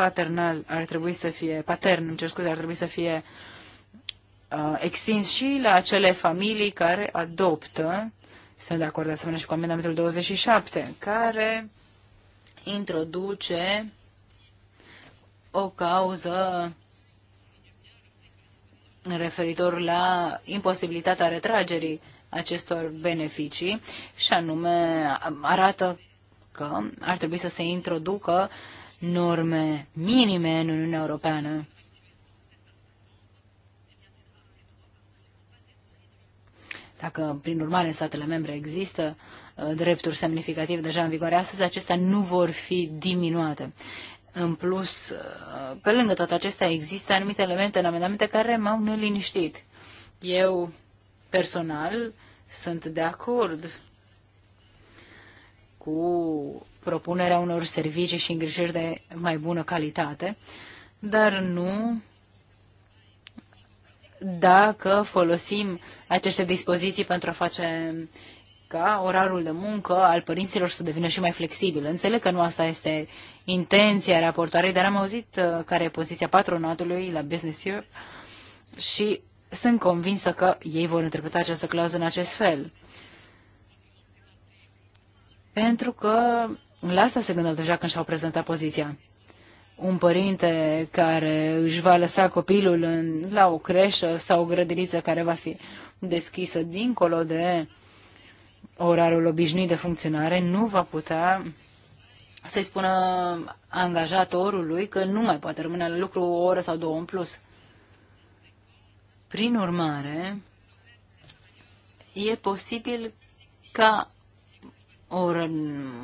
paternal ar trebui să fie, patern, îmi cer scuze, ar trebui să fie uh, extins și la acele familii care adoptă, sunt de acord asemenea și cu amendamentul 27, care introduce o cauză referitor la imposibilitatea retragerii acestor beneficii și anume arată că ar trebui să se introducă norme minime în Uniunea Europeană. Dacă, prin urmare, în statele membre există uh, drepturi semnificative deja în vigoare astăzi, acestea nu vor fi diminuate. În plus, uh, pe lângă toate acestea, există anumite elemente în amendamente care m-au neliniștit. Eu, personal, sunt de acord cu propunerea unor servicii și îngrijiri de mai bună calitate, dar nu dacă folosim aceste dispoziții pentru a face ca orarul de muncă al părinților să devină și mai flexibil. Înțeleg că nu asta este intenția raportoarei, dar am auzit uh, care e poziția patronatului la Business Europe și sunt convinsă că ei vor interpreta această clauză în acest fel. Pentru că la asta se gândeau deja când și-au prezentat poziția. Un părinte care își va lăsa copilul în, la o creșă sau o grădiniță care va fi deschisă dincolo de orarul obișnuit de funcționare, nu va putea să-i spună angajatorului că nu mai poate rămâne la lucru o oră sau două în plus. Prin urmare, e posibil ca or,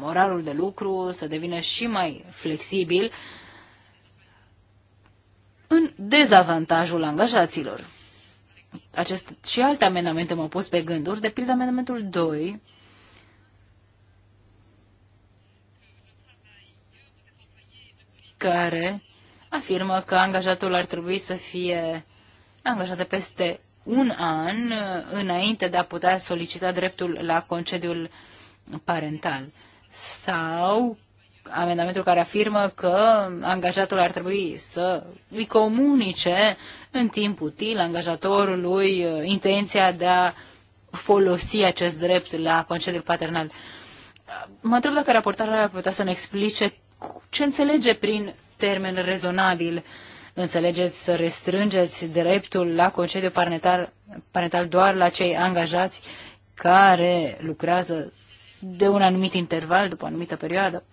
orarul de lucru să devină și mai flexibil în dezavantajul angajaților. Acest și alte amendamente m-au pus pe gânduri, de pildă amendamentul 2, care afirmă că angajatul ar trebui să fie angajat de peste un an înainte de a putea solicita dreptul la concediul parental sau amendamentul care afirmă că angajatul ar trebui să îi comunice în timp util angajatorului uh, intenția de a folosi acest drept la concediul paternal. Uh, mă întreb dacă raportarea ar putea să ne explice ce înțelege prin termen rezonabil. Înțelegeți să restrângeți dreptul la concediu parental, parental doar la cei angajați care lucrează de un anumit interval, după o anumită perioadă.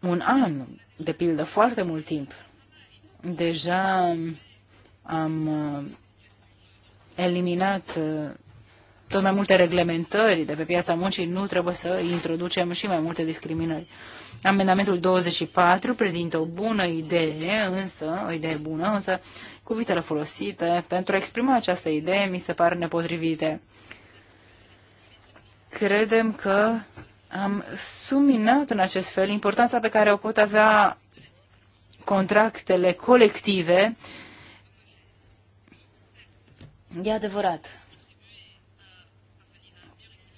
Un an, de pildă, foarte mult timp. Deja am uh, eliminat uh, tot mai multe reglementări de pe piața muncii, nu trebuie să introducem și mai multe discriminări. Amendamentul 24 prezintă o bună idee, însă, o idee bună, însă cuvintele folosite pentru a exprima această idee mi se par nepotrivite. Credem că am suminat în acest fel importanța pe care o pot avea contractele colective. E adevărat.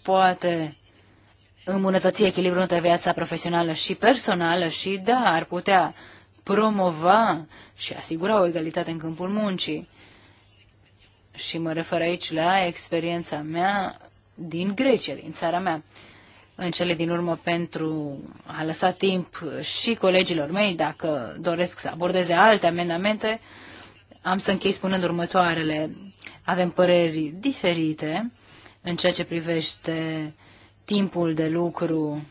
Poate îmbunătăți echilibrul între viața profesională și personală și, da, ar putea promova și asigura o egalitate în câmpul muncii. Și mă refer aici la experiența mea din Grecia, din țara mea. În cele din urmă, pentru a lăsa timp și colegilor mei, dacă doresc să abordeze alte amendamente, am să închei spunând următoarele. Avem păreri diferite în ceea ce privește timpul de lucru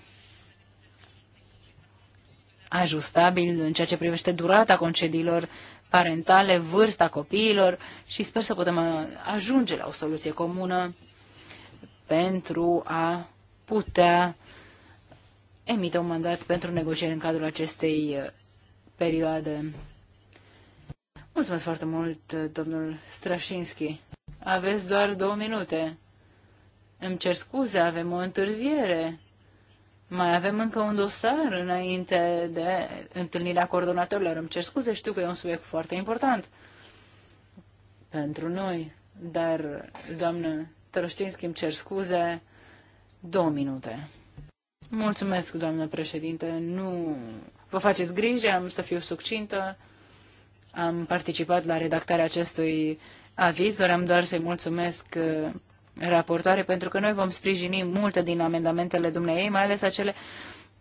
ajustabil, în ceea ce privește durata concediilor parentale, vârsta copiilor și sper să putem ajunge la o soluție comună pentru a putea emite un mandat pentru negocieri în cadrul acestei uh, perioade. Mulțumesc foarte mult, uh, domnul Strașinski. Aveți doar două minute. Îmi cer scuze, avem o întârziere. Mai avem încă un dosar înainte de întâlnirea coordonatorilor. Îmi cer scuze, știu că e un subiect foarte important pentru noi. Dar, doamnă Tălăștinski, îmi cer scuze. Două minute. Mulțumesc, doamnă președinte. Nu vă faceți griji, am să fiu succintă. Am participat la redactarea acestui aviz, am doar să-i mulțumesc uh, raportoare, pentru că noi vom sprijini multe din amendamentele dumneei, mai ales acele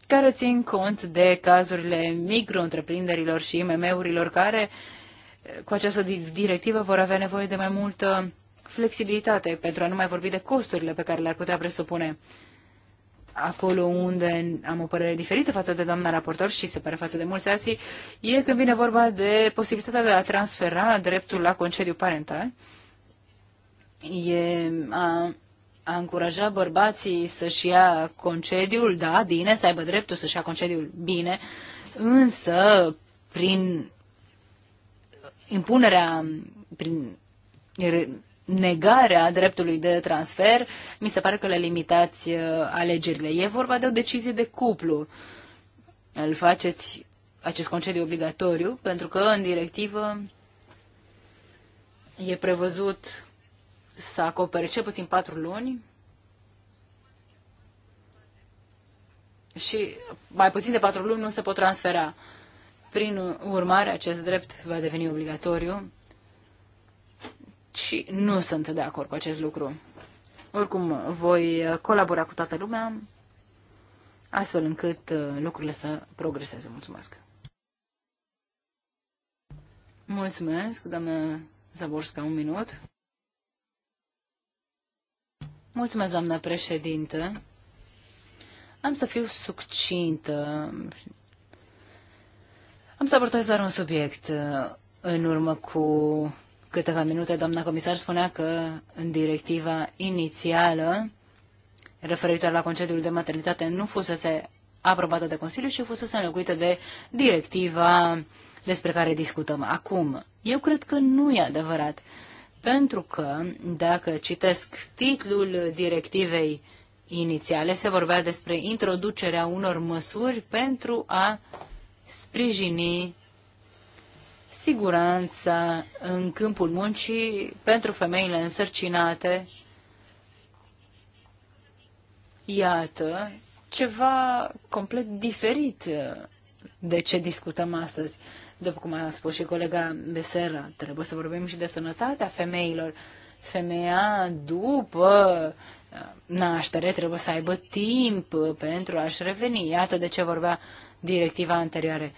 care țin cont de cazurile micro-întreprinderilor și IMM-urilor care uh, cu această directivă vor avea nevoie de mai multă flexibilitate, pentru a nu mai vorbi de costurile pe care le-ar putea presupune. Acolo unde am o părere diferită față de doamna raportor și se pare față de mulți alții, e când vine vorba de posibilitatea de a transfera dreptul la concediu parental. E a, a încuraja bărbații să-și ia concediul, da, bine, să aibă dreptul să-și ia concediul, bine, însă prin impunerea, prin negarea dreptului de transfer, mi se pare că le limitați uh, alegerile. E vorba de o decizie de cuplu. Îl faceți acest concediu obligatoriu pentru că în directivă e prevăzut să acopere cel puțin patru luni și mai puțin de patru luni nu se pot transfera. Prin urmare, acest drept va deveni obligatoriu și nu sunt de acord cu acest lucru. Oricum, voi uh, colabora cu toată lumea, astfel încât uh, lucrurile să progreseze. Mulțumesc! Mulțumesc, doamnă Zaborska, un minut. Mulțumesc, doamnă președintă. Am să fiu succintă. Am să abordez doar un subiect. Uh, în urmă cu câteva minute, doamna comisar spunea că în directiva inițială referitoare la concediul de maternitate nu fusese aprobată de Consiliu și fusese înlocuită de directiva despre care discutăm acum. Eu cred că nu e adevărat, pentru că dacă citesc titlul directivei inițiale, se vorbea despre introducerea unor măsuri pentru a sprijini siguranța în câmpul muncii pentru femeile însărcinate. Iată, ceva complet diferit de ce discutăm astăzi. După cum a spus și colega Besera, trebuie să vorbim și de sănătatea femeilor. Femeia, după uh, naștere, trebuie să aibă timp pentru a-și reveni. Iată de ce vorbea directiva anterioară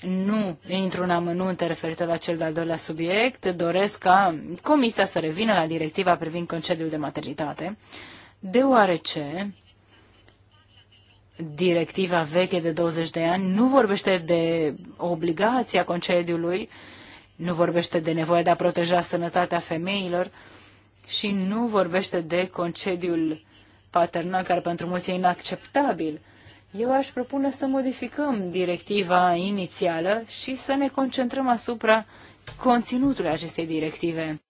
nu intru în amănunte referitor la cel de-al doilea subiect. Doresc ca Comisia să revină la directiva privind concediul de maternitate, deoarece directiva veche de 20 de ani nu vorbește de obligația concediului, nu vorbește de nevoia de a proteja sănătatea femeilor și nu vorbește de concediul paternal, care pentru mulți e inacceptabil. Eu aș propune să modificăm directiva inițială și să ne concentrăm asupra conținutului acestei directive.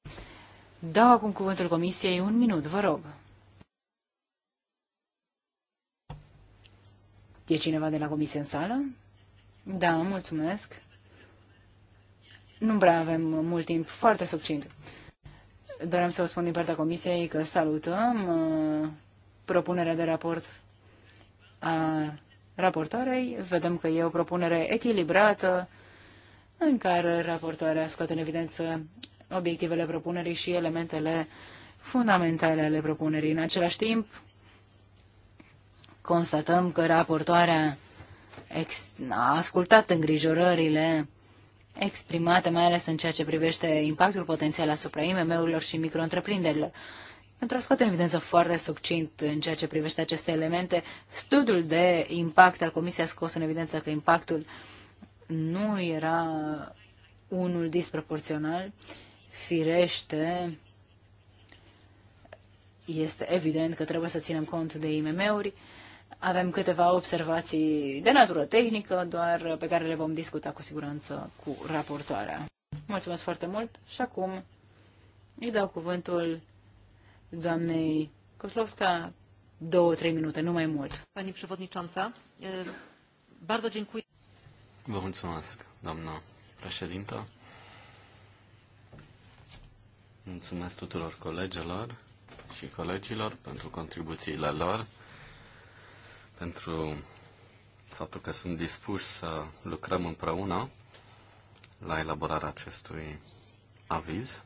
Dau acum cuvântul Comisiei un minut, vă rog. E cineva de la Comisie în sală? Da, mulțumesc. Nu prea avem mult timp, foarte succint. Doream să vă spun din partea Comisiei că salutăm uh, propunerea de raport a raportoarei. Vedem că e o propunere echilibrată în care raportoarea scoate în evidență obiectivele propunerii și elementele fundamentale ale propunerii. În același timp, constatăm că raportoarea a ascultat îngrijorările exprimate, mai ales în ceea ce privește impactul potențial asupra IMM-urilor și micro-întreprinderilor. Pentru a scoate în evidență foarte succint în ceea ce privește aceste elemente, studiul de impact al Comisiei a scos în evidență că impactul nu era unul disproporțional. Firește, este evident că trebuie să ținem cont de IMM-uri. Avem câteva observații de natură tehnică, doar pe care le vom discuta cu siguranță cu raportoarea. Mulțumesc foarte mult și acum îi dau cuvântul doamnei Kozlovska, două, trei minute, nu mai mult. Pani Przewodnicząca, bardzo dziękuję. Vă mulțumesc, doamna președintă. Mulțumesc tuturor colegilor și colegilor pentru contribuțiile lor, pentru faptul că sunt dispuși să lucrăm împreună la elaborarea acestui aviz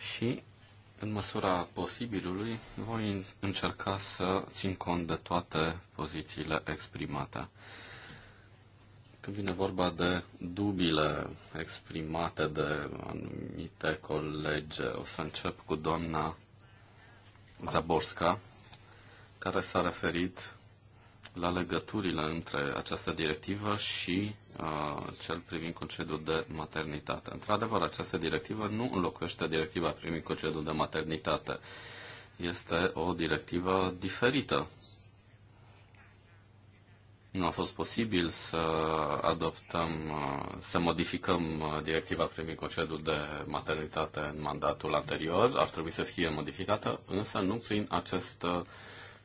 și, în măsura posibilului, voi încerca să țin cont de toate pozițiile exprimate. Când vine vorba de dubile exprimate de anumite colege, o să încep cu doamna Zaborska, care s-a referit la legăturile între această directivă și uh, cel privind concediul de maternitate. Într-adevăr, această directivă nu înlocuiește directiva privind concediul de maternitate. Este o directivă diferită. Nu a fost posibil să adoptăm, să modificăm directiva privind concediul de maternitate în mandatul anterior. Ar trebui să fie modificată, însă nu prin acest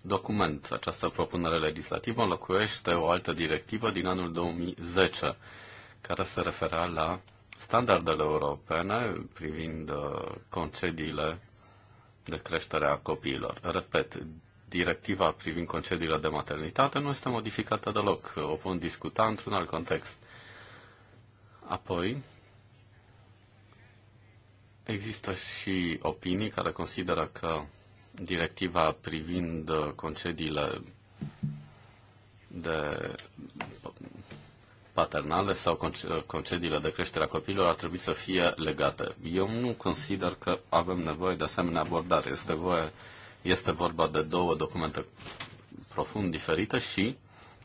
document. Această propunere legislativă înlocuiește o altă directivă din anul 2010 care se referea la standardele europene privind uh, concediile de creștere a copiilor. Repet, directiva privind concediile de maternitate nu este modificată deloc. O vom discuta într-un alt context. Apoi, există și opinii care consideră că directiva privind uh, concediile de paternale sau uh, concediile de creștere a copiilor ar trebui să fie legate. Eu nu consider că avem nevoie de asemenea abordare. Este, voie, este vorba de două documente profund diferite și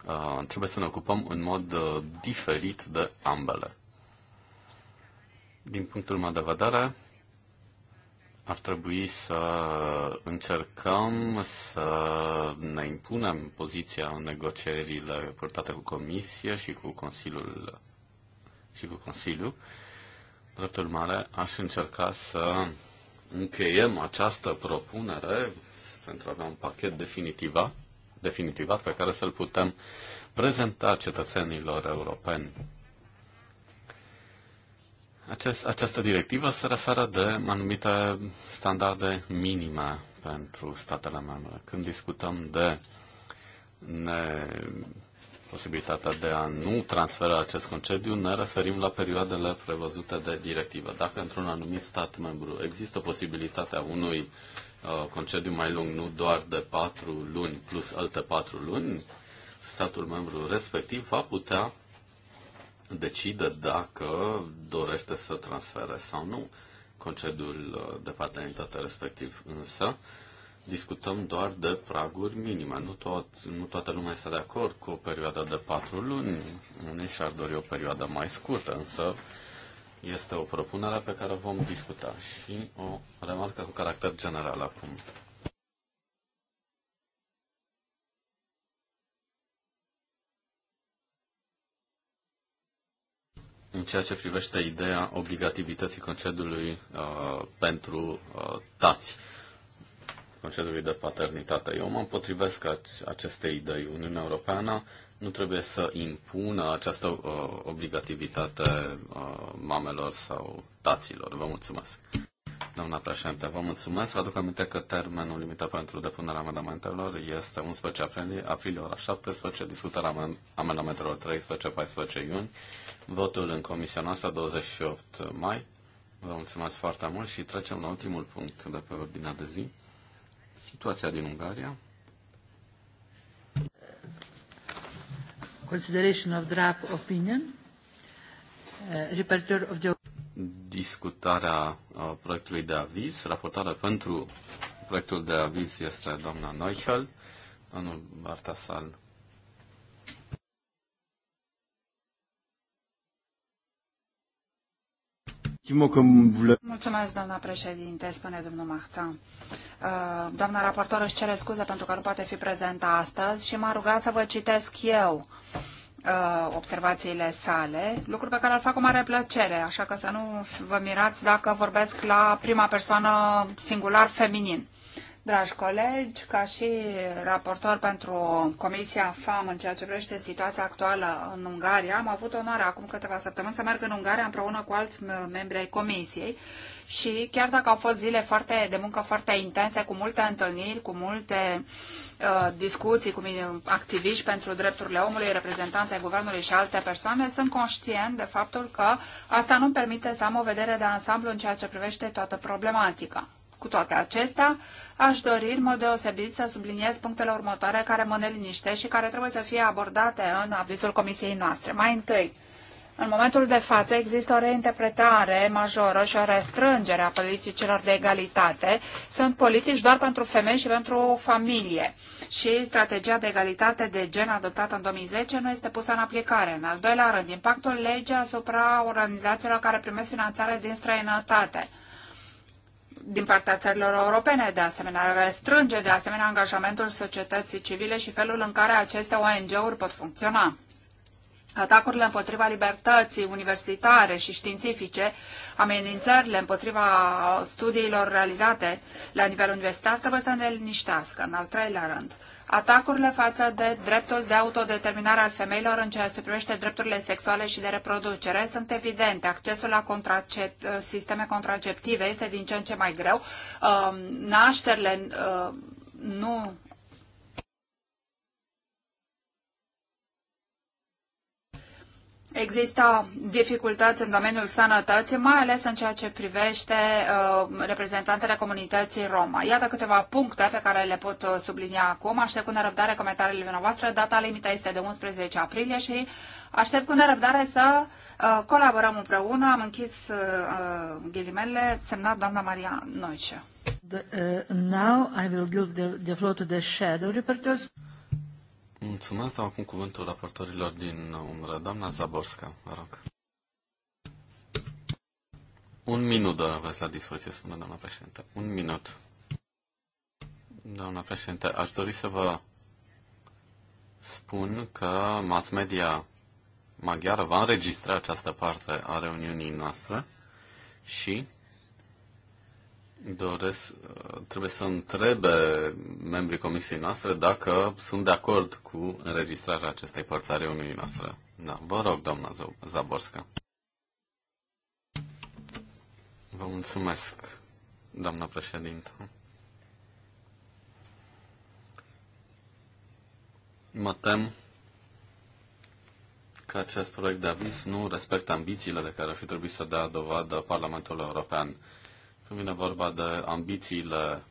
uh, trebuie să ne ocupăm în mod uh, diferit de ambele. Din punctul meu de vedere, ar trebui să încercăm să ne impunem poziția în negocierile purtate cu Comisia și cu Consiliul și cu Consiliul. Drept urmare, aș încerca să încheiem această propunere pentru a avea un pachet definitivat, definitivat pe care să-l putem prezenta cetățenilor europeni acest, această directivă se referă de anumite standarde minime pentru statele membre. Când discutăm de ne, posibilitatea de a nu transfera acest concediu, ne referim la perioadele prevăzute de directivă. Dacă într-un anumit stat membru există posibilitatea unui uh, concediu mai lung, nu doar de patru luni plus alte patru luni, statul membru respectiv va putea decide dacă dorește să transfere sau nu concediul uh, de paternitate respectiv. Însă, discutăm doar de praguri minime. Nu, tot, nu toată lumea este de acord cu o perioadă de patru luni. Unii și-ar dori o perioadă mai scurtă, însă este o propunere pe care o vom discuta și o remarcă cu caracter general acum. În ceea ce privește ideea obligativității concediului uh, pentru uh, tați, concediului de paternitate, eu mă împotrivesc acestei idei. Uniunea Europeană nu trebuie să impună această uh, obligativitate uh, mamelor sau taților. Vă mulțumesc. Doamna președinte, vă mulțumesc. aduc aminte că termenul limită pentru depunerea amendamentelor este 11 aprilie, aprilie ora 17, discutarea amendamentelor 13-14 iuni, votul în comisia noastră 28 mai. Vă mulțumesc foarte mult și trecem la ultimul punct de pe ordinea de zi. Situația din Ungaria. Consideration of draft opinion. Uh, repertor of the discutarea uh, proiectului de aviz. Raportarea pentru proiectul de aviz este doamna Neuchel, domnul Bartasal. Mulțumesc, doamna președinte, spune domnul Mahtan. Uh, doamna raportor își cere scuze pentru că nu poate fi prezentă astăzi și m-a rugat să vă citesc eu uh, observațiile sale, lucru pe care îl fac cu mare plăcere, așa că să nu vă mirați dacă vorbesc la prima persoană singular feminin. Dragi colegi, ca și raportor pentru Comisia FAM în ceea ce privește situația actuală în Ungaria, am avut onoarea acum câteva săptămâni să merg în Ungaria împreună cu alți membri ai Comisiei și chiar dacă au fost zile foarte, de muncă foarte intense, cu multe întâlniri, cu multe uh, discuții cu activiști pentru drepturile omului, reprezentanți ai guvernului și alte persoane, sunt conștient de faptul că asta nu permite să am o vedere de ansamblu în ceea ce privește toată problematica. Cu toate acestea, aș dori în mod deosebit să subliniez punctele următoare care mă neliniște și care trebuie să fie abordate în avizul comisiei noastre. Mai întâi, în momentul de față există o reinterpretare majoră și o restrângere a politicilor de egalitate. Sunt politici doar pentru femei și pentru familie. Și strategia de egalitate de gen adoptată în 2010 nu este pusă în aplicare. În al doilea rând, impactul legii asupra organizațiilor care primesc finanțare din străinătate din partea țărilor europene, de asemenea, restrânge de asemenea angajamentul societății civile și felul în care aceste ONG-uri pot funcționa. Atacurile împotriva libertății universitare și științifice, amenințările împotriva studiilor realizate la nivel universitar trebuie să ne liniștească. În al treilea rând, atacurile față de dreptul de autodeterminare al femeilor în ceea ce privește drepturile sexuale și de reproducere sunt evidente. Accesul la contracept, uh, sisteme contraceptive este din ce în ce mai greu. Uh, nașterile uh, nu Există dificultăți în domeniul sănătății, mai ales în ceea ce privește uh, reprezentantele comunității Roma. Iată câteva puncte pe care le pot uh, sublinia acum. Aștept cu nerăbdare comentariile dumneavoastră. Data limită este de 11 aprilie și aștept cu nerăbdare să uh, colaborăm împreună. Am închis uh, uh, ghilimele, semnat doamna Maria Noice. The, uh, now I will give the, the floor to the shadow reporters. Mulțumesc, dau acum cuvântul raportorilor din umbră. Doamna Zaborska, vă rog. Un minut doar aveți la dispoziție, spune doamna președinte. Un minut. Doamna președinte, aș dori să vă spun că mass media maghiară va înregistra această parte a reuniunii noastre și doresc, uh, trebuie să întrebe membrii comisiei noastre dacă sunt de acord cu înregistrarea acestei părți a reuniunii noastre. Da, vă rog, doamna Zaborska. Vă mulțumesc, doamna președintă. Mă tem că acest proiect de aviz nu respectă ambițiile de care ar fi trebuit să dea dovadă Parlamentul European când vine vorba de ambițiile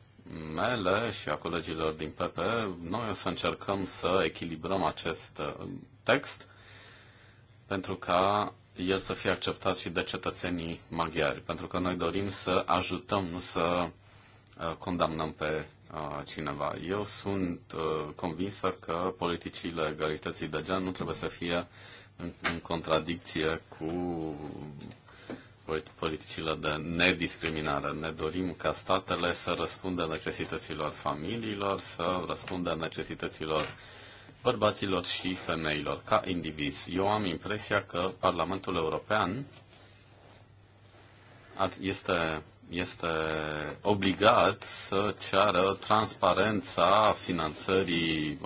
mele și a colegilor din PP, noi o să încercăm să echilibrăm acest uh, text pentru ca el să fie acceptat și de cetățenii maghiari, pentru că noi dorim să ajutăm, nu să uh, condamnăm pe uh, cineva. Eu sunt convinsă că politicile egalității de gen nu trebuie să fie în contradicție cu politicile de nediscriminare. Ne dorim ca statele să răspundă necesităților familiilor, să răspundă necesităților bărbaților și femeilor, ca indivizi. Eu am impresia că Parlamentul European este este obligat să ceară transparența finanțării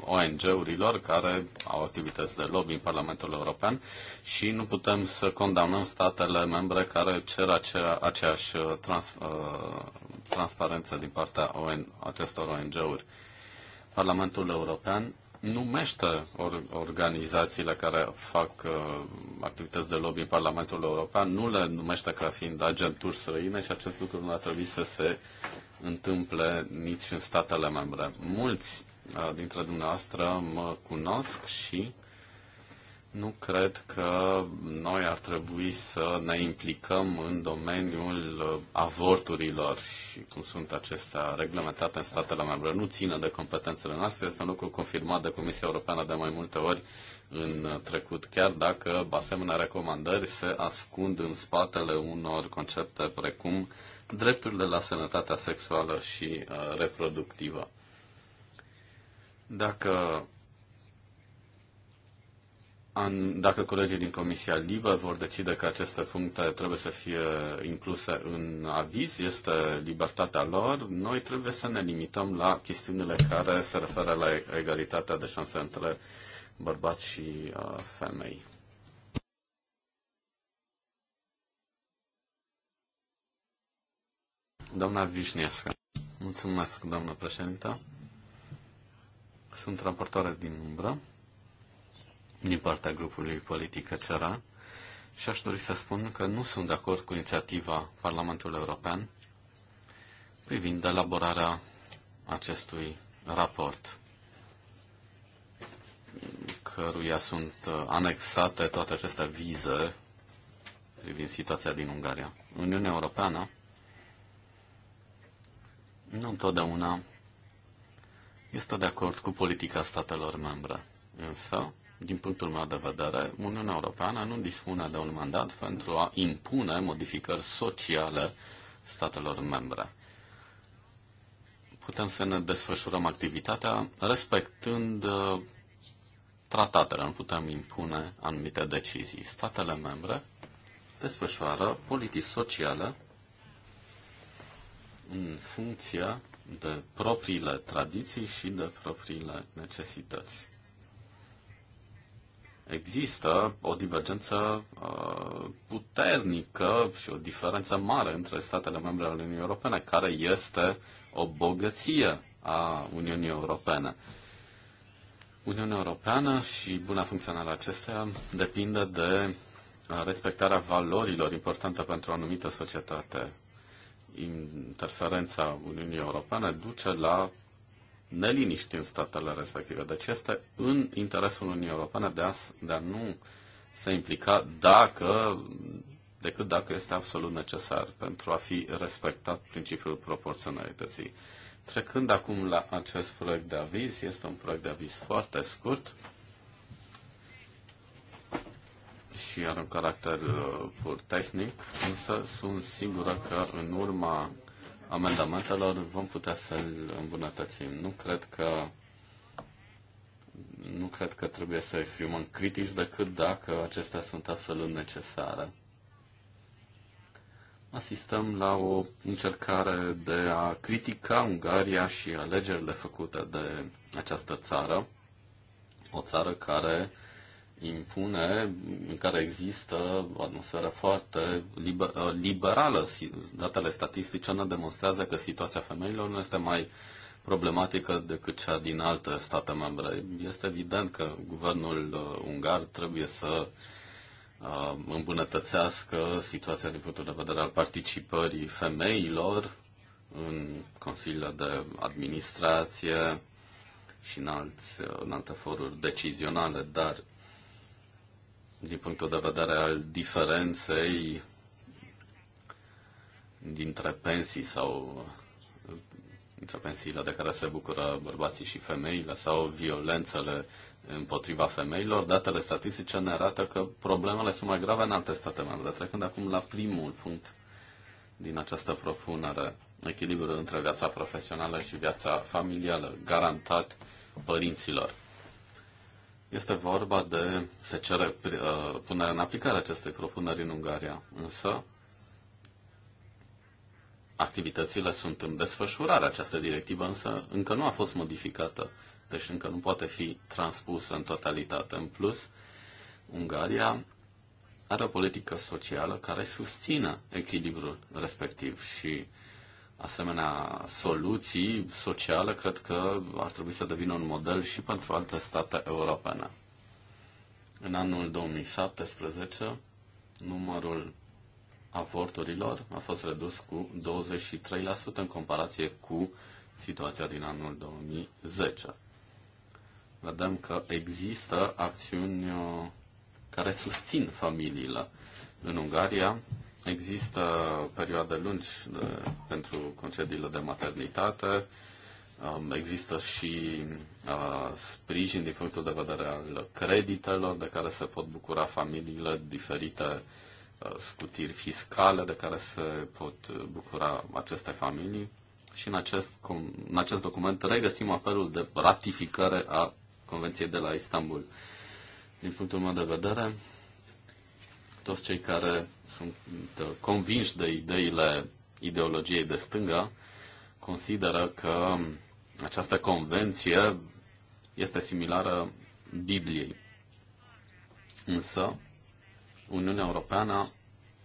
ONG-urilor care au activități de lobby în Parlamentul European și nu putem să condamnăm statele membre care cer acea, aceeași uh, trans, uh, transparență din partea ON, acestor ONG-uri. Parlamentul European numește or- organizațiile care fac uh, activități de lobby în Parlamentul European, nu le numește ca fiind agenturi străine și acest lucru nu ar trebui să se întâmple nici în statele membre. Mulți uh, dintre dumneavoastră mă cunosc și nu cred că noi ar trebui să ne implicăm în domeniul uh, avorturilor și cum sunt acestea reglementate în statele membre. Nu țină de competențele noastre, este un lucru confirmat de Comisia Europeană de mai multe ori în uh, trecut, chiar dacă asemenea recomandări se ascund în spatele unor concepte precum drepturile la sănătatea sexuală și uh, reproductivă. Dacă an, dacă colegii din Comisia Libă vor decide că aceste puncte trebuie să fie incluse în aviz, este libertatea lor, noi trebuie să ne limităm la chestiunile care se referă la egalitatea de șanse între bărbați și uh, femei. Doamna Vișniescă. Mulțumesc, doamnă președintă. Sunt raportoare din umbră din partea grupului politic CERA și aș dori să spun că nu sunt de acord cu inițiativa Parlamentului European privind elaborarea acestui raport căruia sunt uh, anexate toate aceste vize privind situația din Ungaria. Uniunea Europeană nu întotdeauna este de acord cu politica statelor membre, însă din punctul meu de vedere, Uniunea Europeană nu dispune de un mandat pentru a impune modificări sociale statelor membre. Putem să ne desfășurăm activitatea respectând uh, tratatele, nu putem impune anumite decizii. Statele membre desfășoară politici sociale în funcție de propriile tradiții și de propriile necesități există o divergență uh, puternică și o diferență mare între statele membre ale Uniunii Europene, care este o bogăție a Uniunii Europene. Uniunea Europeană și buna funcționare acesteia depinde de uh, respectarea valorilor importante pentru o anumită societate. Interferența Uniunii Europene duce la neliniști în statele respective. Deci este în interesul Uniunii Europene de a, de a nu se implica dacă, decât dacă este absolut necesar pentru a fi respectat principiul proporționalității. Trecând acum la acest proiect de aviz, este un proiect de aviz foarte scurt și are un caracter uh, pur tehnic, însă sunt sigură că în urma amendamentelor vom putea să îl îmbunătățim. Nu cred că nu cred că trebuie să exprimăm critici decât dacă acestea sunt absolut necesare. Asistăm la o încercare de a critica Ungaria și alegerile făcute de această țară, o țară care impune, în care există o atmosferă foarte liber, uh, liberală. Datele statistice ne demonstrează că situația femeilor nu este mai problematică decât cea din alte state membre. Este evident că guvernul uh, ungar trebuie să uh, îmbunătățească situația din punctul de vedere al participării femeilor în consiliile de administrație și în, alți, în alte foruri decizionale, dar din punctul de vedere al diferenței dintre pensii sau dintre pensiile de care se bucură bărbații și femeile sau violențele împotriva femeilor, datele statistice ne arată că problemele sunt mai grave în alte state membre. Trecând acum la primul punct din această propunere, echilibrul între viața profesională și viața familială, garantat părinților. Este vorba de, se cere uh, punerea în aplicare acestei propuneri în Ungaria, însă activitățile sunt în desfășurare. Această directivă însă încă nu a fost modificată, deci încă nu poate fi transpusă în totalitate. În plus, Ungaria are o politică socială care susține echilibrul respectiv și asemenea soluții sociale, cred că ar trebui să devină un model și pentru alte state europene. În anul 2017, numărul avorturilor a fost redus cu 23% în comparație cu situația din anul 2010. Vedem că există acțiuni uh, care susțin familiile. În Ungaria Există perioade lungi de, pentru concediile de maternitate, um, există și uh, sprijin din punctul de vedere al creditelor de care se pot bucura familiile, diferite uh, scutiri fiscale de care se pot bucura aceste familii. Și în acest, în acest document regăsim apelul de ratificare a Convenției de la Istanbul. Din punctul meu de vedere, toți cei care sunt uh, convinși de ideile ideologiei de stânga consideră că um, această convenție este similară Bibliei. Însă, Uniunea Europeană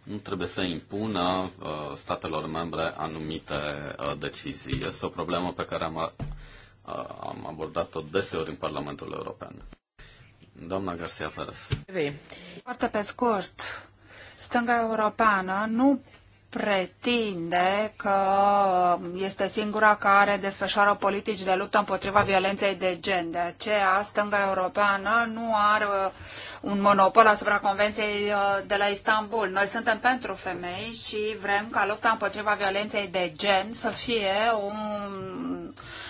nu trebuie să impună uh, statelor membre anumite uh, decizii. Este o problemă pe care am, uh, am abordat-o deseori în Parlamentul European. Doamna Garcia Perez. Foarte pe scurt, stânga europeană nu pretinde că este singura care desfășoară politici de luptă împotriva violenței de gen. De aceea, stânga europeană nu are uh, un monopol asupra Convenției uh, de la Istanbul. Noi suntem pentru femei și vrem ca lupta împotriva violenței de gen să fie un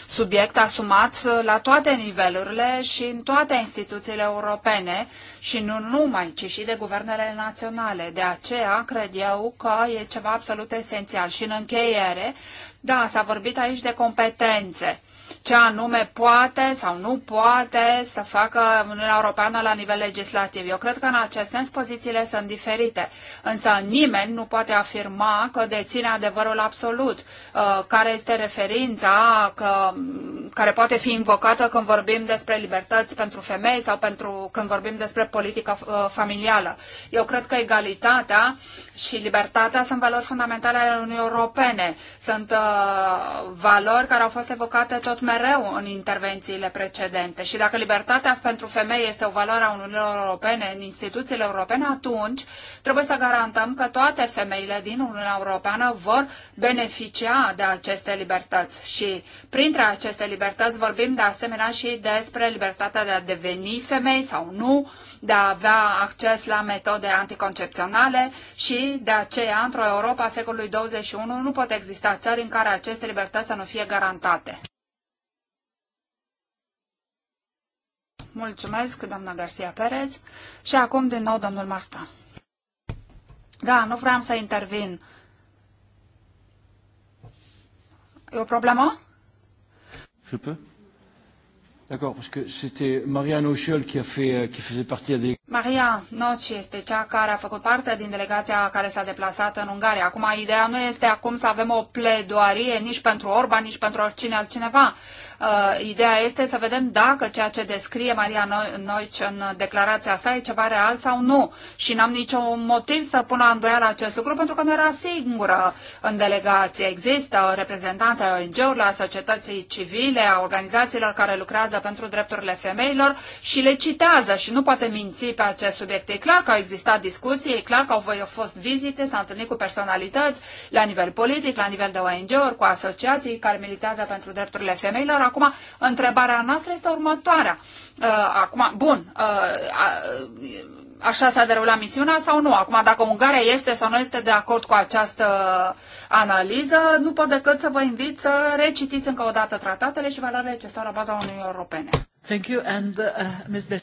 subiect asumat uh, la toate nivelurile și în toate instituțiile europene și nu numai, ci și de guvernele naționale. De aceea cred eu că e ceva absolut esențial. Și în încheiere, da, s-a vorbit aici de competențe ce anume poate sau nu poate să facă Uniunea Europeană la nivel legislativ. Eu cred că în acest sens pozițiile sunt diferite, însă nimeni nu poate afirma că deține adevărul absolut, uh, care este referința că, care poate fi invocată când vorbim despre libertăți pentru femei sau pentru când vorbim despre politică uh, familială. Eu cred că egalitatea și libertatea sunt valori fundamentale ale Uniunii Europene, sunt uh, valori care au fost evocate tot tot mereu în intervențiile precedente. Și dacă libertatea pentru femei este o valoare a Uniunii Europene, în instituțiile europene, atunci trebuie să garantăm că toate femeile din Uniunea Europeană vor beneficia de aceste libertăți. Și printre aceste libertăți vorbim de asemenea și despre libertatea de a deveni femei sau nu, de a avea acces la metode anticoncepționale și de aceea, într-o Europa secolului 21, nu pot exista țări în care aceste libertăți să nu fie garantate. Mulțumesc, doamna Garcia Perez. Și acum, din nou, domnul Marta. Da, nu vreau să intervin. E o problemă? Je peux? D'accord, parce que c'était Maria Nochiol qui a fait, euh, qui faisait partie des... Maria Noci este cea care a făcut parte din delegația care s-a deplasat în Ungaria. Acum, ideea nu este acum să avem o pledoarie nici pentru Orban, nici pentru oricine altcineva. Uh, ideea este să vedem dacă ceea ce descrie Maria Noici în declarația sa e ceva real sau nu. Și n-am niciun motiv să pun la îndoială acest lucru pentru că nu era singură în delegație. Există reprezentanța ONG-urilor, a societății civile, a organizațiilor care lucrează pentru drepturile femeilor și le citează și nu poate minți pe acest subiect. E clar că au existat discuții, e clar că au fost vizite, s au întâlnit cu personalități la nivel politic, la nivel de ONG-uri, cu asociații care militează pentru drepturile femeilor Acum, întrebarea noastră este următoarea. Uh, acum, bun, uh, așa s-a derulat misiunea sau nu. Acum, dacă Ungaria este sau nu este de acord cu această analiză, nu pot decât să vă invit să recitiți încă o dată tratatele și valoarele ce stau la baza Uniunii Europene. Thank you and uh, uh Ms. Be-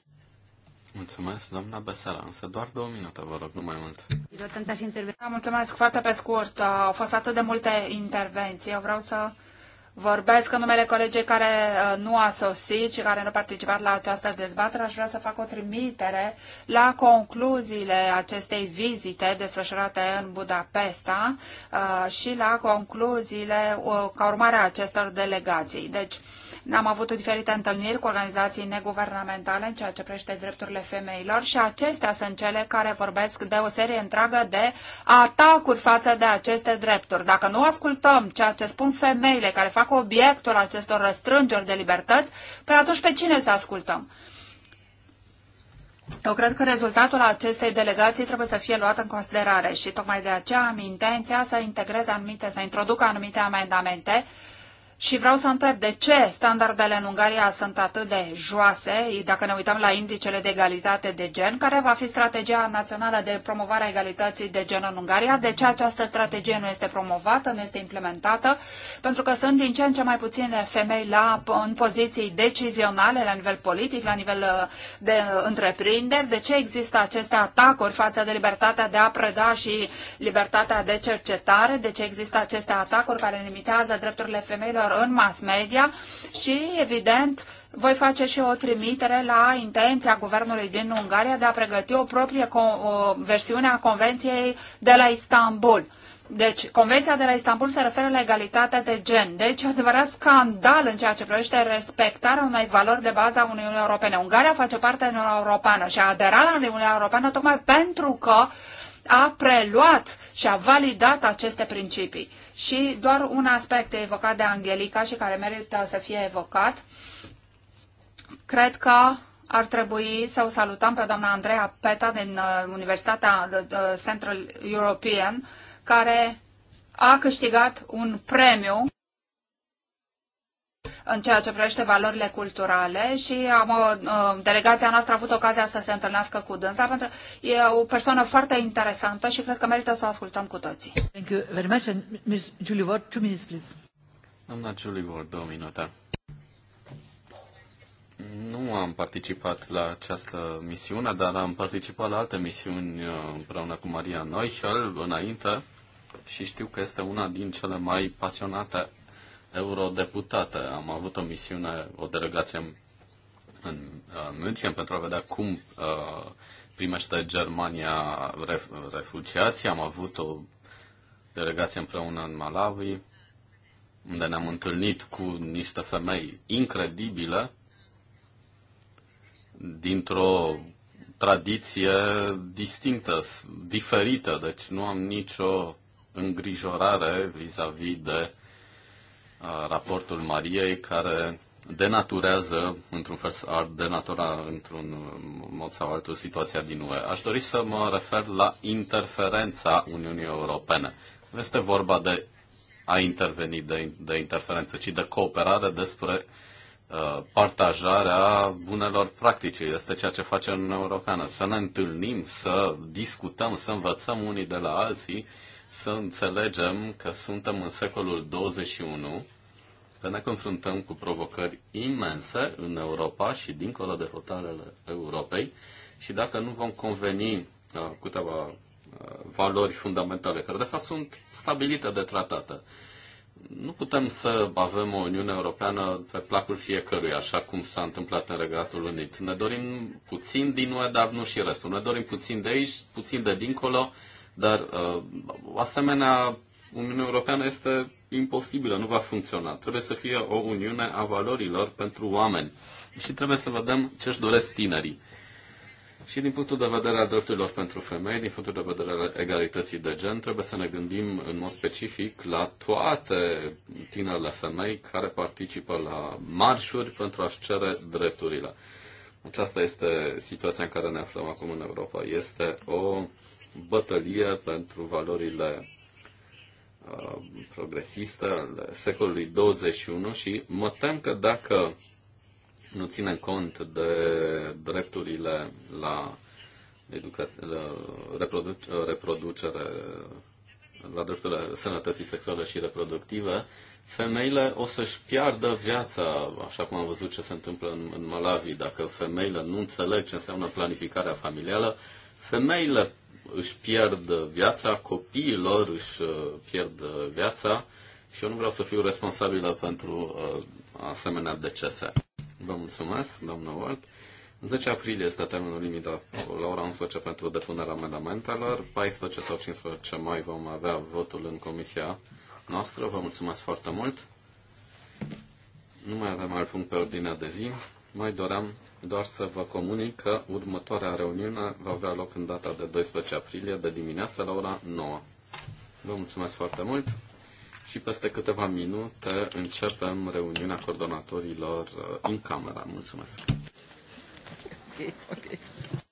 Mulțumesc, doamna Besara, însă doar două minute, vă rog, nu mai mult. Da, mulțumesc foarte pe scurt. Au fost atât de multe intervenții. Eu vreau să vorbesc în numele colegii care uh, nu a sosit și care nu a participat la această dezbatere, aș vrea să fac o trimitere la concluziile acestei vizite desfășurate în Budapesta uh, și la concluziile uh, ca urmare a acestor delegații. Deci, am avut diferite întâlniri cu organizații neguvernamentale în ceea ce prește drepturile femeilor și acestea sunt cele care vorbesc de o serie întreagă de atacuri față de aceste drepturi. Dacă nu ascultăm ceea ce spun femeile care fac obiectul acestor răstrângeri de libertăți, pe păi atunci pe cine să ascultăm? Eu cred că rezultatul acestei delegații trebuie să fie luat în considerare și tocmai de aceea am intenția să integrez anumite, să introduc anumite amendamente și vreau să întreb de ce standardele în Ungaria sunt atât de joase, dacă ne uităm la indicele de egalitate de gen, care va fi strategia națională de promovare a egalității de gen în Ungaria, de ce această strategie nu este promovată, nu este implementată, pentru că sunt din ce în ce mai puține femei la, în poziții decizionale la nivel politic, la nivel uh, de întreprinderi, de ce există aceste atacuri față de libertatea de a preda și libertatea de cercetare, de ce există aceste atacuri care limitează drepturile femeilor doar în mass media și, evident, voi face și o trimitere la intenția guvernului din Ungaria de a pregăti o proprie o versiune a Convenției de la Istanbul. Deci, Convenția de la Istanbul se referă la egalitatea de gen. Deci, adevărat scandal în ceea ce privește respectarea unei valori de bază a Uniunii Europene. Ungaria face parte din Uniunea Europeană și a aderat la Uniunea Europeană tocmai pentru că uh, a preluat și a validat aceste principii. Și doar un aspect evocat de Angelica și care merită să fie evocat, cred că ar trebui să o salutăm pe doamna Andreea Peta din uh, Universitatea uh, uh, Central European, care a câștigat un premiu în ceea ce privește valorile culturale și am, uh, delegația noastră a avut ocazia să se întâlnească cu dânsa pentru că e o persoană foarte interesantă și cred că merită să o ascultăm cu toții. Thank you very much. And Ms. Julie Ward, two minutes, please. Doamna Julie Ward, două minute. Nu am participat la această misiune, dar am participat la alte misiuni uh, împreună cu Maria Neuchel înainte și știu că este una din cele mai pasionate eurodeputată. Am avut o misiune, o delegație în uh, München pentru a vedea cum uh, primește Germania refugiații. Am avut o delegație împreună în Malawi, unde ne-am întâlnit cu niște femei incredibile dintr-o tradiție distinctă, diferită, deci nu am nicio îngrijorare vis-a-vis -vis de raportul Mariei, care denaturează, într-un fel, ar denatura într-un mod sau altul situația din UE. Aș dori să mă refer la interferența Uniunii Europene. Nu este vorba de a interveni de, de interferență, ci de cooperare despre uh, partajarea bunelor practici. Este ceea ce face Uniunea Europeană. Să ne întâlnim, să discutăm, să învățăm unii de la alții, să înțelegem că suntem în secolul 21 că ne confruntăm cu provocări imense în Europa și dincolo de hotarele Europei și dacă nu vom conveni uh, câteva uh, valori fundamentale, care de fapt sunt stabilite de tratate. Nu putem să avem o Uniune Europeană pe placul fiecărui, așa cum s-a întâmplat în Regatul Unit. Ne dorim puțin din UE, dar nu și restul. Ne dorim puțin de aici, puțin de dincolo, dar uh, asemenea Uniunea Europeană este imposibilă, nu va funcționa. Trebuie să fie o uniune a valorilor pentru oameni și trebuie să vedem ce își doresc tinerii. Și din punctul de vedere al drepturilor pentru femei, din punctul de vedere al egalității de gen, trebuie să ne gândim în mod specific la toate tinerile femei care participă la marșuri pentru a-și cere drepturile. Aceasta este situația în care ne aflăm acum în Europa. Este o bătălie pentru valorile Uh, progresistă al secolului 21 și mă tem că dacă nu ținem cont de drepturile la, la reprodu- reproducere, la drepturile sănătății sexuale și reproductive, femeile o să-și piardă viața, așa cum am văzut ce se întâmplă în, în Malawi. Dacă femeile nu înțeleg ce înseamnă planificarea familială, femeile își pierd viața, copiilor își uh, pierd viața și eu nu vreau să fiu responsabilă pentru uh, asemenea decese. Vă mulțumesc, doamnă Walt. 10 aprilie este termenul limită la ora 11 pentru depunerea amendamentelor. 14 sau 15 mai vom avea votul în comisia noastră. Vă mulțumesc foarte mult. Nu mai avem alt punct pe ordinea de zi. Mai doream doar să vă comunic că următoarea reuniune va avea loc în data de 12 aprilie, de dimineață la ora 9. Vă mulțumesc foarte mult și peste câteva minute începem reuniunea coordonatorilor uh, în camera. Mulțumesc! Okay, okay.